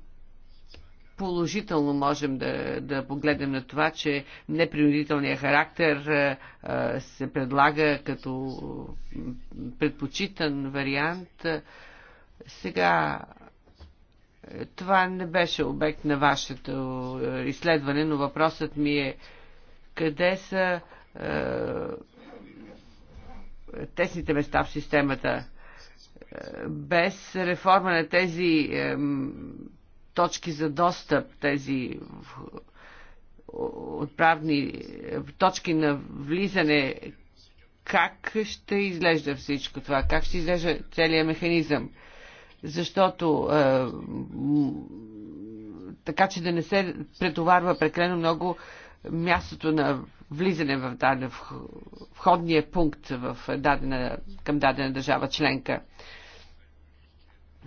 положително можем да, да погледнем на това, че непринудителният характер се предлага като предпочитан вариант. Сега това не беше обект на вашето изследване, но въпросът ми е къде са е, тесните места в системата? Без реформа на тези е, точки за достъп, тези отправни точки на влизане, как ще изглежда всичко това, как ще изглежда целият механизъм. Защото е, така, че да не се претоварва прекалено много мястото на влизане в даден входния пункт в дадена, към дадена държава членка.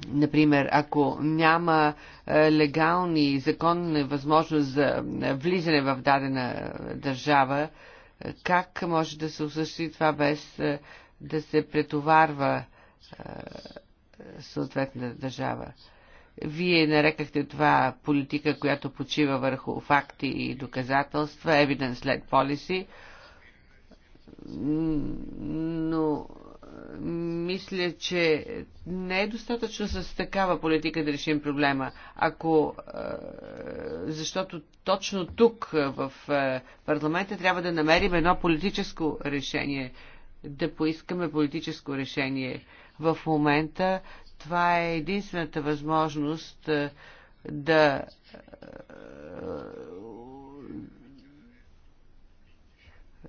Например, ако няма е, легални и законни възможност за е, влизане в дадена е, държава, как може да се осъществи това без да се претоварва съответната държава? Вие нарекахте това политика, която почива върху факти и доказателства, evidence-led policy, но мисля, че не е достатъчно с такава политика да решим проблема. Ако, защото точно тук в парламента трябва да намерим едно политическо решение, да поискаме политическо решение. В момента това е единствената възможност да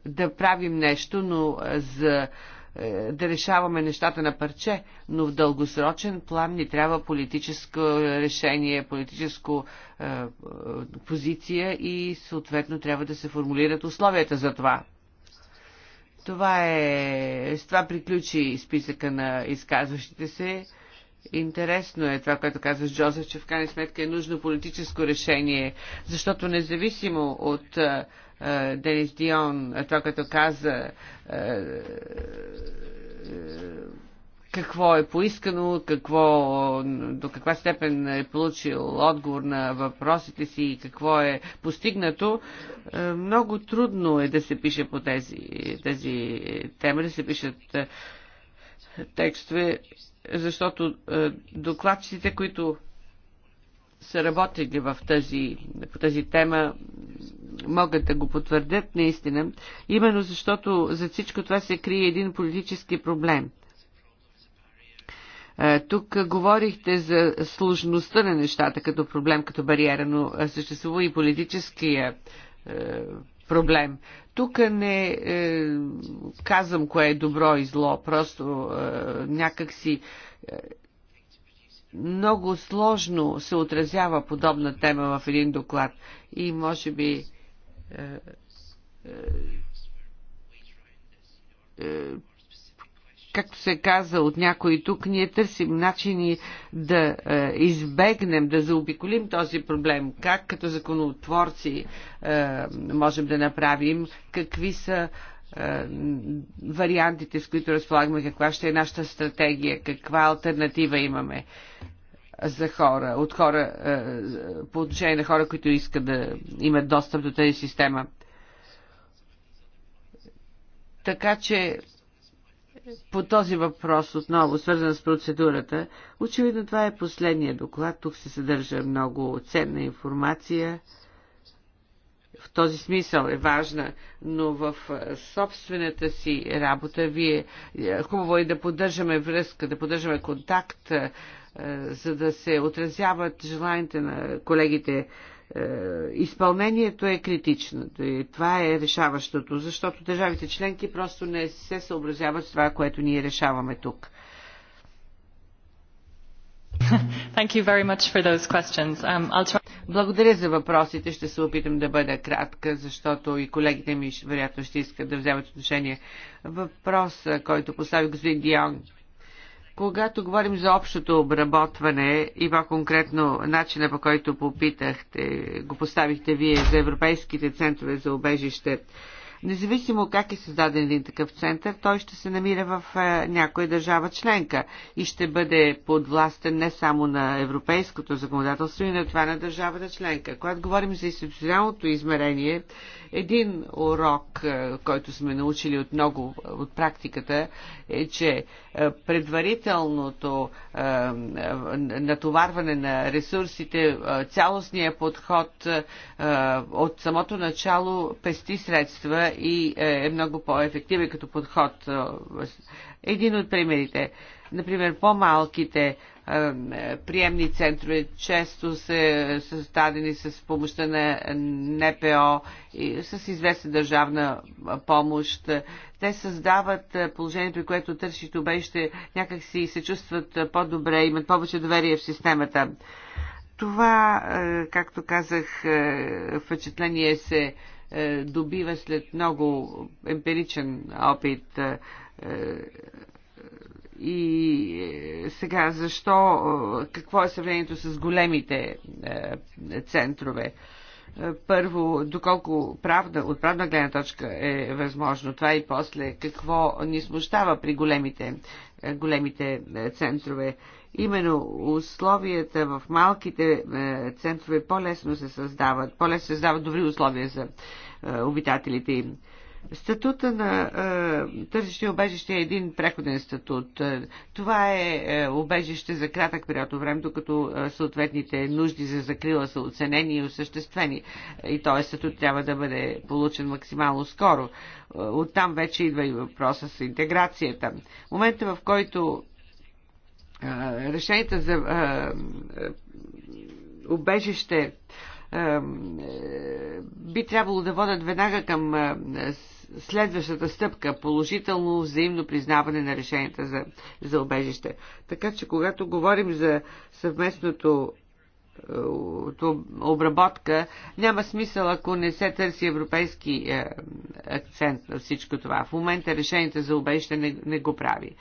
да правим нещо, но за е, да решаваме нещата на парче, но в дългосрочен план ни трябва политическо решение, политическо е, е, позиция и съответно трябва да се формулират условията за това. Това е... С това приключи списъка на изказващите се. Интересно е това, което казваш, Джозеф, че в крайна сметка е нужно политическо решение, защото независимо от е, е, Дион, е, това като каза е, какво е поискано, какво, до каква степен е получил отговор на въпросите си и какво е постигнато, много трудно е да се пише по тези, тези теми, да се пишат текстове, защото докладчиците, които са работили в тази, по тази тема, могат да го потвърдят наистина, именно защото за всичко това се крие един политически проблем. Е, тук говорихте за сложността на нещата като проблем, като бариера, но е, съществува и политическия е, проблем. Тук не казвам кое е добро и зло, просто някакси много сложно се отразява подобна тема в един доклад и може би е, е, е, както се каза от някой тук, ние търсим начини да избегнем, да заобиколим този проблем. Как като законотворци можем да направим, какви са е, вариантите, с които разполагаме, каква ще е нашата стратегия, каква альтернатива имаме за хора, от хора, е, по отношение на хора, които искат да имат достъп до тази система. Така че по този въпрос отново, свързан с процедурата, очевидно това е последния доклад. Тук се съдържа много ценна информация в този смисъл е важна, но в собствената си работа вие е, хубаво е да поддържаме връзка, да поддържаме контакт, за да се отразяват желаните на колегите. Е, изпълнението е критично. и е, това е решаващото, защото държавите членки просто не се съобразяват с това, което ние решаваме тук. Thank you very much for those questions. Um, I'll try благодаря за въпросите. Ще се опитам да бъда кратка, защото и колегите ми вероятно ще искат да вземат отношение. Въпрос, който постави господин Дион. Когато говорим за общото обработване и по-конкретно начина по който попитахте, го поставихте вие за европейските центрове за обежище, Независимо как е създаден един такъв център, той ще се намира в е, някоя държава членка и ще бъде подвластен не само на европейското законодателство, и на това на държавата членка. Когато говорим за институционалното измерение, един урок, е, който сме научили от много от практиката, е, че е, предварителното натоварване на ресурсите, цялостния подход от самото начало пести средства и е, е много по-ефективен като подход. Е, един от примерите. Например, по-малките е, приемни центрове често са създадени с помощта на НПО и с известна държавна помощ. Те създават положението, при което търсят обеще, някакси се чувстват по-добре, имат повече доверие в системата. Това, както казах, впечатление се е, добива след много емпиричен опит е, е, и сега защо, какво е сравнението с големите центрове? Първо, доколко правда, от правна гледна точка е възможно това и после какво ни смущава при големите, големите центрове. Именно условията в малките е, центрове по-лесно се създават, по-лесно се създават добри условия за е, обитателите им. Статута на е, тържищни обежище е един преходен статут. Е, това е, е обежище за кратък период от време, докато е, съответните нужди за закрила са оценени и осъществени. И този статут трябва да бъде получен максимално скоро. Оттам вече идва и въпроса с интеграцията. Момента в който решенията за обежище убежище е, би трябвало да водят веднага към следващата стъпка положително взаимно признаване на решенията за, за убежище. Така че, когато говорим за съвместното е, обработка, няма смисъл, ако не се търси европейски е, акцент на всичко това. В момента решението за убежище не, не го прави.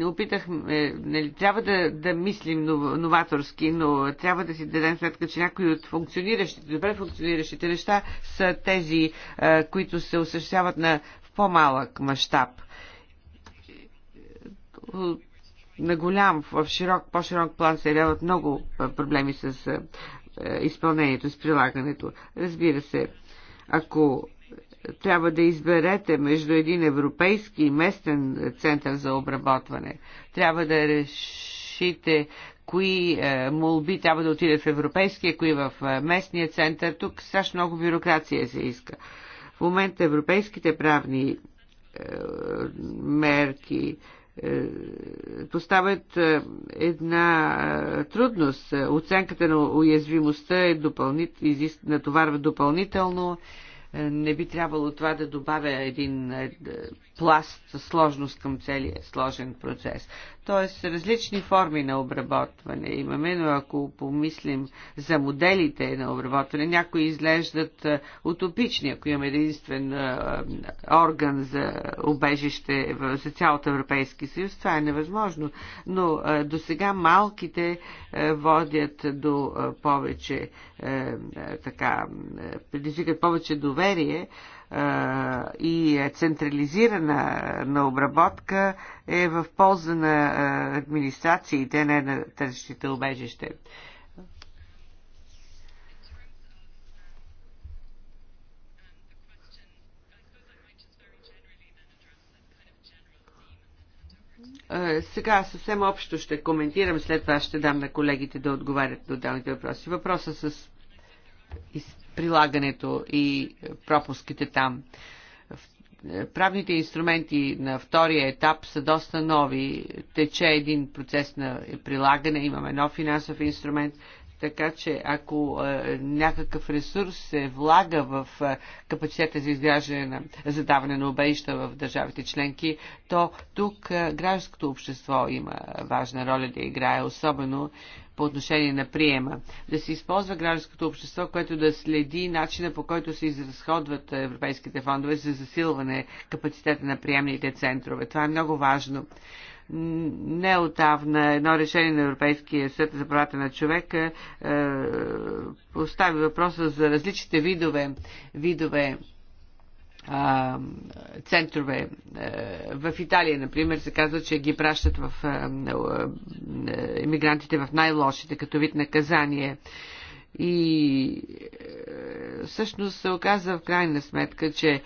Е, опитахме, нали, трябва да, да мислим новаторски, но трябва да си дадем сметка, че някои от функциониращите, добре функциониращите неща са тези, е, които се осъществяват на в по-малък мащаб. На голям, в широк, по-широк план се явяват много е, проблеми с изпълнението, с прилагането. Разбира се, ако трябва да изберете между един европейски и местен център за обработване. Трябва да решите кои е, молби трябва да отидат в европейския, кои в е, местния център. Тук страшно много бюрокрация се иска. В момента европейските правни е, мерки е, поставят е, една трудност. Оценката на уязвимостта е допълнит, изиск, натоварва допълнително е, не би трябвало това да добавя един е, пласт със сложност към целия сложен процес. Тоест различни форми на обработване имаме, но ако помислим за моделите на обработване, някои изглеждат е, утопични, ако имаме единствен е, е, орган за обежище за цялата Европейски съюз, това е невъзможно. Но до сега малките водят до повече така, предизвикат повече доверие, и е централизирана на обработка е в полза на администрациите, не на търсещите убежище. Сега съвсем общо ще коментирам, след това ще дам на колегите да отговарят на отделните въпроси. Въпроса с прилагането и пропуските там. Правните инструменти на втория етап са доста нови. Тече един процес на прилагане, имаме нов финансов инструмент, така че ако е, някакъв ресурс се влага в е, капацитета за изграждане на задаване на обеища в държавите членки, то тук е, гражданското общество има важна роля да играе, особено по отношение на приема. Да се използва гражданското общество, което да следи начина по който се изразходват европейските фондове за засилване капацитета на приемните центрове. Това е много важно Не отдавна едно решение на Европейския съд за правата на човека е, постави въпроса за различните видове, видове а, центрове. Е, в Италия, например, се казва, че ги пращат в иммигрантите е, е, в най-лошите, като вид наказание. И всъщност се оказва в крайна сметка, че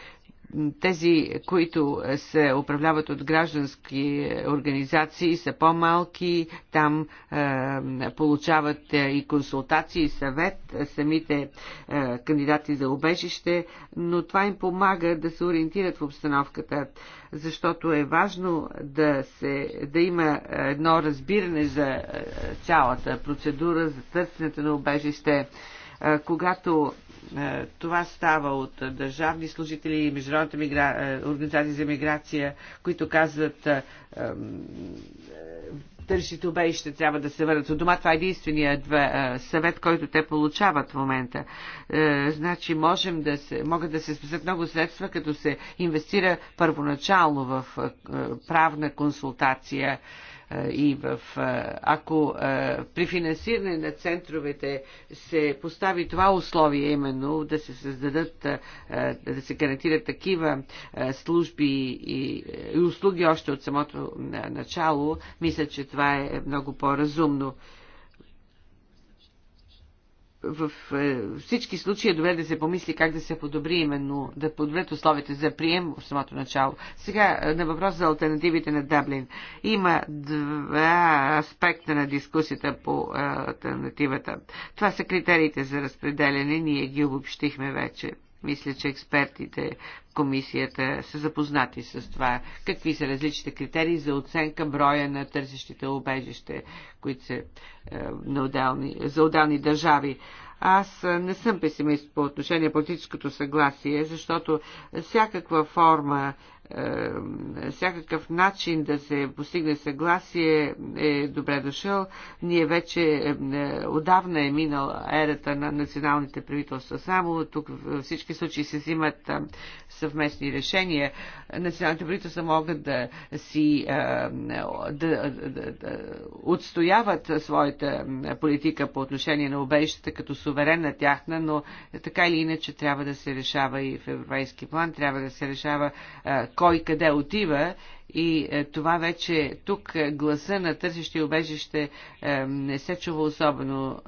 тези, които се управляват от граждански организации, са по-малки, там е, получават е, и консултации, и съвет е, самите е, кандидати за убежище, но това им помага да се ориентират в обстановката, защото е важно да, се, да има едно разбиране за е, цялата процедура, за търсенето на убежище. Е, когато е, това става от държавни служители и Международната мигра... Е, организация за миграция, които казват е, търсите обеище трябва да се върнат от дома. Това е единственият съвет, който те получават в момента. Значи можем да се, могат да се спасят много средства, като се инвестира първоначално в правна консултация и в, ако при финансиране на центровете се постави това условие именно да се създадат, да се гарантират такива служби и, услуги още от самото начало, мисля, че това е много по-разумно в е, всички случаи е добре да се помисли как да се подобри именно, да подобрят условията за прием в самото начало. Сега е, на въпрос за альтернативите на Даблин. Има два аспекта на дискусията по е, альтернативата. Това са критериите за разпределяне, ние ги обобщихме вече. Мисля, че експертите в комисията са запознати с това. Какви са различните критерии за оценка броя на търсещите обежище, които са е, на отделни, за отделни държави? Аз е, не съм песимист по отношение на политическото съгласие, защото всякаква форма е, всякакъв начин да се постигне съгласие е добре дошъл. Ние вече е, е, отдавна е минал ерата на националните правителства само. Тук във всички случаи се взимат съвместни решения. Националните правителства могат да си да, да, да, да отстояват своята политика по отношение на обещата като суверенна тяхна, но така или иначе трябва да се решава и в европейски план, трябва да се решава кой къде отива и е, това вече тук е, гласа на търсещи обежище е, не се чува особено.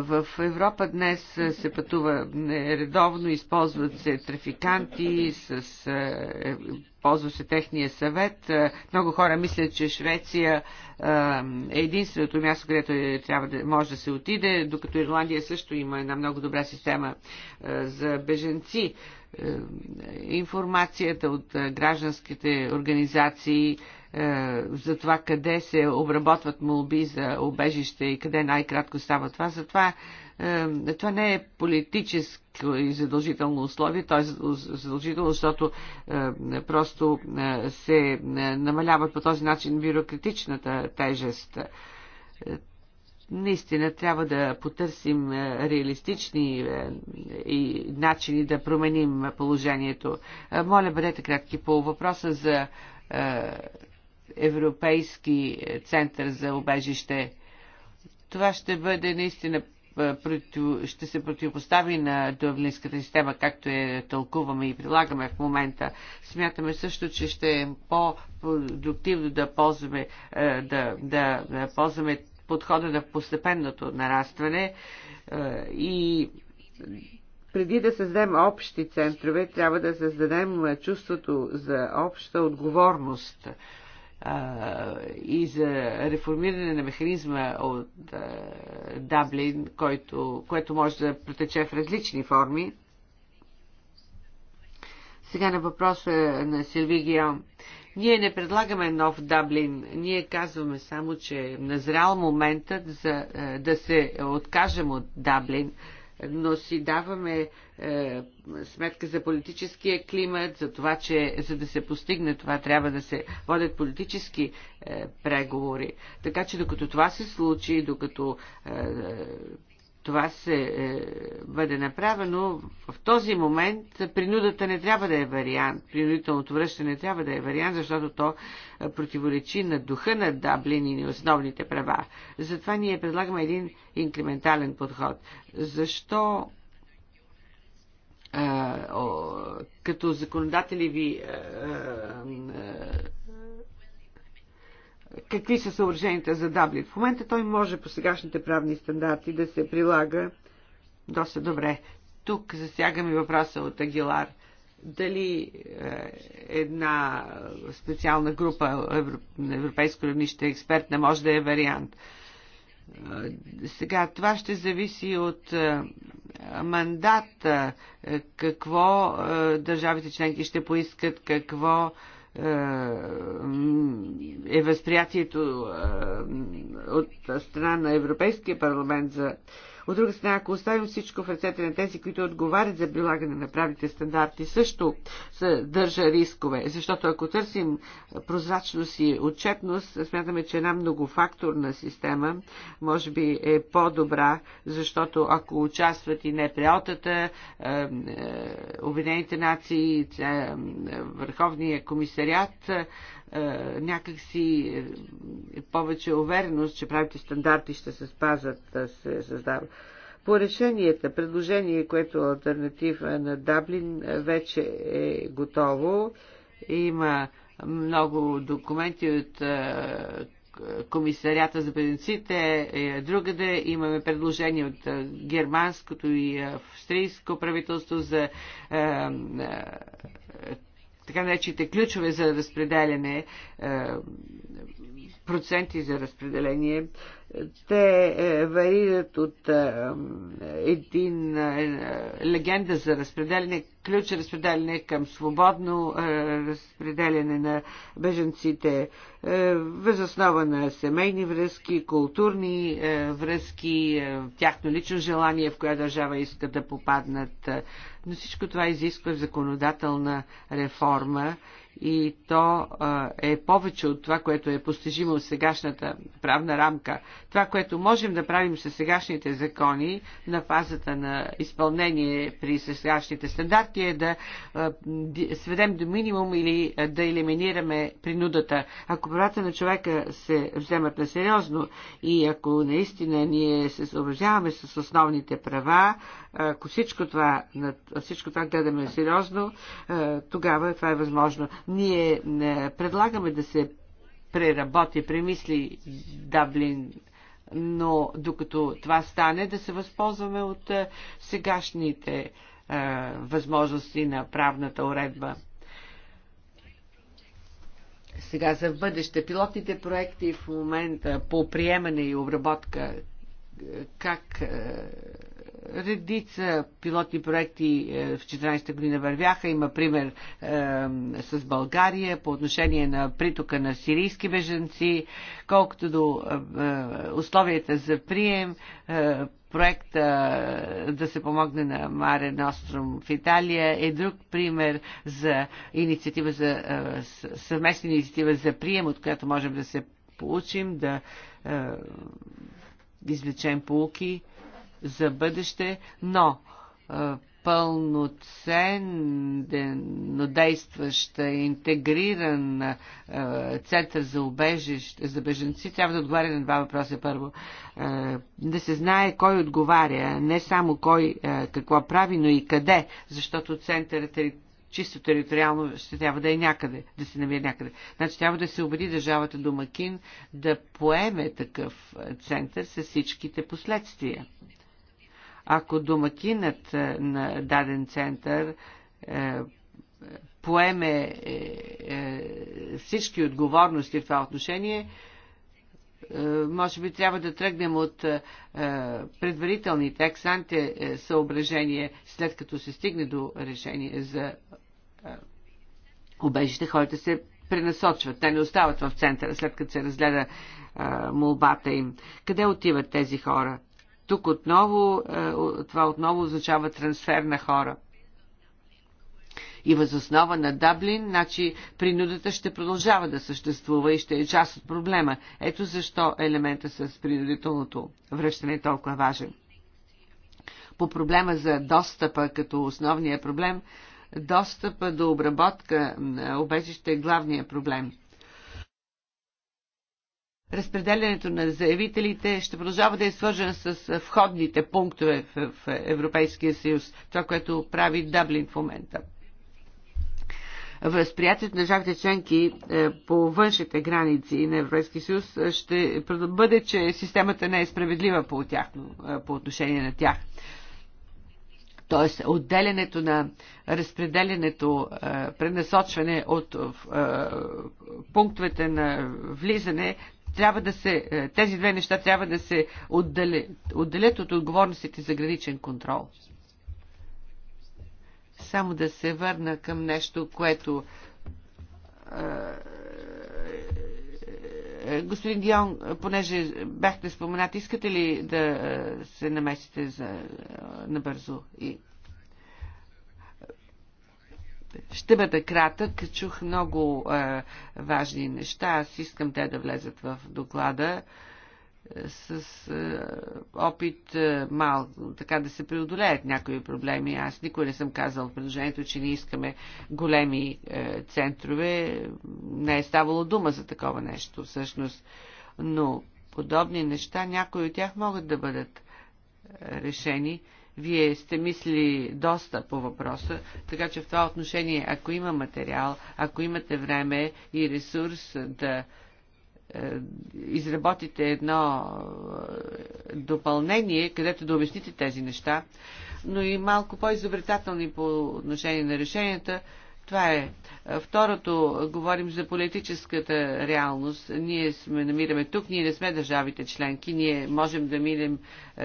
в Европа днес се пътува редовно, използват се трафиканти, с, ползва се техния съвет. Много хора мислят, че Швеция е единственото място, където трябва да, може да се отиде, докато Ирландия също има една много добра система за беженци е, информацията от е, гражданските организации е, за това къде се обработват молби за обежище и къде най-кратко става това. Затова това не е политическо и задължително условие, то е задължително, защото просто се намалява по този начин бюрократичната тежест наистина трябва да потърсим е, реалистични е, и начини да променим положението. Е, моля, бъдете кратки по въпроса за Европейски център за обежище. Това ще бъде наистина ще се противопостави на дъблинската система, както я тълкуваме и прилагаме в момента. Смятаме също, че ще е по-продуктивно да ползваме, да, да ползваме подхода на постепенното нарастване е, и преди да създадем общи центрове, трябва да създадем чувството за обща отговорност е, и за реформиране на механизма от е, Даблин, който, което може да протече в различни форми. Сега на въпроса на Силви ние не предлагаме нов Даблин. Ние казваме само, че е назрял моментът за, е, да се откажем от Даблин, но си даваме е, сметка за политическия климат, за това, че за да се постигне това трябва да се водят политически е, преговори. Така че докато това се случи, докато е, това се е, бъде направено, в този момент принудата не трябва да е вариант, принудителното връщане не трябва да е вариант, защото то е, противоречи на духа на Даблин и на основните права. Затова ние предлагаме един инкрементален подход. Защо е, о, като законодатели ви е, е, какви са съоръженията за Даблин. В момента той може по сегашните правни стандарти да се прилага доста добре. Тук засягаме въпроса от Агилар. Дали е, една специална група на европейско равнище експертна може да е вариант. Е, сега, това ще зависи от е, мандата, какво държавите членки ще поискат, какво е, е възприятието от страна на Европейския парламент за от друга страна, ако оставим всичко в ръцете на тези, които отговарят за прилагане на правните стандарти, също държа рискове. Защото ако търсим прозрачност и отчетност, смятаме, че една многофакторна система може би е по-добра, защото ако участват и НПО-тата, е, е, Обединените нации, е, Върховния комисариат, е, някакси е, повече увереност, че правите стандарти ще се спазат, да се създава. По решенията, предложение, което е альтернатива на Даблин, е, вече е готово. Има много документи от комисарията за беденците, другаде имаме предложение от германското и австрийско правителство за така наречените ключове за разпределяне, е, проценти за разпределение, те е, варират от е, един е, легенда за разпределение, ключ разпределение към свободно разпределение на беженците, възоснова на семейни връзки, културни връзки, тяхно лично желание в коя държава искат да попаднат. Но всичко това изисква законодателна реформа и то е повече от това, което е постижимо от сегашната правна рамка. Това, което можем да правим с сегашните закони на фазата на изпълнение при сегашните стандарти е да сведем до минимум или да елиминираме принудата. Ако правата на човека се вземат на сериозно и ако наистина ние се съобразяваме с основните права, ако всичко това, всичко това гледаме сериозно, тогава това е възможно. Ние е, предлагаме да се преработи, премисли Даблин но докато това стане, да се възползваме от е, сегашните е, възможности на правната уредба. Сега за в бъдеще. Пилотните проекти в момента по приемане и обработка, е, как е, Редица пилотни проекти е, в 14-та година вървяха. Има пример е, с България по отношение на притока на сирийски беженци, колкото до е, е, условията за прием, е, проекта е, да се помогне на Маре Ностром в Италия е друг пример за инициатива за съвместна инициатива за прием, от която можем да се получим, да извлечем полуки за бъдеще, но пълноценно действаща, интегриран а, център за, убежище, за беженци, трябва да отговаря на два въпроса. Първо, а, да се знае кой отговаря, не само кой а, какво прави, но и къде, защото центърът е чисто териториално ще трябва да е някъде, да се намира някъде. Значи трябва да се убеди държавата домакин да поеме такъв център с всичките последствия. Ако домакинът е, на даден център е, поеме е, всички отговорности в това отношение, може би трябва да тръгнем от предварителните ексанте съображения, след като се стигне до решение за убежище, хората се пренасочват. Те не остават в центъра, след като се разгледа молбата им. Къде отиват тези хора? Тук отново, е, това отново означава трансфер на хора. И възоснова на Даблин, значи принудата ще продължава да съществува и ще е част от проблема. Ето защо елемента с принудителното връщане е толкова важен. По проблема за достъпа като основния проблем, достъпа до обработка обезище е главният проблем разпределянето на заявителите ще продължава да е свържен с входните пунктове в Европейския съюз, това, което прави Даблин в момента. Възприятието на държавите членки е, по външните граници на Европейския съюз е, ще бъде, че системата не е справедлива по, тях, е, по отношение на тях. Тоест, отделянето на разпределянето, пренасочване от пунктовете на влизане трябва да се, е, тези две неща трябва да се отделят, отдалят от отговорностите за граничен контрол. Само да се върна към нещо, което е, е, господин Дион, понеже бяхте споменати, искате ли да се намесите за, набързо и ще бъда кратък. Чух много е, важни неща. Аз искам те да влезат в доклада е, с е, опит е, мал, така да се преодолеят някои проблеми. Аз никой не съм казал в предложението, че не искаме големи е, центрове. Не е ставало дума за такова нещо, всъщност. Но подобни неща, някои от тях могат да бъдат е, решени вие сте мислили доста по въпроса, така че в това отношение, ако има материал, ако имате време и ресурс да е, изработите едно е, допълнение, където да обясните тези неща, но и малко по-изобретателни по отношение на решенията, това е. Второто, говорим за политическата реалност. Ние сме намираме тук, ние не сме държавите членки, ние можем да, минем,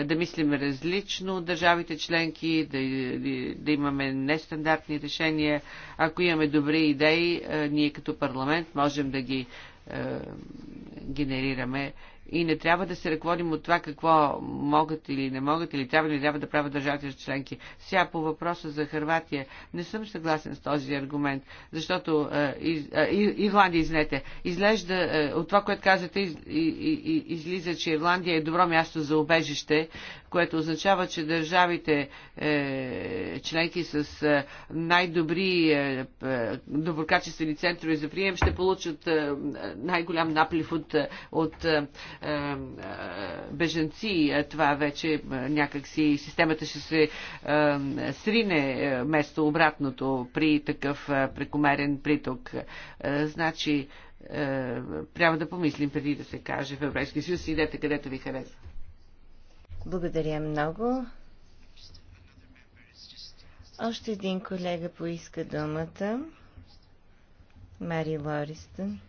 да мислим различно от държавите членки, да, да имаме нестандартни решения. Ако имаме добри идеи, е, ние като парламент можем да ги е, генерираме и не трябва да се ръководим от това какво могат или не могат, или трябва или трябва да правят държавите членки. Сега по въпроса за Харватия не съм съгласен с този аргумент, защото е, из, е, Ирландия, изнете, изглежда е, от това, което казвате, из, и, и, излиза, че Ирландия е добро място за убежище, което означава, че държавите е, членки с е, най-добри е, е, доброкачествени центрове за прием ще получат е, най-голям наплив от, е, от е, е, е беженци. Това вече някакси системата ще се е, срине вместо обратното при такъв е, прекомерен приток. Е, значи, трябва да помислим преди да се каже в Европейския съюз, идете където ви харесва. Благодаря много. Още един колега поиска думата. Мари Лористън.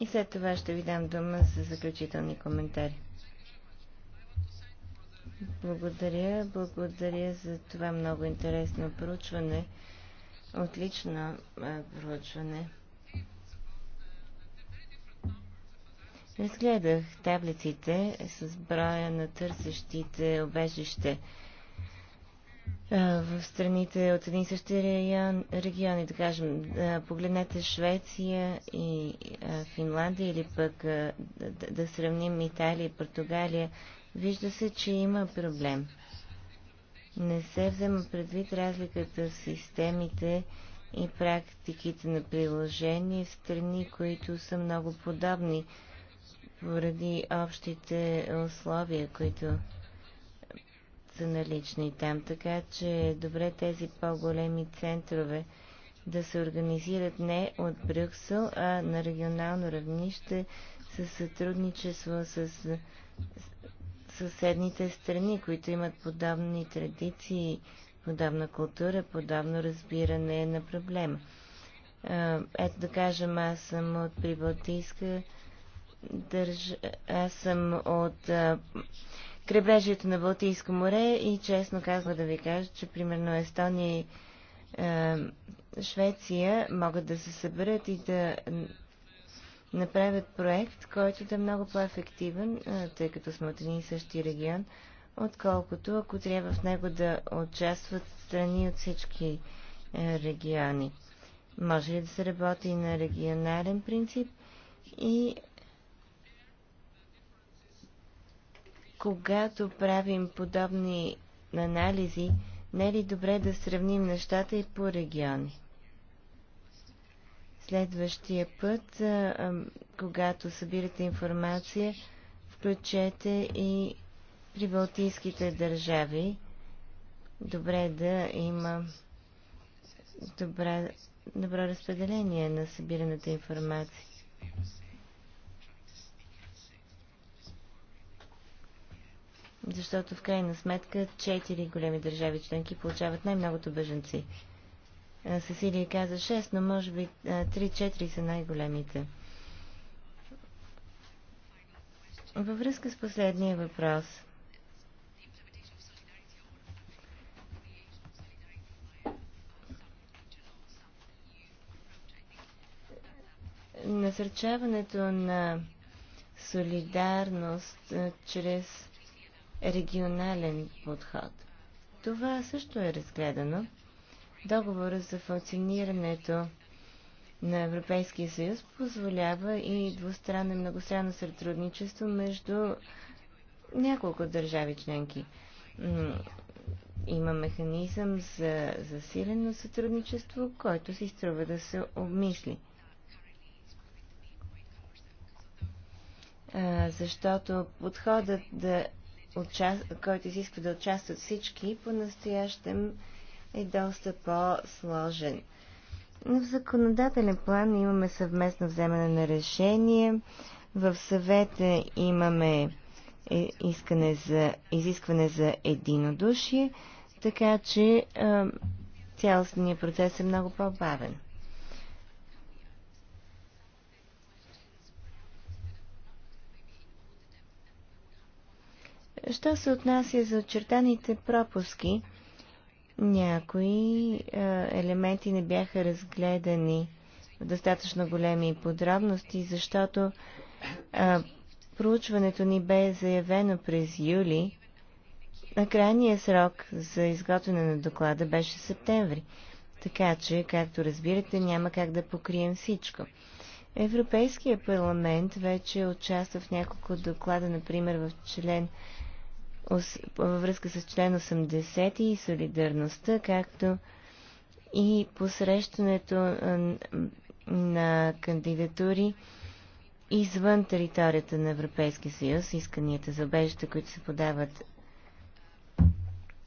И след това ще ви дам дума за заключителни коментари. Благодаря, благодаря за това много интересно проучване. Отлично проучване. Разгледах таблиците с броя на търсещите обежище в страните от един същи район, региони, да кажем, погледнете Швеция и Финландия или пък да сравним Италия и Португалия, вижда се, че има проблем. Не се взема предвид разликата в системите и практиките на приложение в страни, които са много подобни поради общите условия, които са налични там. Така че е добре тези по-големи центрове да се организират не от Брюксел, а на регионално равнище със сътрудничество с съседните страни, които имат подобни традиции, подобна култура, подобно разбиране на проблема. Е, ето да кажем, аз съм от Прибалтийска държ... аз съм от а, крайбрежието на Балтийско море и честно казва да ви кажа, че примерно Естония и а, Швеция могат да се съберат и да направят проект, който да е много по-ефективен, тъй като сме от един и същи регион, отколкото ако трябва в него да участват страни от всички региони. Може ли да се работи на регионален принцип и когато правим подобни анализи, не е ли добре да сравним нещата и по региони? Следващия път, когато събирате информация, включете и при Балтийските държави. Добре е да има добра, добро разпределение на събираната информация. защото в крайна сметка четири големи държави членки получават най-многото беженци. Е, Сесилия каза 6, но може би 3-4 е, са най-големите. Във връзка с последния въпрос. Насърчаването на солидарност е, чрез регионален подход. Това също е разгледано. Договора за функционирането на Европейския съюз позволява и двустранно и многостранно сътрудничество между няколко държави членки. Има механизъм за засилено сътрудничество, който си струва да се обмисли. Защото подходът да който изисква да участват всички, по-настоящем е доста по-сложен. В законодателен план имаме съвместно вземане на решение. В съвета имаме е, искане за, изискване за единодушие, така че цялостният процес е много по-бавен. Що се отнася за очертаните пропуски, някои е, елементи не бяха разгледани в достатъчно големи подробности, защото е, проучването ни бе заявено през юли, а крайният срок за изготвяне на доклада беше септември. Така че, както разбирате, няма как да покрием всичко. Европейския парламент вече участва в няколко доклада, например в член във връзка с член 80 и солидарността, както и посрещането на кандидатури извън територията на Европейския съюз, исканията за обежище, които се подават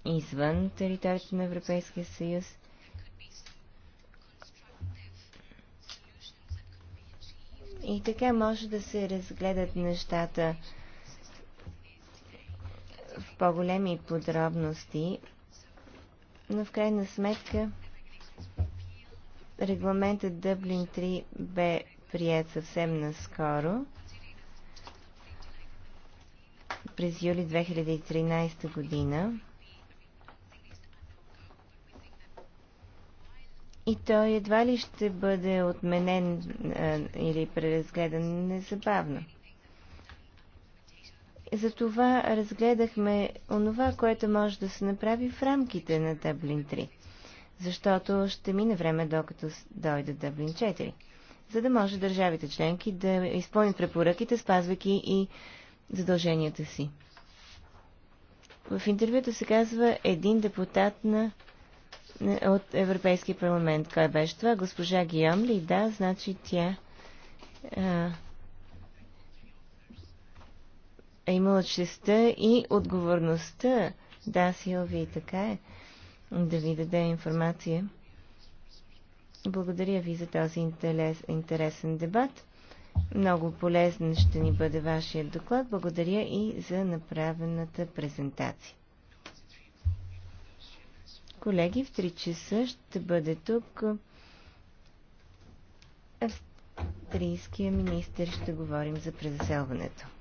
извън територията на Европейския съюз. И така може да се разгледат нещата в по-големи подробности, но в крайна сметка регламентът Дъблин 3 бе прият съвсем наскоро през юли 2013 година. И той едва ли ще бъде отменен а, или преразгледан незабавно. Затова разгледахме онова, което може да се направи в рамките на Дъблин 3, защото ще мине време, докато дойде Дъблин 4, за да може държавите членки да изпълнят препоръките, спазвайки и задълженията си. В интервюто се казва един депутат на от Европейския парламент. Кой беше това? Госпожа Гиом ли? Да, значи тя а, е имала честа и отговорността, да, Силви, така е, да ви даде информация. Благодаря ви за този интерес, интересен дебат. Много полезен ще ни бъде вашия доклад. Благодаря и за направената презентация. Колеги, в 3 часа ще бъде тук австрийския министр. Ще говорим за презаселването.